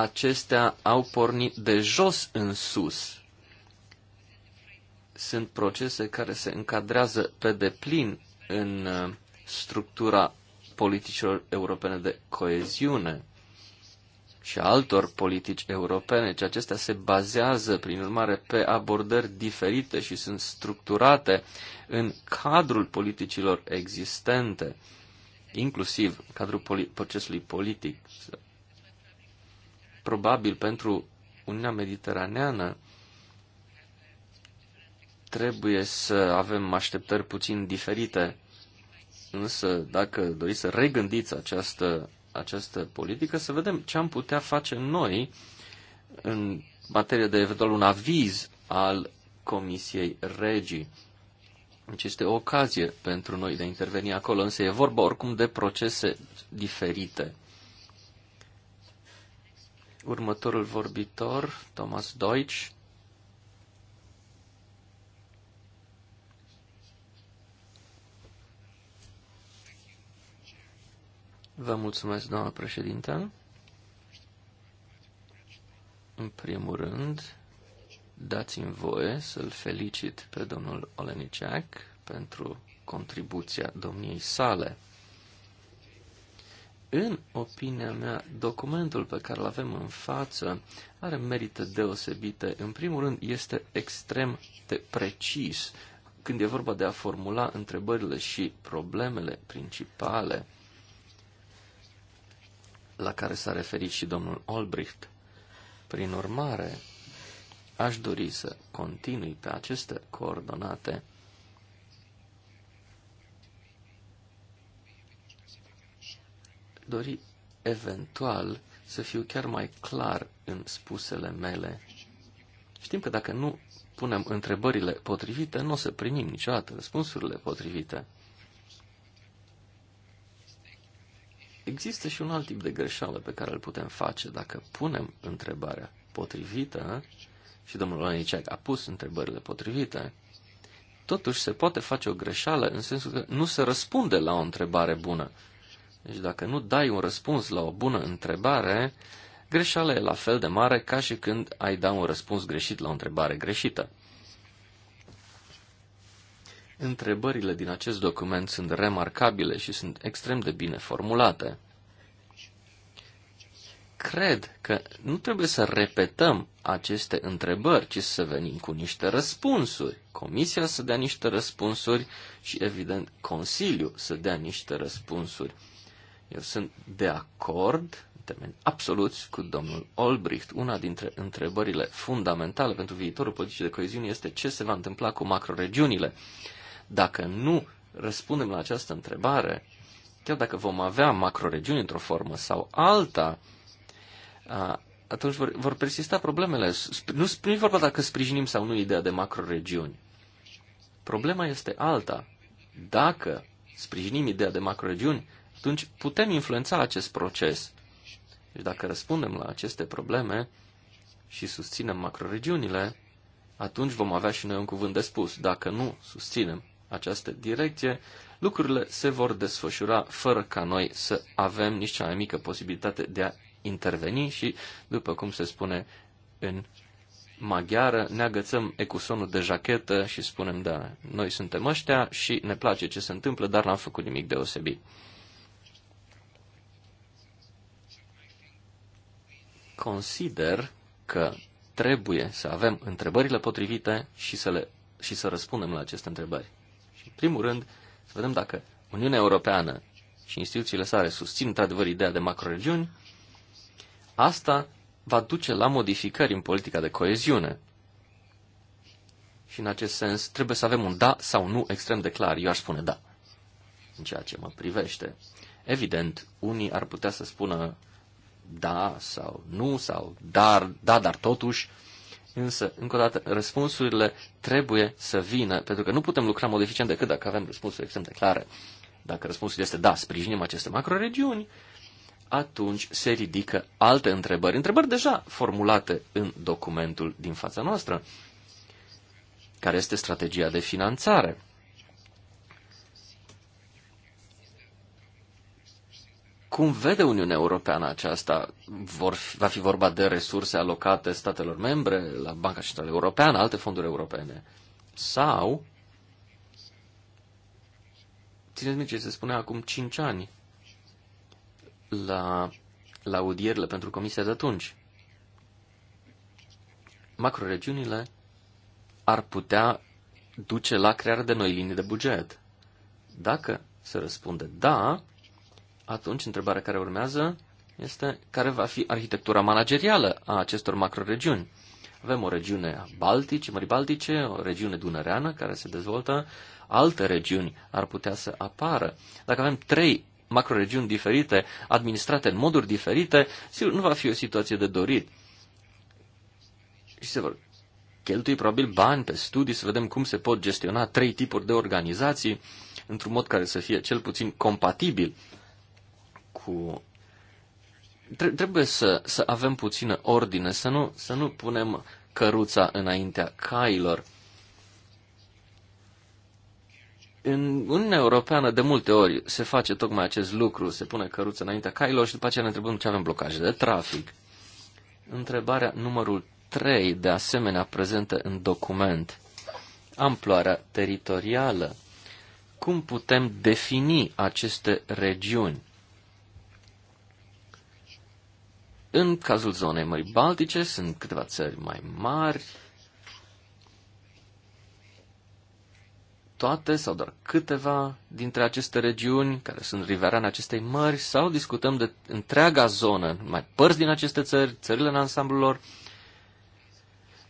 acestea au pornit de jos în sus. Sunt procese care se încadrează pe deplin în uh, structura politicilor europene de coeziune și a altor politici europene, ci acestea se bazează, prin urmare, pe abordări diferite și sunt structurate în cadrul politicilor existente, inclusiv cadrul poli- procesului politic probabil pentru Uniunea Mediteraneană trebuie să avem așteptări puțin diferite. Însă, dacă doriți să regândiți această, această politică, să vedem ce am putea face noi în materie de eventual un aviz al Comisiei Regii. Deci este o ocazie pentru noi de a interveni acolo, însă e vorba oricum de procese diferite. Următorul vorbitor, Thomas Deutsch. Vă mulțumesc, doamnă președintă. În primul rând, dați-mi voie să-l felicit pe domnul Oleniciac pentru contribuția domniei sale în opinia mea, documentul pe care îl avem în față are merite deosebite. În primul rând, este extrem de precis când e vorba de a formula întrebările și problemele principale la care s-a referit și domnul Olbricht. Prin urmare, aș dori să continui pe aceste coordonate dori eventual să fiu chiar mai clar în spusele mele. Știm că dacă nu punem întrebările potrivite, nu o să primim niciodată răspunsurile potrivite. Există și un alt tip de greșeală pe care îl putem face dacă punem întrebarea potrivită și domnul Oleniciac a pus întrebările potrivite, totuși se poate face o greșeală în sensul că nu se răspunde la o întrebare bună. Deci dacă nu dai un răspuns la o bună întrebare, greșeala e la fel de mare ca și când ai da un răspuns greșit la o întrebare greșită. Întrebările din acest document sunt remarcabile și sunt extrem de bine formulate. Cred că nu trebuie să repetăm aceste întrebări, ci să venim cu niște răspunsuri. Comisia să dea niște răspunsuri și, evident, Consiliul să dea niște răspunsuri. Eu sunt de acord, în termeni absoluți, cu domnul Olbricht. Una dintre întrebările fundamentale pentru viitorul politicii de coeziune este ce se va întâmpla cu macroregiunile. Dacă nu răspundem la această întrebare, chiar dacă vom avea macroregiuni într-o formă sau alta, atunci vor, vor persista problemele. Nu, nu e vorba dacă sprijinim sau nu ideea de macroregiuni. Problema este alta. Dacă sprijinim ideea de macroregiuni, atunci putem influența acest proces. Deci dacă răspundem la aceste probleme și susținem macroregiunile, atunci vom avea și noi un cuvânt de spus. Dacă nu susținem această direcție, lucrurile se vor desfășura fără ca noi să avem nici cea mai mică posibilitate de a interveni și, după cum se spune în maghiară, ne agățăm ecusonul de jachetă și spunem, da, noi suntem ăștia și ne place ce se întâmplă, dar n-am făcut nimic deosebit. Consider că trebuie să avem întrebările potrivite și să, le, și să răspundem la aceste întrebări. Și, în primul rând, să vedem dacă Uniunea Europeană și instituțiile sale susțin într-adevăr ideea de macroregiuni, asta va duce la modificări în politica de coeziune. Și în acest sens trebuie să avem un da sau nu extrem de clar. Eu aș spune da, în ceea ce mă privește. Evident, unii ar putea să spună da sau nu sau dar, da, dar totuși. Însă, încă o dată, răspunsurile trebuie să vină, pentru că nu putem lucra mod eficient decât dacă avem răspunsuri extrem de clare. Dacă răspunsul este da, sprijinim aceste macroregiuni, atunci se ridică alte întrebări, întrebări deja formulate în documentul din fața noastră. Care este strategia de finanțare? Cum vede Uniunea Europeană aceasta? Vor, va fi vorba de resurse alocate statelor membre, la Banca Centrală Europeană, alte fonduri europene? Sau, țineți minte ce se spunea acum 5 ani la, la audierile pentru comisia de atunci, macroregiunile ar putea duce la crearea de noi linii de buget. Dacă se răspunde da, atunci, întrebarea care urmează este care va fi arhitectura managerială a acestor macroregiuni. Avem o regiune Baltice, Mării Baltice, o regiune dunăreană care se dezvoltă, alte regiuni ar putea să apară. Dacă avem trei macroregiuni diferite, administrate în moduri diferite, sigur nu va fi o situație de dorit. Și se vor cheltui probabil bani pe studii să vedem cum se pot gestiona trei tipuri de organizații într-un mod care să fie cel puțin compatibil cu trebuie să, să avem puțină ordine, să nu, să nu punem căruța înaintea cailor. În Uniunea Europeană de multe ori se face tocmai acest lucru, se pune căruța înaintea cailor și după aceea ne întrebăm ce avem blocaje de trafic. Întrebarea numărul 3, de asemenea, prezentă în document. Amploarea teritorială. Cum putem defini aceste regiuni? În cazul zonei Mării Baltice sunt câteva țări mai mari, toate sau doar câteva dintre aceste regiuni care sunt riverane acestei mări sau discutăm de întreaga zonă, mai părți din aceste țări, țările în ansamblul lor.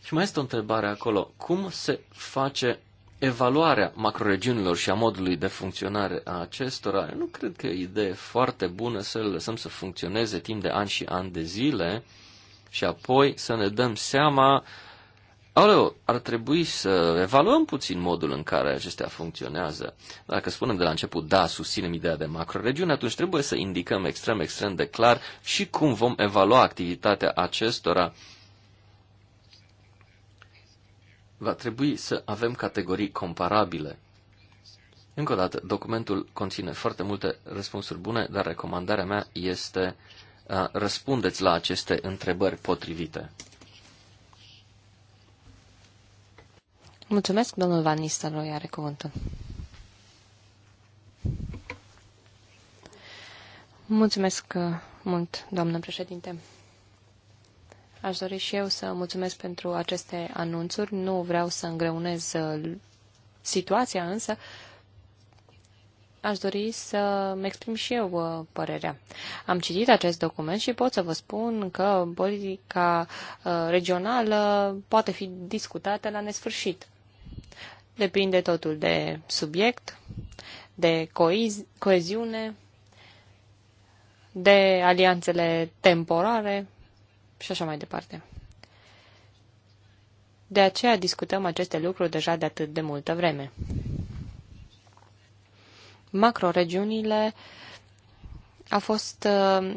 Și mai este o întrebare acolo. Cum se face evaluarea macroregiunilor și a modului de funcționare a acestora, nu cred că e o idee foarte bună să le lăsăm să funcționeze timp de ani și ani de zile și apoi să ne dăm seama, aoleu, ar trebui să evaluăm puțin modul în care acestea funcționează. Dacă spunem de la început, da, susținem ideea de macroregiune, atunci trebuie să indicăm extrem, extrem de clar și cum vom evalua activitatea acestora va trebui să avem categorii comparabile. Încă o dată, documentul conține foarte multe răspunsuri bune, dar recomandarea mea este uh, răspundeți la aceste întrebări potrivite. Mulțumesc, domnul Van Nistelrooy are cuvântul. Mulțumesc uh, mult, doamnă președinte. Aș dori și eu să mulțumesc pentru aceste anunțuri. Nu vreau să îngreunez uh, situația, însă aș dori să-mi exprim și eu uh, părerea. Am citit acest document și pot să vă spun că politica uh, regională poate fi discutată la nesfârșit. Depinde totul de subiect, de coeziune, de alianțele temporare și așa mai departe. De aceea discutăm aceste lucruri deja de atât de multă vreme. Macroregiunile a fost uh, uh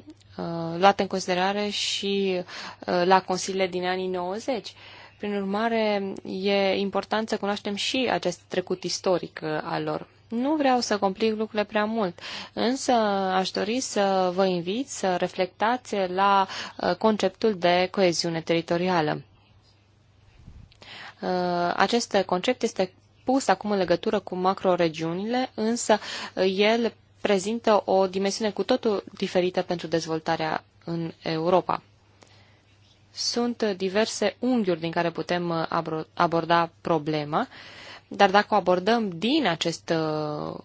luate în considerare și uh, la consiliile din anii 90. Prin urmare, e important să cunoaștem și acest trecut istoric uh, al lor. Nu vreau să complic lucrurile prea mult, însă aș dori să vă invit să reflectați la uh, conceptul de coeziune teritorială. Uh, acest concept este pus acum în legătură cu macroregiunile, însă uh, el prezintă o dimensiune cu totul diferită pentru dezvoltarea în Europa. Sunt diverse unghiuri din care putem aborda problema dar dacă o abordăm din acest uh,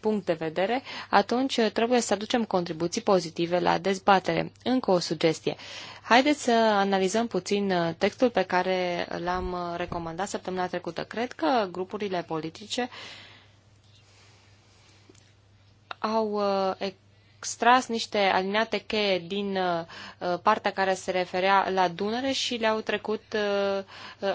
punct de vedere, atunci uh, trebuie să aducem contribuții pozitive la dezbatere. Încă o sugestie. Haideți să analizăm puțin uh, textul pe care l-am recomandat săptămâna trecută. Cred că grupurile politice au extras niște alineate cheie din partea care se referea la Dunăre și le-au trecut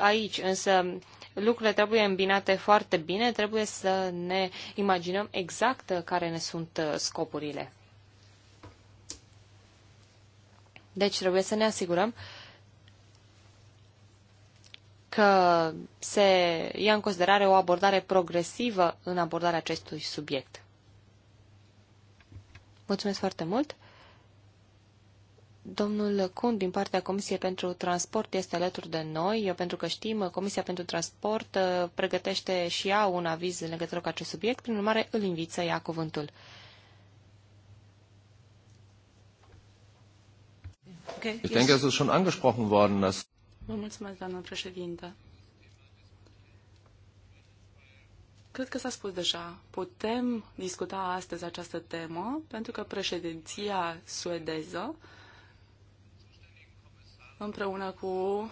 aici. Însă lucrurile trebuie îmbinate foarte bine, trebuie să ne imaginăm exact care ne sunt uh, scopurile. Deci trebuie să ne asigurăm că se ia în considerare o abordare progresivă în abordarea acestui subiect. Mulțumesc foarte mult! Domnul Cun din partea Comisiei pentru Transport este alături de noi, pentru că știm, Comisia pentru Transport uh, pregătește și ea un aviz în legătură cu acest subiect, prin urmare îl invit să ia cuvântul. Okay. Ich denke, es ist schon angesprochen worden, dass Cred că s-a spus deja. Putem discuta astăzi această temă pentru că președinția suedeză uh, împreună cu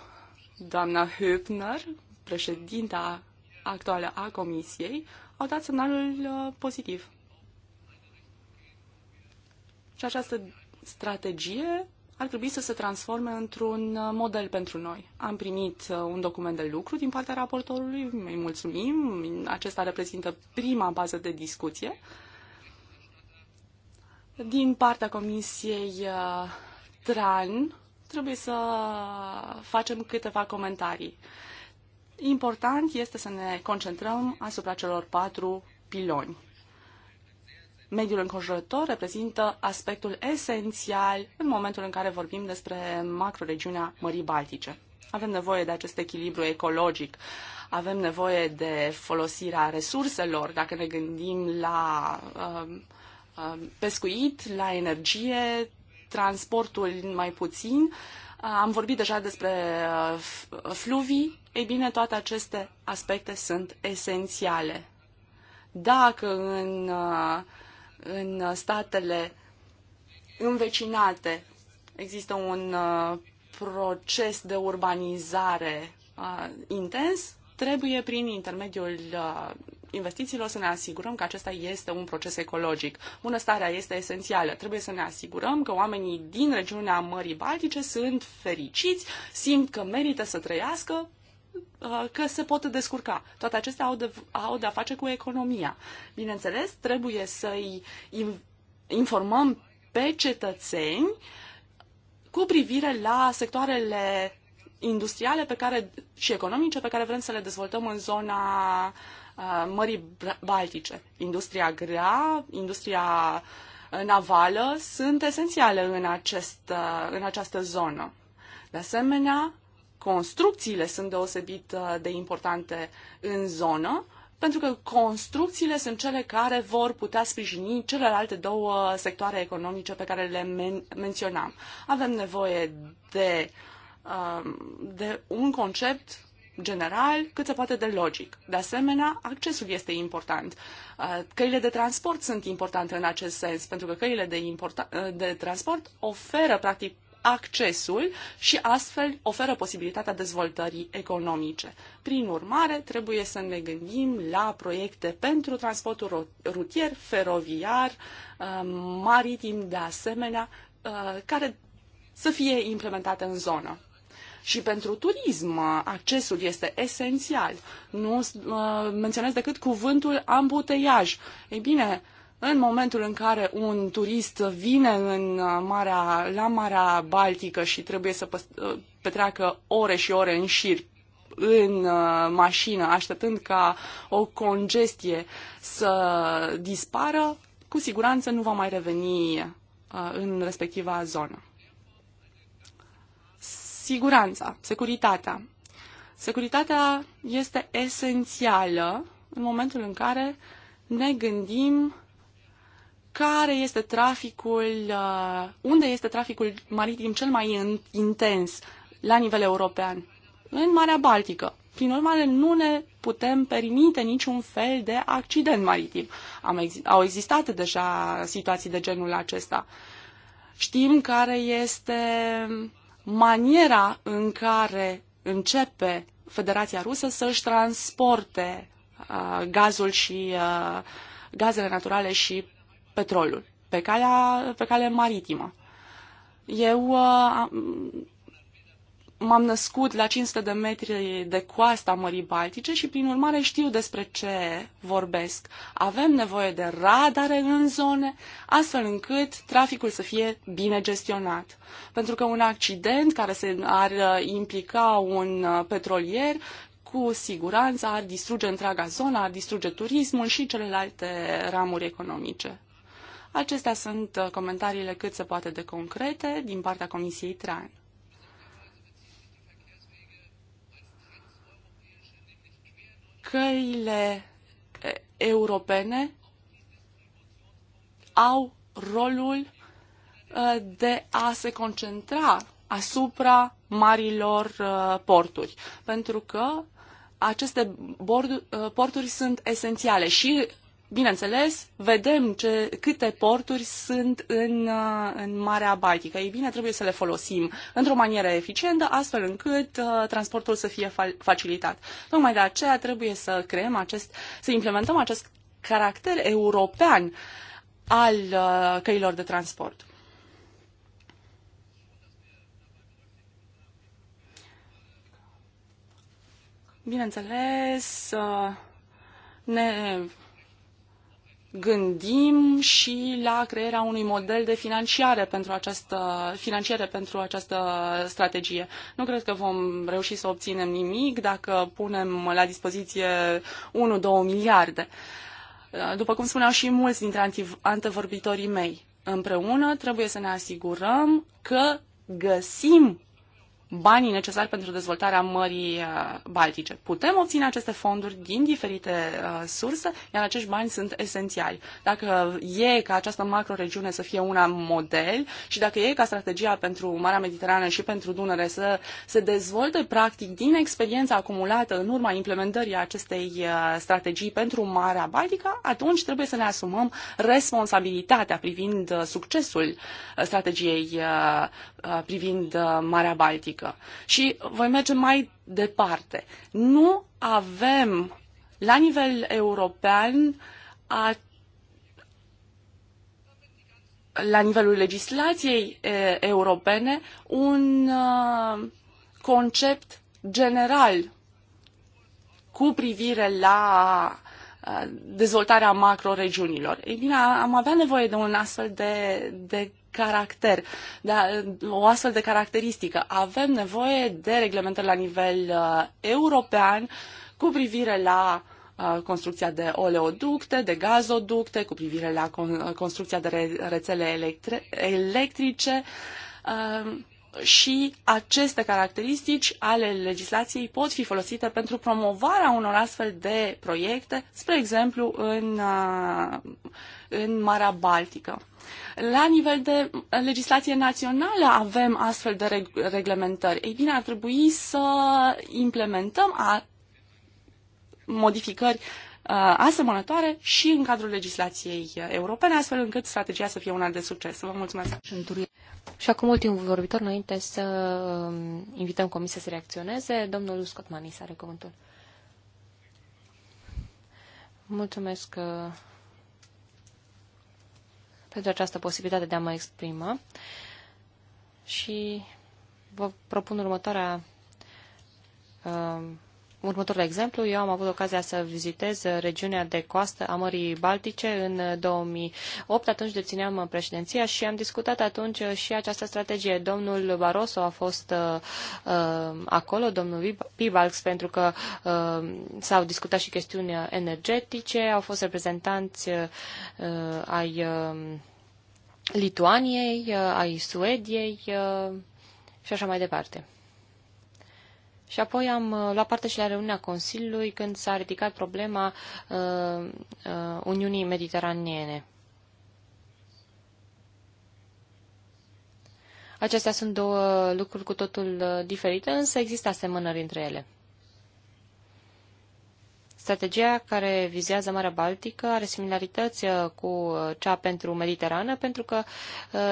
doamna Hübner, președinta actuală a Comisiei, au dat semnalul uh, pozitiv. Și această strategie ar trebui să se transforme într-un uh, model pentru noi. Am primit uh, un document de lucru din partea raportorului, îi mulțumim, acesta reprezintă prima bază de discuție. Din partea Comisiei TRAN, trebuie să facem câteva comentarii. Important este să ne concentrăm asupra celor patru piloni. Mediul înconjurător reprezintă aspectul esențial în momentul în care vorbim despre macroregiunea Mării Baltice. Avem nevoie de acest echilibru ecologic, avem nevoie de folosirea resurselor, dacă ne gândim la uh, pescuit, la energie, transportul mai puțin, uh, am vorbit deja despre uh, fluvii, ei bine, toate aceste aspecte sunt esențiale. Dacă în, uh, în statele învecinate există un proces de urbanizare intens, trebuie prin intermediul investițiilor să ne asigurăm că acesta este un proces ecologic. Bunăstarea este esențială. Trebuie să ne asigurăm că oamenii din regiunea Mării Baltice sunt fericiți, simt că merită să trăiască uh, că se pot descurca. Toate acestea au de, au de a face cu economia. Bineînțeles, trebuie să-i informăm pe cetățeni cu privire la sectoarele industriale pe care, și economice pe care vrem să le dezvoltăm în zona Uh, Mării Baltice. Industria grea, industria uh, navală sunt esențiale în, acest, uh, în această zonă. De asemenea, construcțiile sunt deosebit de importante în zonă, pentru că construcțiile sunt cele care vor putea sprijini celelalte două sectoare economice pe care le men- menționam. Avem nevoie de, de un concept general cât se poate de logic. De asemenea, accesul este important. Uh, căile de transport sunt importante în acest sens, pentru că căile de, uh, de transport oferă, practic, accesul și astfel oferă posibilitatea dezvoltării economice. Prin urmare, trebuie să ne gândim la proiecte pentru transportul rutier, feroviar, uh, maritim de asemenea, care să fie implementate în zonă și pentru turism uh, accesul este esențial. Nu uh, menționez decât cuvântul ambuteiaj. Ei bine, în momentul în care un turist vine în uh, Marea, la Marea Baltică și trebuie să petreacă ore și ore în șir în mașină, așteptând ca o congestie să dispară, cu siguranță nu va mai reveni în respectiva zonă. Siguranța, securitatea. Securitatea este esențială în momentul în care ne gândim care este traficul, uh, unde este traficul maritim cel mai intens la nivel european? În Marea Baltică. Prin urmare, nu ne putem permite niciun fel de accident maritim. au existat deja situații de genul acesta. Știm care este maniera în care începe Federația Rusă să își transporte uh, gazul și uh, gazele naturale și petrolul pe, calea, pe cale maritimă. Eu uh, m-am născut la 500 de metri de coasta Mării Baltice și, prin urmare, știu despre ce vorbesc. Avem nevoie de radare în zone, astfel încât traficul să fie bine gestionat. Pentru că un accident care se ar uh, implica un uh, petrolier, cu siguranță ar distruge întreaga zonă, ar distruge turismul și celelalte ramuri economice. Acestea sunt uh, comentariile cât se poate de concrete din partea Comisiei Tran. căile europene au rolul de a se concentra asupra marilor porturi, pentru că aceste porturi sunt esențiale și Bineînțeles, vedem ce, câte porturi sunt în, uh, în Marea Baltică. Ei bine, trebuie să le folosim într-o manieră eficientă, astfel încât uh, transportul să fie fa- facilitat. Tocmai de aceea trebuie să creăm acest, să implementăm acest caracter european al uh, căilor de transport. Bineînțeles, uh, ne gândim și la crearea unui model de finanțare pentru această, financiare pentru această strategie. Nu cred că vom reuși să obținem nimic dacă punem la dispoziție 1-2 miliarde. După cum spuneau și mulți dintre antevorbitorii mei, împreună trebuie să ne asigurăm că găsim banii necesari pentru dezvoltarea Mării uh, Baltice. Putem obține aceste fonduri din diferite uh, surse, iar acești bani sunt esențiali. Dacă e ca această macroregiune să fie una model și dacă e ca strategia pentru Marea Mediterană și pentru Dunăre să se dezvolte practic din experiența acumulată în urma implementării acestei uh, strategii pentru Marea Baltică, atunci trebuie să ne asumăm responsabilitatea privind succesul strategiei privind Marea Baltică politică. Și voi merge mai departe. Nu avem la nivel european a, la nivelul legislației e, europene un uh, concept general cu privire la dezvoltarea macroregiunilor. Ei bine, am avea nevoie de un astfel de, de caracter, de da, o astfel de caracteristică. Avem nevoie de reglementări la nivel uh, european cu privire la uh, construcția de oleoducte, de gazoducte, cu privire la construcția de rețele electrice uh, și aceste caracteristici ale legislației pot fi folosite pentru promovarea unor astfel de proiecte, spre exemplu în, uh, în Marea Baltică. La nivel de legislație națională avem astfel de reglementări. Ei bine, ar trebui să implementăm a modificări uh, asemănătoare și în cadrul legislației europene, astfel încât strategia să fie una de succes. Vă mulțumesc! Și acum ultimul vorbitor, înainte să um, invităm comisia să reacționeze, domnul Scott Manis are cuvântul. Mulțumesc uh, pentru această posibilitate de a mă exprima și vă propun următoarea uh, Următorul exemplu, eu am avut ocazia să vizitez regiunea de coastă a Mării Baltice în 2008, atunci dețineam președinția și am discutat atunci și această strategie. Domnul Barroso a fost uh, uh acolo, domnul Pibalx, pentru că uh, s-au discutat și chestiuni energetice, au fost reprezentanți uh, ai uh, Lituaniei, uh, ai Suediei uh, și așa mai departe. Și apoi am uh, luat parte și la reuniunea Consiliului când s-a ridicat problema uh, uh, Uniunii Mediteraneene. Acestea sunt două lucruri cu totul uh, diferite, însă există asemănări între ele. Strategia care vizează Marea Baltică are similarități uh, cu cea pentru Mediterană, pentru că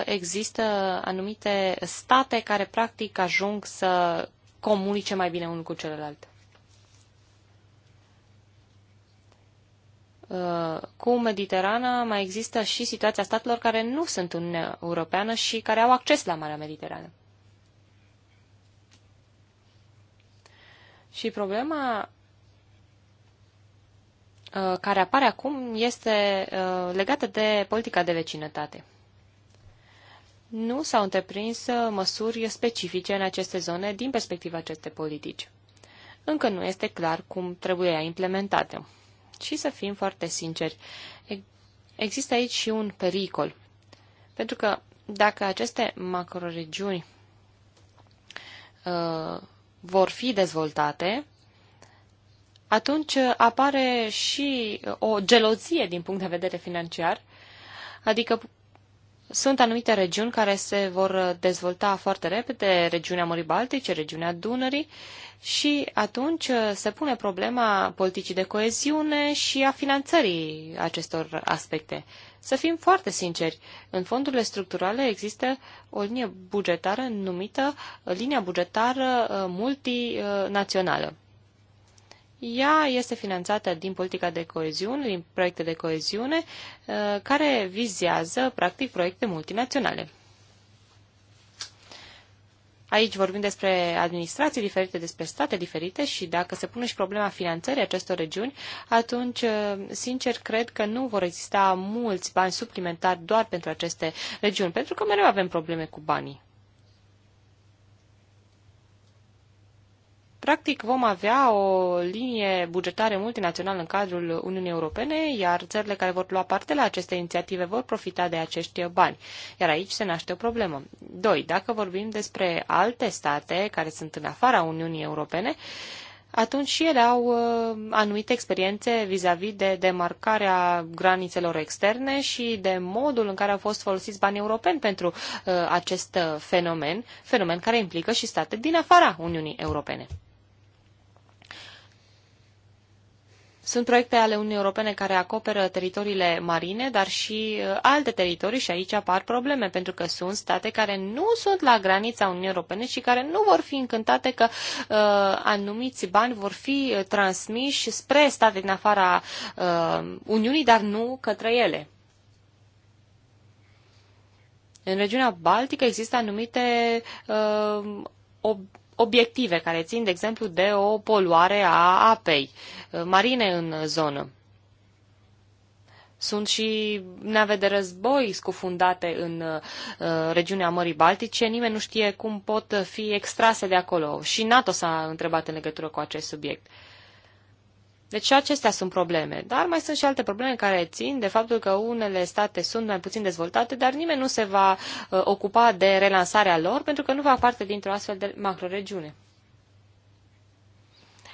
există anumite state care practic ajung să comunice mai bine unul cu celălalt. Uh, cu Mediterana mai există și situația statelor care nu sunt Uniunea Europeană și care au acces la Marea Mediterană. Și problema uh, care apare acum este uh, legată de politica de vecinătate nu s-au întreprins uh, măsuri specifice în aceste zone din perspectiva acestei politici. Încă nu este clar cum trebuie ea implementată. Și să fim foarte sinceri, există aici și un pericol. Pentru că dacă aceste macroregiuni uh, vor fi dezvoltate, atunci uh, apare și uh, o gelozie din punct de vedere financiar, adică sunt anumite regiuni care se vor uh, dezvolta foarte repede, regiunea Mării Baltice, regiunea Dunării, și atunci uh, se pune problema politicii de coeziune și a finanțării acestor aspecte. Să fim foarte sinceri, în fondurile structurale există o linie bugetară numită linia bugetară uh, multinațională. Ea este finanțată din politica de coeziune, din proiecte de coeziune, uh, care vizează, practic, proiecte multinaționale. Aici vorbim despre administrații diferite, despre state diferite și dacă se pune și problema finanțării acestor regiuni, atunci, uh, sincer, cred că nu vor exista mulți bani suplimentari doar pentru aceste regiuni, pentru că mereu avem probleme cu banii. Practic vom avea o linie bugetară multinațională în cadrul Uniunii Europene, iar țările care vor lua parte la aceste inițiative vor profita de acești bani. Iar aici se naște o problemă. Doi. Dacă vorbim despre alte state care sunt în afara Uniunii Europene, atunci și ele au uh, anumite experiențe vis-a-vis -vis de demarcarea granițelor externe și de modul în care au fost folosiți banii europeni pentru uh, acest fenomen, fenomen care implică și state din afara Uniunii Europene. Sunt proiecte ale Uniunii Europene care acoperă teritoriile marine, dar și uh, alte teritorii și aici apar probleme, pentru că sunt state care nu sunt la granița Uniunii Europene și care nu vor fi încântate că uh, anumiți bani vor fi uh, transmiși spre state din afara uh, Uniunii, dar nu către ele. În regiunea Baltică există anumite uh, ob- obiective care țin, de exemplu, de o poluare a apei uh, marine în zonă. Sunt și nave de război scufundate în uh, regiunea Mării Baltice. Nimeni nu știe cum pot fi extrase de acolo. Și NATO s-a întrebat în legătură cu acest subiect. Uh, deci și acestea sunt probleme. Dar mai sunt și alte probleme care țin de faptul că unele state sunt mai puțin dezvoltate, dar nimeni nu se va uh, ocupa de relansarea lor pentru că nu va parte dintr-o astfel de macroregiune.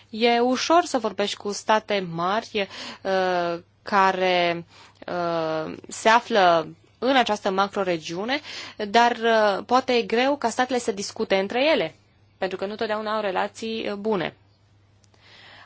E ușor să vorbești cu state mari uh, care uh, se află în această macroregiune, dar uh, poate e greu ca statele să discute între ele, pentru că nu totdeauna au relații uh, bune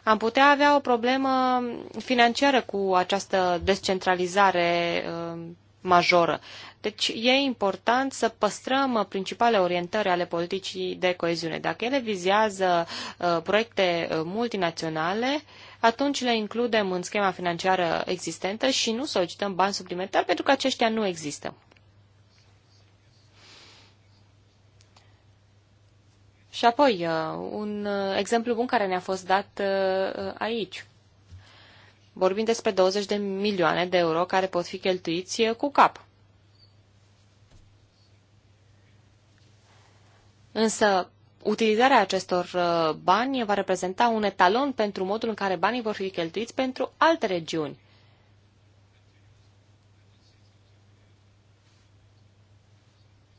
am putea avea o problemă financiară cu această descentralizare uh, majoră. Deci e important să păstrăm principale orientări ale politicii de coeziune. Dacă ele vizează uh, proiecte uh, multinaționale, atunci le includem în schema financiară existentă și nu solicităm bani suplimentari pentru că aceștia nu există. Și apoi, uh, un uh, exemplu bun care ne-a fost dat uh, aici. Vorbim despre 20 de milioane de euro care pot fi cheltuiți cu cap. Însă, utilizarea acestor bani va reprezenta un etalon pentru modul în care banii vor fi cheltuiți pentru alte regiuni.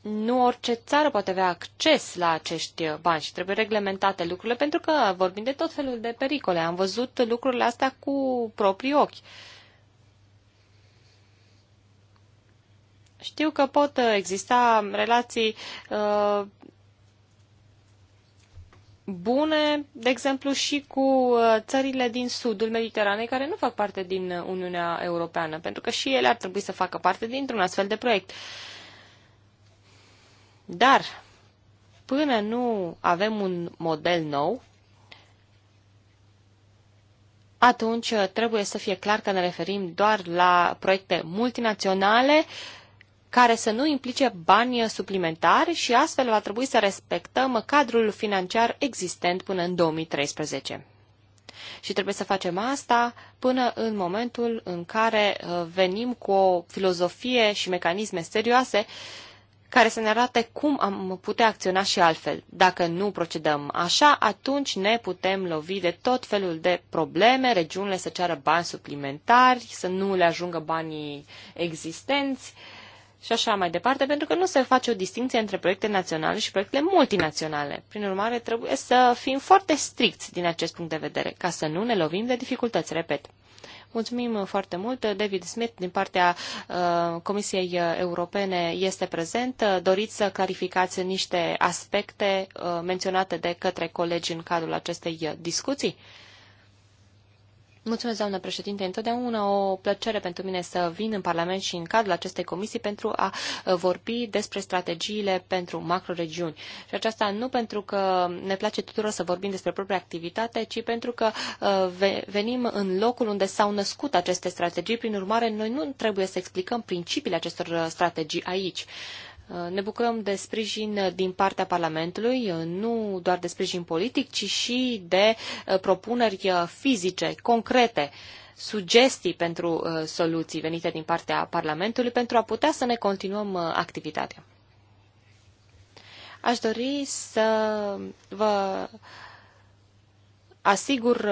nu orice țară poate avea acces la acești bani și trebuie reglementate lucrurile pentru că vorbim de tot felul de pericole. Am văzut lucrurile astea cu proprii ochi. Știu că pot exista relații uh, bune, de exemplu, și cu uh, țările din sudul Mediteranei care nu fac parte din Uniunea Europeană, pentru că și ele ar trebui să facă parte dintr-un astfel de proiect. Uh, dar până nu avem un model nou, atunci trebuie să fie clar că ne referim doar la proiecte multinaționale care să nu implice bani suplimentari și astfel va trebui să respectăm cadrul financiar existent până în 2013. Și trebuie să facem asta până în momentul în care uh, venim cu o filozofie și mecanisme serioase uh, care să ne arate cum am putea acționa și altfel. Dacă nu procedăm așa, atunci ne putem lovi de tot felul de probleme, regiunile să ceară bani suplimentari, să nu le ajungă banii existenți și așa mai departe, pentru că nu se face o distinție între proiecte naționale și proiectele multinaționale. Prin urmare, trebuie să fim foarte stricți din acest punct de vedere, ca să nu ne lovim de dificultăți, repet. Mulțumim uh, foarte mult. David Smith, din partea uh, Comisiei uh, Europene, este prezent. Doriți să clarificați niște aspecte menționate de către colegi în cadrul acestei discuții? Mulțumesc, doamnă președinte. Întotdeauna o plăcere pentru mine să vin în Parlament și în cadrul acestei comisii pentru a uh, vorbi despre strategiile pentru macroregiuni. Și aceasta nu pentru că ne place tuturor să vorbim despre propria activitate, ci pentru că uh, venim în locul unde s-au născut aceste strategii. Prin urmare, noi nu trebuie să explicăm principiile acestor uh, strategii aici. Uh, ne bucurăm de sprijin uh, din partea Parlamentului, uh, nu doar de sprijin politic, ci și de propuneri fizice, concrete, sugestii pentru soluții venite din partea Parlamentului pentru a putea să ne continuăm activitatea. Aș dori să vă asigur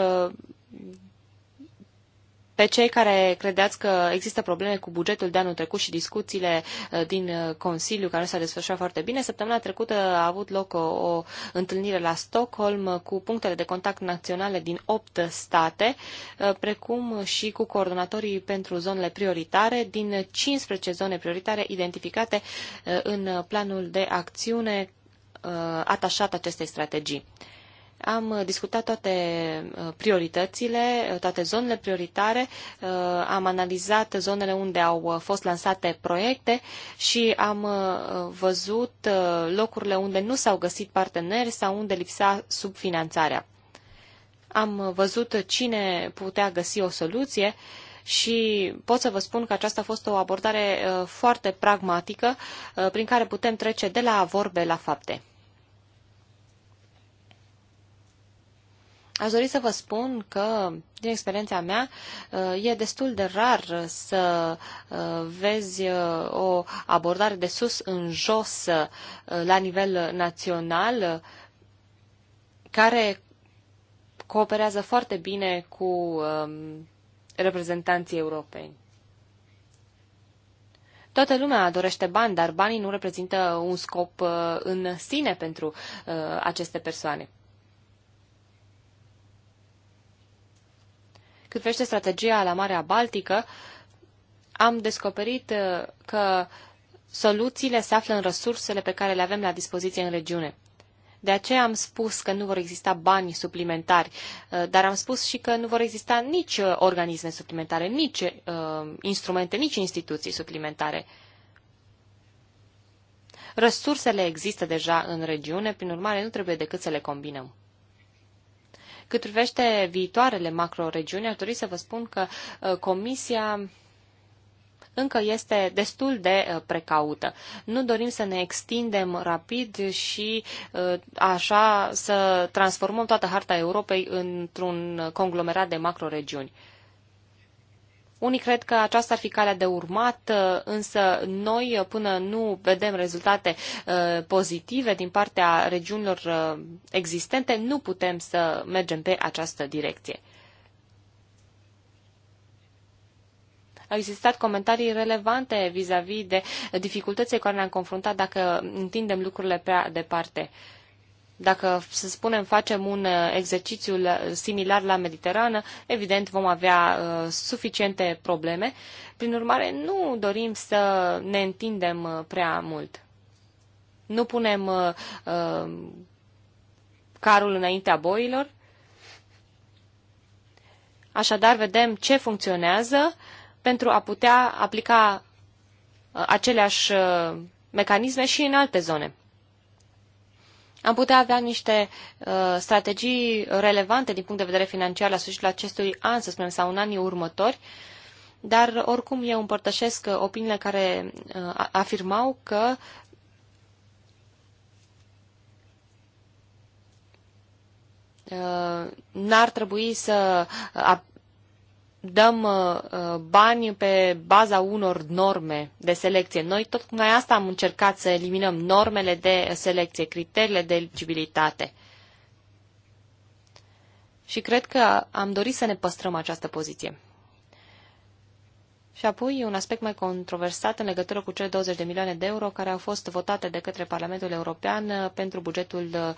pe cei care credeți că există probleme cu bugetul de anul trecut și discuțiile uh, din uh, Consiliu, care nu s-a desfășurat foarte bine. Săptămâna trecută a avut loc o, o întâlnire la Stockholm uh, cu punctele de contact naționale din opt state, precum și cu coordonatorii pentru zonele prioritare din 15 zone prioritare identificate în planul de acțiune atașat acestei strategii. Am discutat toate uh, prioritățile, uh, toate zonele prioritare, uh, am analizat zonele unde au fost lansate proiecte și am văzut locurile unde nu s-au găsit parteneri sau unde lipsa subfinanțarea. Am văzut cine putea găsi o soluție și pot să vă spun că aceasta a fost o abordare foarte pragmatică prin care putem trece de la vorbe la fapte. Aș dori să vă spun că, din experiența mea, e destul de rar să uh, vezi uh, o abordare de sus în jos uh, la nivel național care cooperează foarte bine cu um, reprezentanții europeni. Toată lumea dorește bani, dar banii nu reprezintă un scop în sine pentru aceste persoane. Cât privește strategia la Marea Baltică, am descoperit uh, că soluțiile se află în resursele pe care le avem la dispoziție în regiune. De aceea am spus că nu vor exista bani suplimentari, uh, dar am spus și că nu vor exista nici uh, organisme suplimentare, nici uh, instrumente, nici instituții suplimentare. Resursele există deja în regiune, prin urmare nu trebuie decât să le combinăm. Cât privește viitoarele macroregiuni, ar trebui să vă spun că uh, Comisia încă este destul de uh, precaută. Nu dorim să ne extindem rapid și uh, așa să transformăm toată harta Europei într-un conglomerat de macroregiuni. Unii cred că aceasta ar fi calea de urmat, uh, însă noi, uh, până nu vedem rezultate uh, pozitive din partea regiunilor existente, nu putem să mergem pe această direcție. Au existat comentarii relevante vis-a-vis -vis de dificultățile cu care ne-am confruntat dacă întindem lucrurile prea departe. Dacă, să spunem, facem un uh, exercițiu similar la Mediterană, evident vom avea uh, suficiente probleme. Prin urmare, nu dorim să ne întindem uh, prea mult. Nu punem uh, uh, carul înaintea boilor. Așadar, vedem ce funcționează pentru a putea aplica uh, aceleași mecanisme și în alte zone am putea avea niște uh, strategii relevante din punct de vedere financiar la sfârșitul acestui an, să spunem, sau în anii următori, dar oricum eu împărtășesc uh, opiniile care uh, afirmau că uh, n-ar trebui să uh, dăm uh, uh, bani pe baza unor norme de selecție. Noi tot noi asta am încercat să eliminăm normele de selecție, criteriile de eligibilitate. Și cred că am dorit să ne păstrăm această poziție. Și apoi un aspect mai controversat în legătură cu cele 20 de milioane de euro care au fost votate de către Parlamentul European uh, pentru bugetul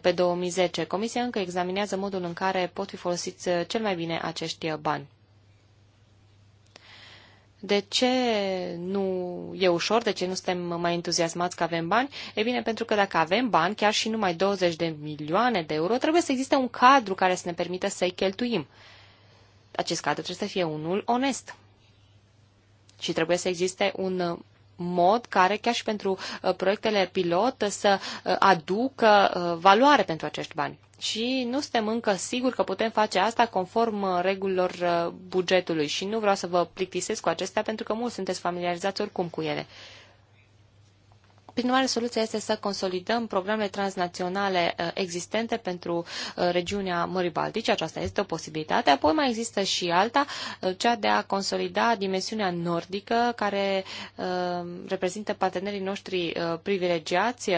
pe 2010. Comisia încă examinează modul în care pot fi folosiți cel mai bine acești bani. De ce nu e ușor? De ce nu suntem mai entuziasmați că avem bani? E bine, pentru că dacă avem bani, chiar și numai 20 de milioane de euro, trebuie să existe un cadru care să ne permită să-i cheltuim. Acest cadru trebuie să fie unul onest. Și trebuie să existe un mod care, chiar și pentru uh, proiectele pilot, să uh, aducă uh, valoare pentru acești bani și nu suntem încă siguri că putem face asta conform uh, regulilor uh, bugetului și nu vreau să vă plictisesc cu acestea pentru că mulți sunteți familiarizați oricum cu ele. Prin urmare, soluția este să consolidăm programele transnaționale uh, existente pentru regiunea Mării Baltice, aceasta este o posibilitate. Apoi mai există și alta, cea de a consolida dimensiunea nordică, care reprezintă partenerii noștri privilegiați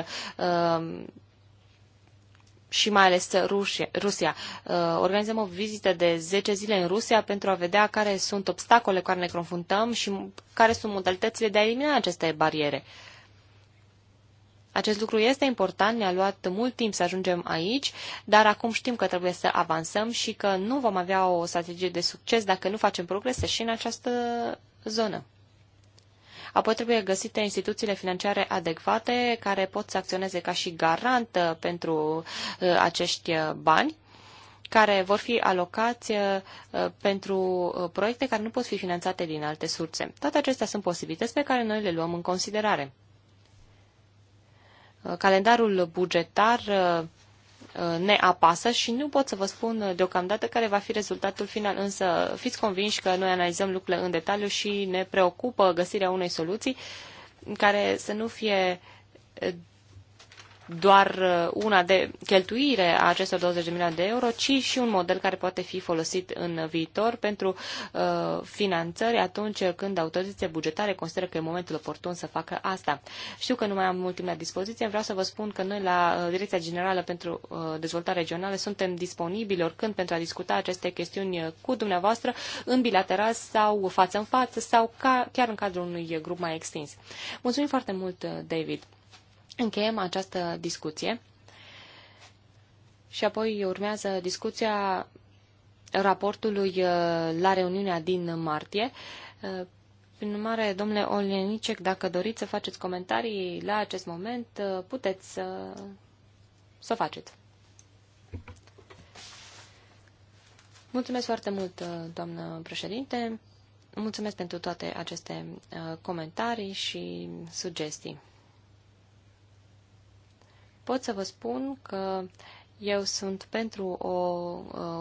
și mai ales Rusia. Rusia. Uh, organizăm o vizită de 10 zile în Rusia pentru a vedea care sunt obstacole cu care ne confruntăm și care sunt modalitățile de a elimina aceste bariere. Acest lucru este important, ne-a luat mult timp să ajungem aici, dar acum știm că trebuie să avansăm și că nu vom avea o strategie de succes dacă nu facem progrese și în această zonă. Apoi trebuie găsite instituțiile financiare adecvate care pot să acționeze ca și garant uh, pentru uh, acești uh, bani care vor fi alocați pentru proiecte care nu pot fi finanțate din alte surse. Toate acestea sunt posibilități pe care noi le luăm în considerare. Calendarul bugetar Uh, ne apasă și nu pot să vă spun deocamdată care va fi rezultatul final, însă fiți convinși că noi analizăm lucrurile în detaliu și ne preocupă găsirea unei soluții care să nu fie doar uh, una de cheltuire a acestor 20 de milioane de euro, ci și un model care poate fi folosit în viitor pentru uh, finanțări atunci când autoritățile bugetare consideră că e momentul oportun să facă asta. Știu că nu mai am mult timp la dispoziție, vreau să vă spun că noi la uh, Direcția Generală pentru uh, Dezvoltare Regională suntem disponibili oricând pentru a discuta aceste chestiuni cu dumneavoastră în bilateral sau față în față sau ca, chiar în cadrul unui grup mai extins. Mulțumim foarte mult, David încheiem această discuție și apoi urmează discuția raportului uh, la reuniunea din martie. Uh, prin urmare, domnule Olenicek, dacă doriți să faceți comentarii la acest moment, uh, puteți să, să faceți. Mulțumesc foarte mult, doamnă președinte. Mulțumesc pentru toate aceste comentarii și sugestii pot să vă spun că eu sunt pentru o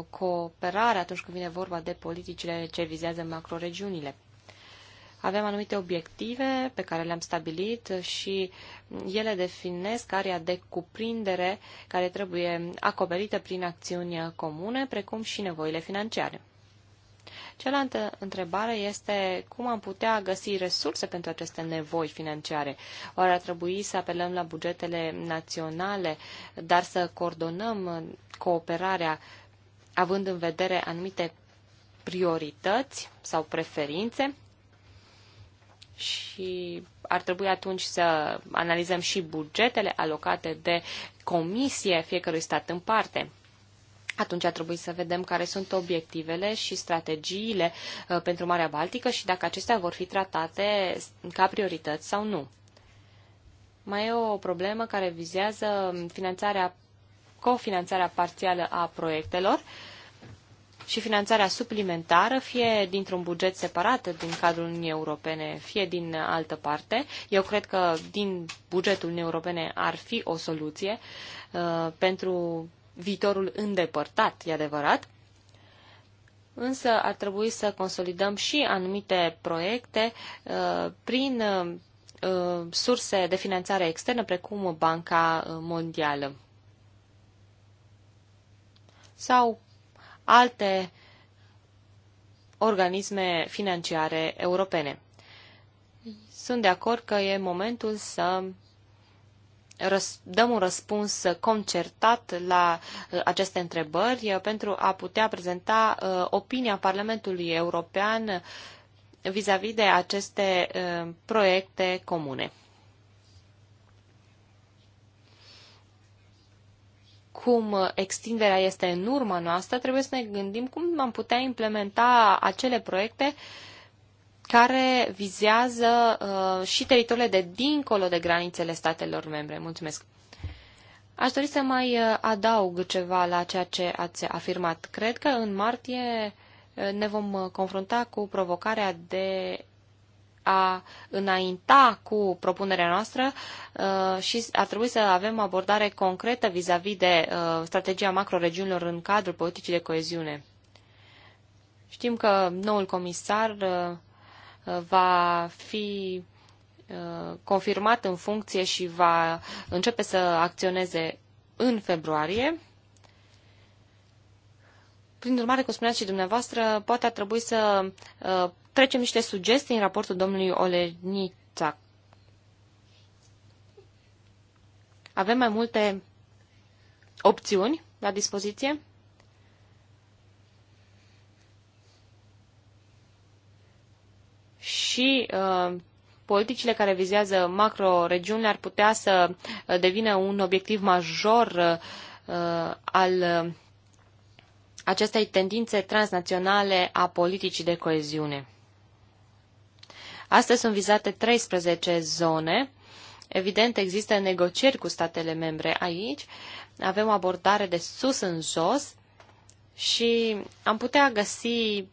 cooperare atunci când vine vorba de politicile ce vizează macroregiunile. Avem anumite obiective pe care le-am stabilit și ele definesc area de cuprindere care trebuie acoperită prin acțiuni comune, precum și nevoile financiare. Cealaltă întrebare este cum am putea găsi resurse pentru aceste nevoi financiare. Oare ar trebui să apelăm la bugetele naționale, dar să coordonăm cooperarea având în vedere anumite priorități sau preferințe? și ar trebui atunci să analizăm și bugetele alocate de comisie fiecărui stat în parte atunci ar trebui să vedem care sunt obiectivele și strategiile uh, pentru Marea Baltică și dacă acestea vor fi tratate ca priorități sau nu. Mai e o problemă care vizează finanțarea, cofinanțarea parțială a proiectelor și finanțarea suplimentară, fie dintr-un buget separat din cadrul Uniunii Europene, fie din altă parte. Eu cred că din bugetul Uniunii Europene ar fi o soluție uh, pentru viitorul îndepărtat, e adevărat, însă ar trebui să consolidăm și anumite proiecte uh, prin uh, surse de finanțare externă, precum Banca Mondială sau alte organisme financiare europene. Sunt de acord că e momentul să dăm un răspuns concertat la uh, aceste întrebări uh, pentru a putea prezenta uh, opinia Parlamentului European vis-a-vis -vis de aceste proiecte comune. cum extinderea este în urma noastră, trebuie să ne gândim cum am putea implementa acele proiecte uh, care vizează uh, și teritoriile de dincolo de granițele statelor membre. Mulțumesc! Aș dori să mai uh, adaug ceva la ceea ce ați afirmat. Cred că în martie uh, ne vom uh, confrunta cu provocarea de a înainta cu propunerea noastră și ar trebui să avem abordare concretă vis-a-vis -vis de strategia macroregiunilor în cadrul politicii de coeziune. Știm că noul comisar va fi uh, confirmat în funcție și va începe să acționeze în februarie. Prin urmare, cum spuneați și dumneavoastră, poate ar trebui să uh, trecem niște sugestii în raportul domnului Olenița. Avem mai multe opțiuni la dispoziție? și uh, politicile care vizează macro-regiunile ar putea să uh, devină un obiectiv major uh, uh al uh, acestei tendințe transnaționale a politicii de coeziune. Astăzi sunt vizate 13 zone. Evident, există negocieri cu statele membre aici. Avem o abordare de sus în jos și am putea găsi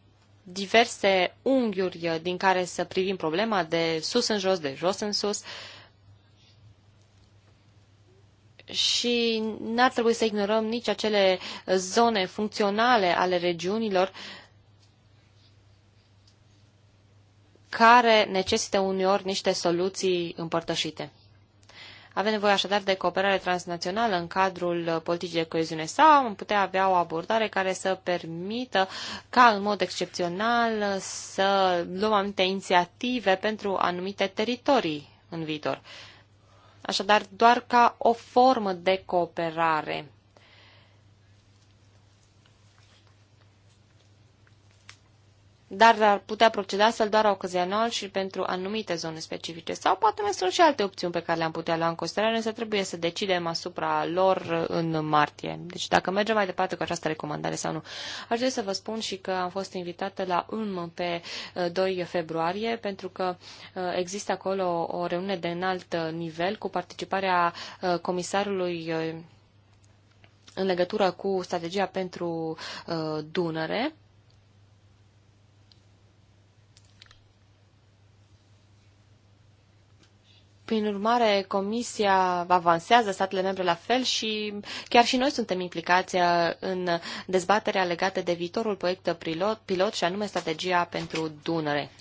diverse unghiuri uh, din care să privim problema de sus în jos, de jos în sus și n-ar trebui să ignorăm nici acele zone funcționale ale regiunilor care necesită uneori niște soluții împărtășite. Avem nevoie așadar de cooperare transnațională în cadrul politicii de coeziune sau am putea avea o abordare care să permită ca în mod excepțional să luăm anumite inițiative pentru anumite teritorii în viitor. Așadar, doar ca o formă de cooperare dar ar putea proceda astfel doar ocazional și pentru anumite zone specifice. Sau poate mai sunt și alte opțiuni pe care le-am putea lua în considerare, însă trebuie să decidem asupra lor în martie. Deci dacă mergem mai departe cu această recomandare sau nu. Aș vrea să vă spun și că am fost invitată la UM pe 2 eh, februarie, pentru că eh, există acolo o reuniune de înalt eh, nivel cu participarea comisarului în legătură cu strategia pentru Dunăre Prin urmare, Comisia avansează, statele membre la fel și chiar și noi suntem implicați uh, în dezbaterea legată de viitorul proiect pilot, pilot și anume strategia pentru Dunăre.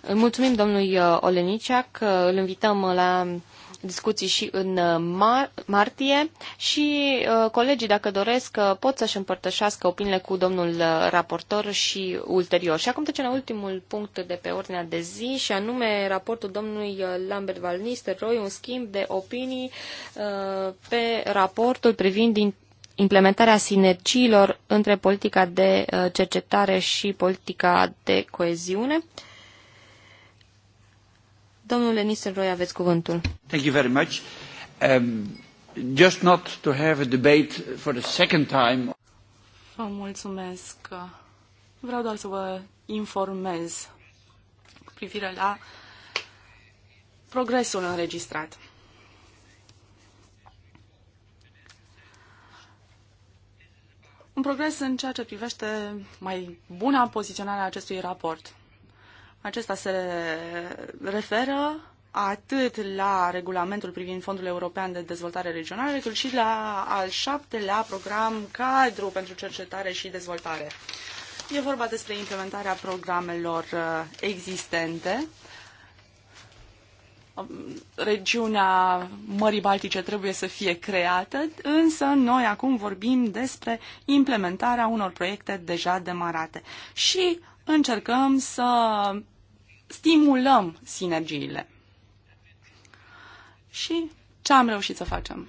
Îl mulțumim domnului uh, Oleniciac, uh, îl invităm la discuții și în uh, mar martie și uh, colegii, dacă doresc, uh, pot să-și împărtășească opiniile cu domnul uh, raportor și ulterior. Și acum trecem la ultimul punct de pe ordinea de zi și anume raportul domnului Lambert Valniste Roy, un schimb de opinii uh, pe raportul privind implementarea sinergiilor între politica de cercetare și politica de coeziune. Uh, Domnule Nistelrooy, aveți cuvântul. Thank you very much. Um, just not to have a debate for the second time. Vă mulțumesc. Vreau doar să vă informez cu privire la progresul înregistrat. Un progres în ceea ce privește mai buna poziționare a acestui raport. Acesta se referă atât la regulamentul privind Fondul European de Dezvoltare Regională, cât și la al șaptelea program cadru pentru cercetare și dezvoltare. E vorba despre implementarea programelor uh, existente. Um, regiunea Mării Baltice trebuie să fie creată, însă noi acum vorbim despre implementarea unor proiecte deja demarate și încercăm să stimulăm sinergiile. Și ce am reușit să facem?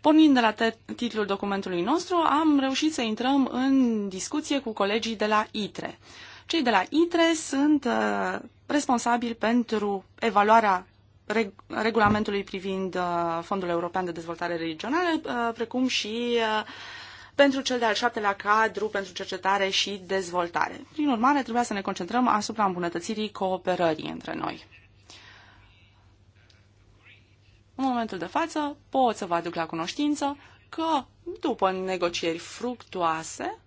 Pornind de la titlul documentului nostru, am reușit să intrăm în discuție cu colegii de la ITRE. Cei de la ITRE sunt uh, responsabili pentru evaluarea reg regulamentului privind uh, Fondul European de Dezvoltare Regională, uh, precum și uh, pentru cel de-al șaptelea cadru pentru cercetare și dezvoltare. Prin urmare, trebuia să ne concentrăm asupra îmbunătățirii cooperării între noi. În momentul de față, pot să vă aduc la cunoștință că, după negocieri fructuoase,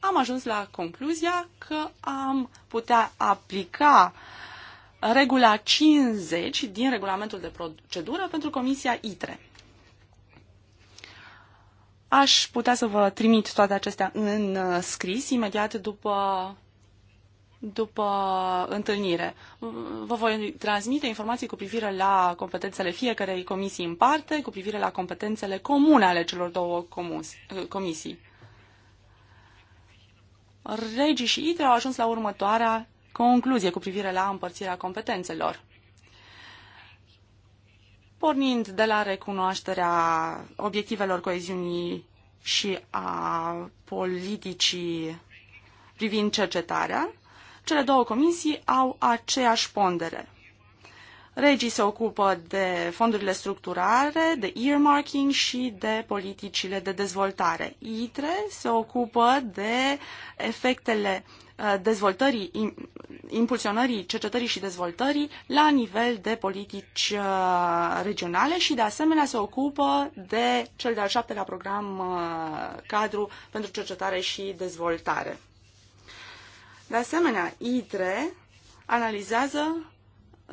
am ajuns la concluzia că am putea aplica regula 50 din regulamentul de procedură pentru Comisia ITRE. Aș putea să vă trimit toate acestea în uh, scris imediat după, după întâlnire. Vă voi transmite informații cu privire la competențele fiecarei comisii în parte, cu privire la competențele comune ale celor două uh, comisii. Regii și ITRE au ajuns la următoarea concluzie cu privire la împărțirea competențelor pornind de la recunoașterea obiectivelor coeziunii și a politicii privind cercetarea, cele două comisii au aceeași pondere. Regii se ocupă de fondurile structurare, de earmarking și de politicile de dezvoltare. ITRE se ocupă de efectele uh, dezvoltării, impulsionării cercetării și dezvoltării la nivel de politici uh, regionale și de asemenea se ocupă de cel de-al șaptelea program uh, cadru pentru cercetare și dezvoltare. De asemenea, ITRE analizează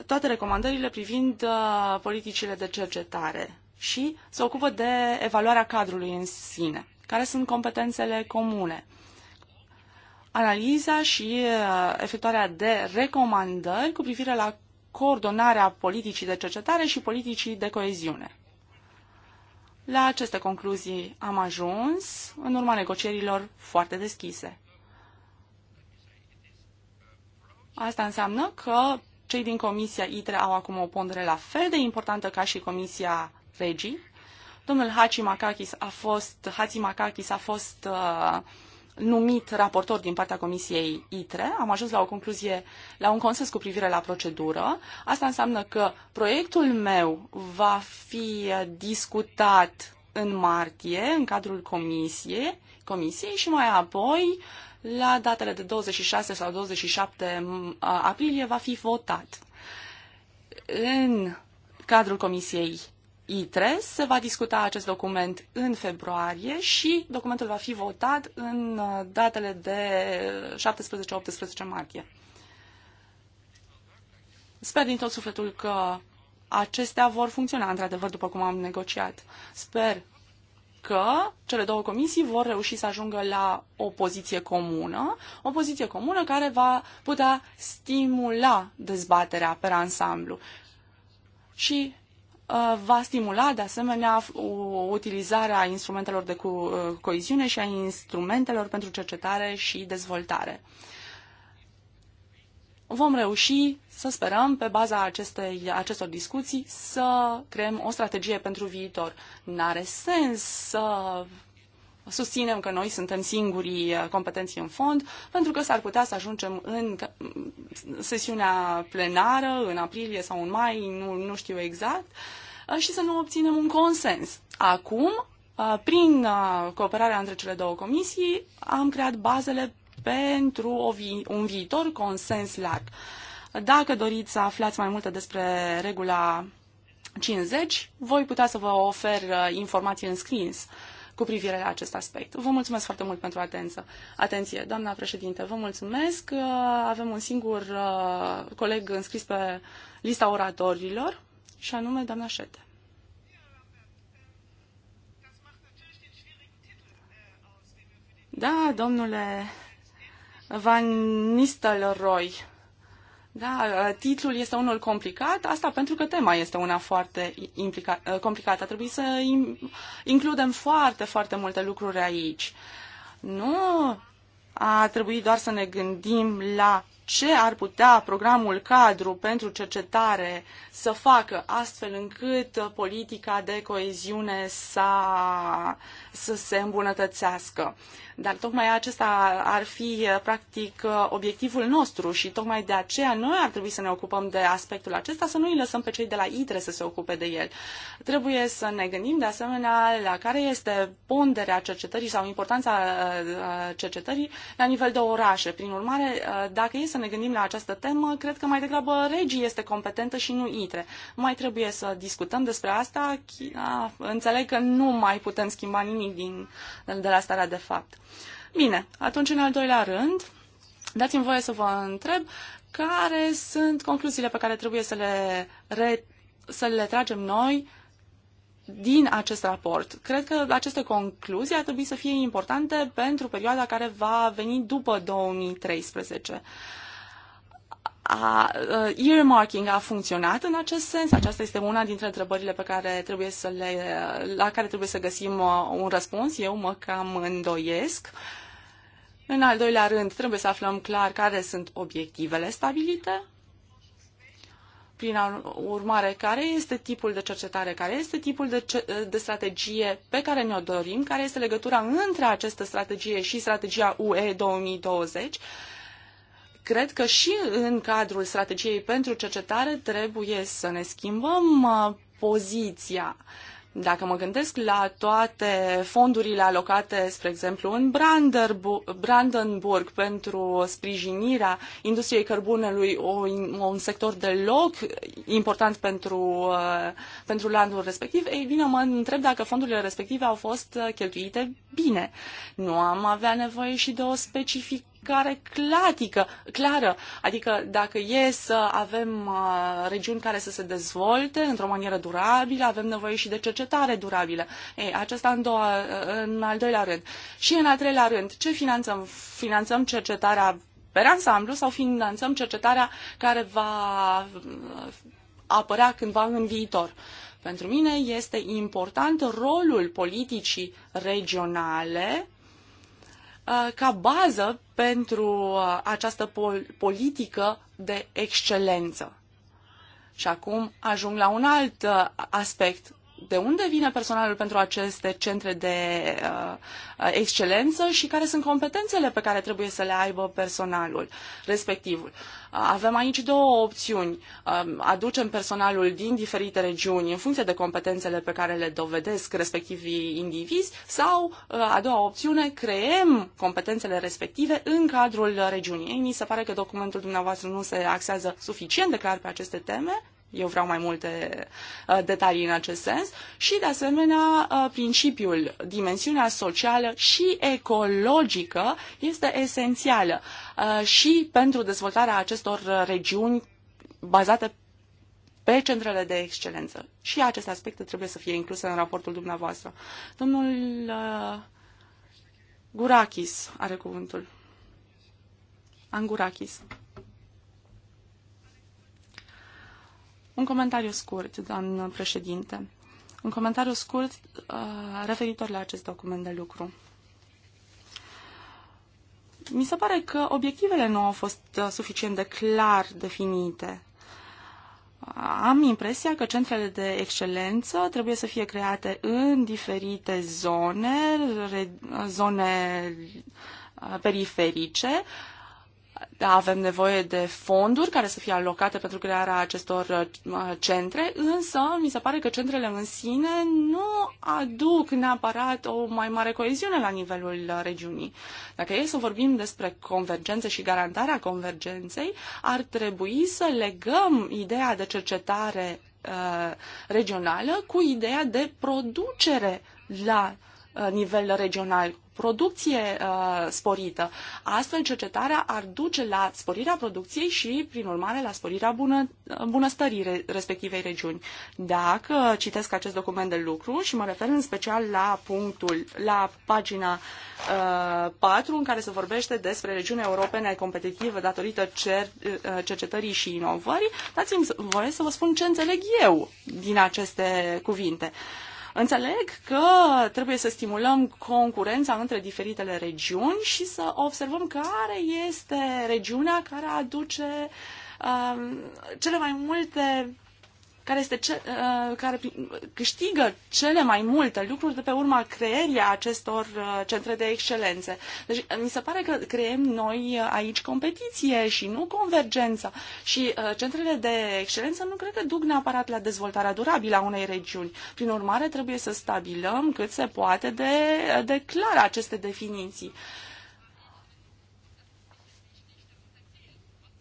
toate recomandările privind uh, politicile de cercetare și se ocupă de evaluarea cadrului în sine, care sunt competențele comune. Analiza și uh, efectuarea de recomandări cu privire la coordonarea politicii de cercetare și politicii de coeziune. La aceste concluzii am ajuns în urma negocierilor foarte deschise. Asta înseamnă că cei din Comisia ITRE au acum o pondere la fel de importantă ca și Comisia REGI. Domnul Hachimakakis a fost, Hachimakakis a fost uh, numit raportor din partea Comisiei ITRE, am ajuns la o concluzie, la un consens cu privire la procedură. Asta înseamnă că proiectul meu va fi discutat în martie, în cadrul comisiei, comisiei și mai apoi la datele de 26 sau 27 aprilie va fi votat. În cadrul Comisiei ITRE se va discuta acest document în februarie și documentul va fi votat în uh, datele de 17-18 martie. Sper din tot sufletul că acestea vor funcționa într-adevăr după cum am negociat. Sper că cele două comisii vor reuși să ajungă la o poziție comună, o poziție comună care va putea stimula dezbaterea pe ansamblu și uh, va stimula de asemenea utilizarea instrumentelor de co uh, coeziune și a instrumentelor pentru cercetare și dezvoltare. Vom reuși să sperăm, pe baza acestei, acestor discuții, să creăm o strategie pentru viitor. N-are sens să susținem că noi suntem singurii uh, competenții în fond, pentru că s-ar putea să ajungem în mm, sesiunea plenară, în aprilie sau în mai, nu, nu știu exact, uh, și să nu obținem un consens. Acum, uh, prin cooperarea între cele două comisii, am creat bazele pentru o vi- un viitor consens larg. Dacă doriți să aflați mai multe despre regula 50, voi putea să vă ofer uh, informații în screens cu privire la acest aspect. Vă mulțumesc foarte mult pentru atență. atenție. Doamna președinte, vă mulțumesc. Uh, avem un singur uh, coleg înscris pe lista oratorilor și anume doamna Șete. Da, domnule Van Nistelrooy, da, uh, titlul este unul complicat, asta pentru că tema este una foarte implica- uh, complicată. A trebuit să includem foarte, foarte multe lucruri aici. Nu a trebuit doar să ne gândim la ce ar putea programul cadru pentru cercetare să facă astfel încât politica de coeziune să, să se îmbunătățească. Dar tocmai acesta ar fi, uh, practic, uh, obiectivul nostru și tocmai de aceea noi ar trebui să ne ocupăm de aspectul acesta, să nu îi lăsăm pe cei de la ITRE să se ocupe de el. Trebuie să ne gândim, de asemenea, la care este ponderea cercetării sau importanța uh, cercetării la nivel de orașe. Prin urmare, dacă e să ne gândim la această temă, cred că mai degrabă regii este competentă și nu ITRE. Mai trebuie să discutăm despre asta. Înțeleg că nu mai putem schimba nimic din, de la starea de fapt. Bine, atunci în al doilea rând, dați-mi voie să vă întreb care sunt concluziile pe care trebuie să le, re, să le tragem noi din acest raport. Cred că aceste concluzii ar trebui să fie importante pentru perioada care va veni după 2013. A, uh, earmarking a funcționat în acest sens? Aceasta este una dintre întrebările pe care trebuie să le, la care trebuie să găsim uh, un răspuns. Eu mă cam îndoiesc. Uh, în al doilea rând, trebuie să aflăm clar care sunt obiectivele stabilite, prin urmare, care este tipul de cercetare, care este tipul de, ce- de strategie pe care ne-o dorim, care este legătura între această strategie și strategia UE 2020. Cred că și în cadrul strategiei pentru cercetare trebuie să ne schimbăm uh, poziția. Uh, dacă mă gândesc la toate fondurile alocate, spre exemplu, în Brandenburg pentru sprijinirea industriei cărbunelui, un sector deloc important pentru, uh, pentru landul respectiv, ei bine, mă întreb dacă fondurile respective au fost uh, cheltuite bine. Nu am avea nevoie și de o specific care clatică, clară. Adică dacă e să avem uh, regiuni care să se dezvolte într-o manieră durabilă, avem nevoie și de cercetare durabilă. Ei, acesta în, doua, în al doilea rând. Și în al treilea rând, ce finanțăm? Finanțăm cercetarea pe ansamblu sau finanțăm cercetarea care va uh, apărea cândva în viitor. Pentru mine este important rolul politicii regionale Uh, ca bază pentru uh, această pol politică de excelență. Și acum ajung la un alt uh, aspect de unde vine personalul pentru aceste centre de uh, excelență și care sunt competențele pe care trebuie să le aibă personalul respectivul. Uh, avem aici două opțiuni. Uh, aducem personalul din diferite regiuni în funcție de competențele pe care le dovedesc respectivii indivizi sau, uh, a doua opțiune, creăm competențele respective în cadrul regiunii. Mi se pare că documentul dumneavoastră nu se axează suficient de clar pe aceste teme, eu vreau mai multe uh, detalii în acest sens, și, de asemenea, uh, principiul, dimensiunea socială și ecologică este esențială uh, și pentru dezvoltarea acestor regiuni bazate pe centrele de excelență. Și aceste aspecte trebuie să fie incluse în raportul dumneavoastră. Domnul Gurakis are cuvântul. Angurakis. Un comentariu scurt, doamnă președinte. Un comentariu scurt uh, referitor la acest document de lucru. Mi se pare că obiectivele nu au fost uh, suficient de clar definite. Uh, am impresia că centrele de excelență trebuie să fie create în diferite zone, re, zone uh, periferice, da, avem nevoie de fonduri care să fie alocate pentru crearea acestor uh, centre, însă mi se pare că centrele în sine nu aduc neapărat o mai mare coeziune la nivelul uh, regiunii. Dacă e să vorbim despre convergență și garantarea convergenței, ar trebui să legăm ideea de cercetare uh, regională cu ideea de producere la uh, Uh, nivel regional, producție uh, sporită. Astfel, cercetarea ar duce la sporirea producției și, prin urmare, la sporirea bună, uh, bunăstării re, respectivei regiuni. Dacă citesc acest document de lucru și mă refer în special la punctul, la pagina uh, 4, în care se vorbește despre regiunea europene competitivă datorită cer, uh, cercetării și inovării, dați-mi voie să vă spun ce înțeleg eu din aceste cuvinte. Uh, Înțeleg că trebuie să stimulăm concurența între diferitele regiuni și să observăm care este regiunea care aduce um, cele mai multe care, este ce, uh, care câștigă cele mai multe lucruri de pe urma creierii acestor uh, centre de excelențe. Deci uh, mi se pare că creem noi aici competiție și nu convergență Și centrele de excelență nu cred că duc neapărat la dezvoltarea durabilă a unei regiuni. Prin urmare, trebuie să stabilăm cât se poate de, de clar aceste definiții. Uh,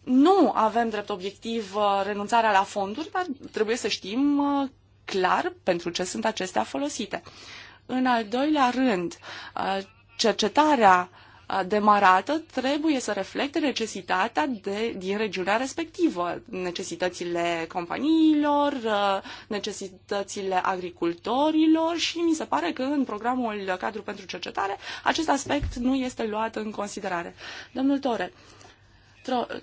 nu avem drept obiectiv uh, renunțarea la fonduri, dar trebuie să știm uh, clar pentru ce sunt acestea folosite. În al doilea rând, uh, cercetarea demarată trebuie să reflecte necesitatea de, din regiunea respectivă, necesitățile companiilor, necesitățile agricultorilor și mi se pare că în programul cadru pentru cercetare acest aspect nu este luat în considerare. Domnul Tore,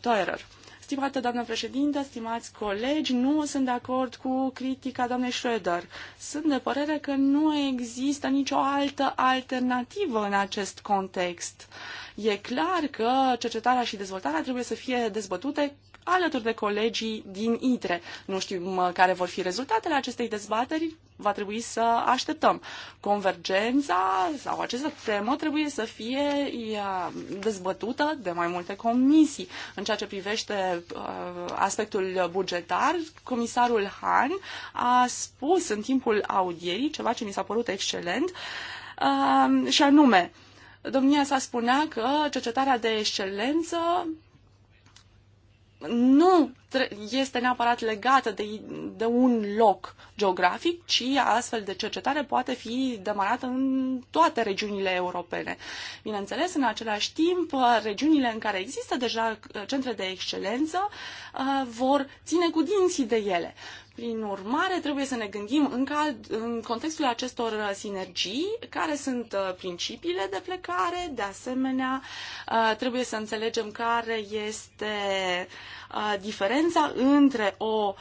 Toerer. Stimată doamnă președintă, stimați colegi, nu sunt de acord cu critica doamnei Schroeder. Sunt de părere că nu există nicio altă alternativă în acest context. E clar că cercetarea și dezvoltarea trebuie să fie dezbătute alături de colegii din ITRE. Nu știm care vor fi rezultatele acestei dezbateri, va trebui să așteptăm. Convergența sau această temă trebuie să fie dezbătută de mai multe comisii. În ceea ce privește uh, aspectul bugetar, comisarul Han a spus în timpul audierii ceva ce mi s-a părut excelent, uh, și anume, domnia sa spunea că cercetarea de excelență nu este neapărat legată de, de un loc geografic, ci astfel de cercetare poate fi demarată în toate regiunile europene. Bineînțeles, în același timp, regiunile în care există deja centre de excelență uh, vor ține cu dinții de ele. Prin urmare, trebuie să ne gândim în, cal- în contextul acestor sinergii, care sunt uh, principiile de plecare, de asemenea, uh, trebuie să înțelegem care este diferența între o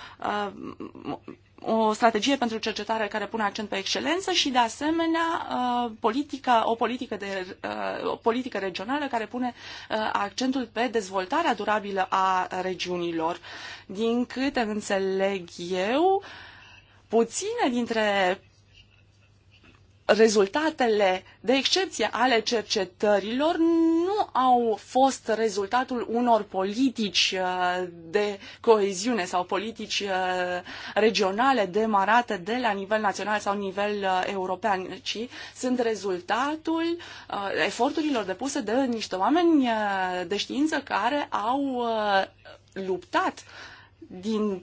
o strategie pentru cercetare care pune accent pe excelență și, de asemenea, politica, o, politică de, o politică regională care pune accentul pe dezvoltarea durabilă a regiunilor. Din câte înțeleg eu, puține dintre rezultatele de excepție ale cercetărilor nu au fost rezultatul unor politici uh, de coeziune sau politici uh, regionale demarate de la nivel național sau nivel uh, european, ci sunt rezultatul eforturilor depuse de niște oameni de știință care au luptat din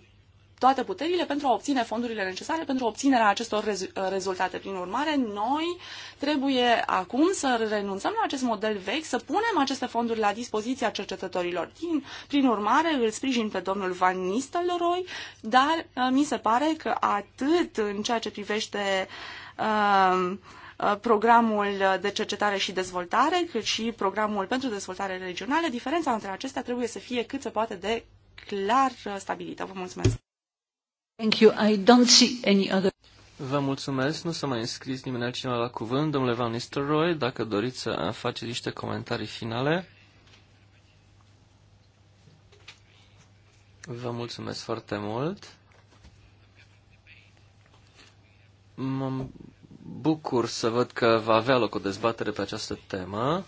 toate puterile pentru a obține fondurile necesare pentru obținerea acestor rez- uh, rezultate. Prin urmare, noi trebuie acum să renunțăm la acest model vechi, să punem aceste fonduri la dispoziția cercetătorilor. Din, prin urmare, îl sprijin pe domnul Van Nistelrooy, dar uh, mi se pare că atât în ceea ce privește uh, uh, programul de cercetare și dezvoltare, cât și programul pentru dezvoltare regională, diferența între acestea trebuie să fie cât se poate de clar stabilită. Vă mulțumesc! Thank you. I don't see any other... Vă mulțumesc, nu s-a mai înscris nimeni altcineva la cuvânt. Domnule Van Nistelrooy, dacă doriți să faceți niște comentarii finale. Vă mulțumesc foarte mult. Mă bucur să văd că va avea loc o dezbatere pe această temă.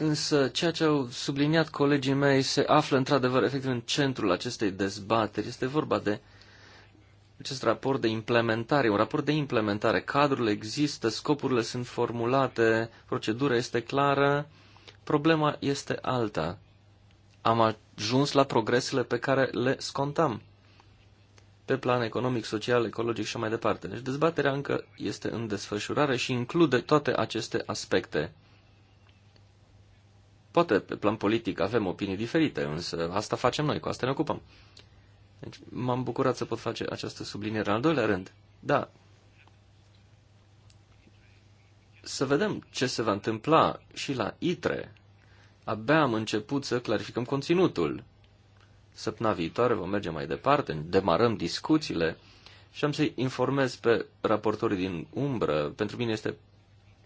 însă ceea ce au subliniat colegii mei se află într-adevăr efectiv în centrul acestei dezbateri. Este vorba de acest raport de implementare, un raport de implementare. Cadrul există, scopurile sunt formulate, procedura este clară, problema este alta. Am ajuns la progresele pe care le scontam pe plan economic, social, ecologic și mai departe. Deci dezbaterea încă este în desfășurare și include toate aceste aspecte. Poate pe plan politic avem opinii diferite, însă asta facem noi, cu asta ne ocupăm. Deci m-am bucurat să pot face această subliniere. În al doilea rând, da, să vedem ce se va întâmpla și la ITRE. Abia am început să clarificăm conținutul. Săptămâna viitoare vom merge mai departe, demarăm discuțiile și am să-i informez pe raportorii din umbră. Pentru mine este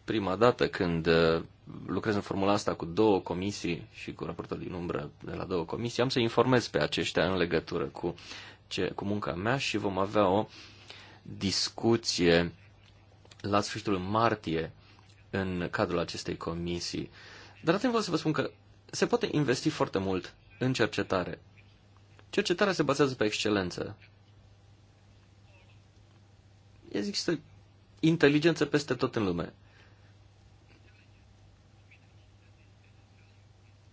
prima dată când uh, lucrez în formula asta cu două comisii și cu raportul din umbră de la două comisii, am să informez pe aceștia în legătură cu, ce, cu munca mea și vom avea o discuție la sfârșitul martie în cadrul acestei comisii. Dar atent vreau să vă spun că se poate investi foarte mult în cercetare. Cercetarea se bazează pe excelență. Există inteligență peste tot în lume.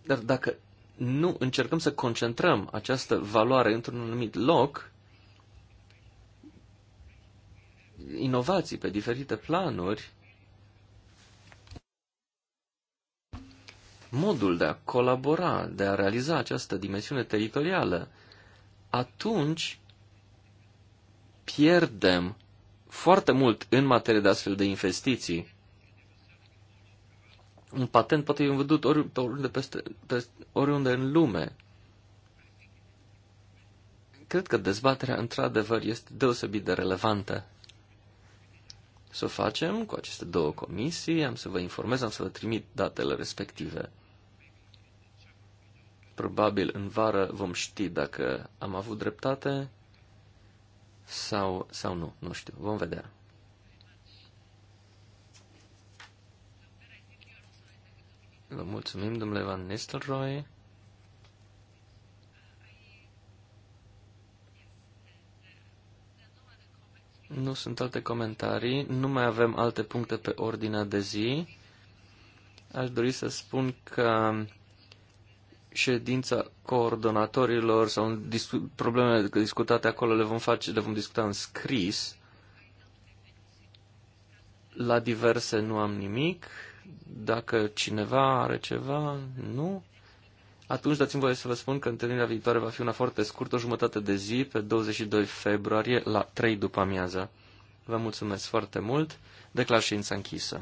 Dar dacă nu încercăm să concentrăm această valoare într-un anumit loc, inovații pe diferite planuri, modul de a colabora, de a realiza această dimensiune teritorială, atunci pierdem foarte mult în materie de astfel de investiții un patent poate fi vândut ori, pe oriunde, peste, peste, oriunde în lume. Cred că dezbaterea, într-adevăr, este deosebit de relevantă. Să o facem cu aceste două comisii, am să vă informez, am să vă trimit datele respective. Probabil în vară vom ști dacă am avut dreptate sau, sau nu, nu știu, vom vedea. Vă mulțumim, domnule Van Nistelrooy. Nu sunt alte comentarii, nu mai avem alte puncte pe ordinea de zi. Aș dori să spun că ședința coordonatorilor sau problemele discutate acolo le vom face, le vom discuta în scris. La diverse nu am nimic. Dacă cineva are ceva, nu? Atunci dați-mi voie să vă spun că întâlnirea viitoare va fi una foarte scurtă, o jumătate de zi, pe 22 februarie, la 3 după amiaza. Vă mulțumesc foarte mult. Declar ședința închisă.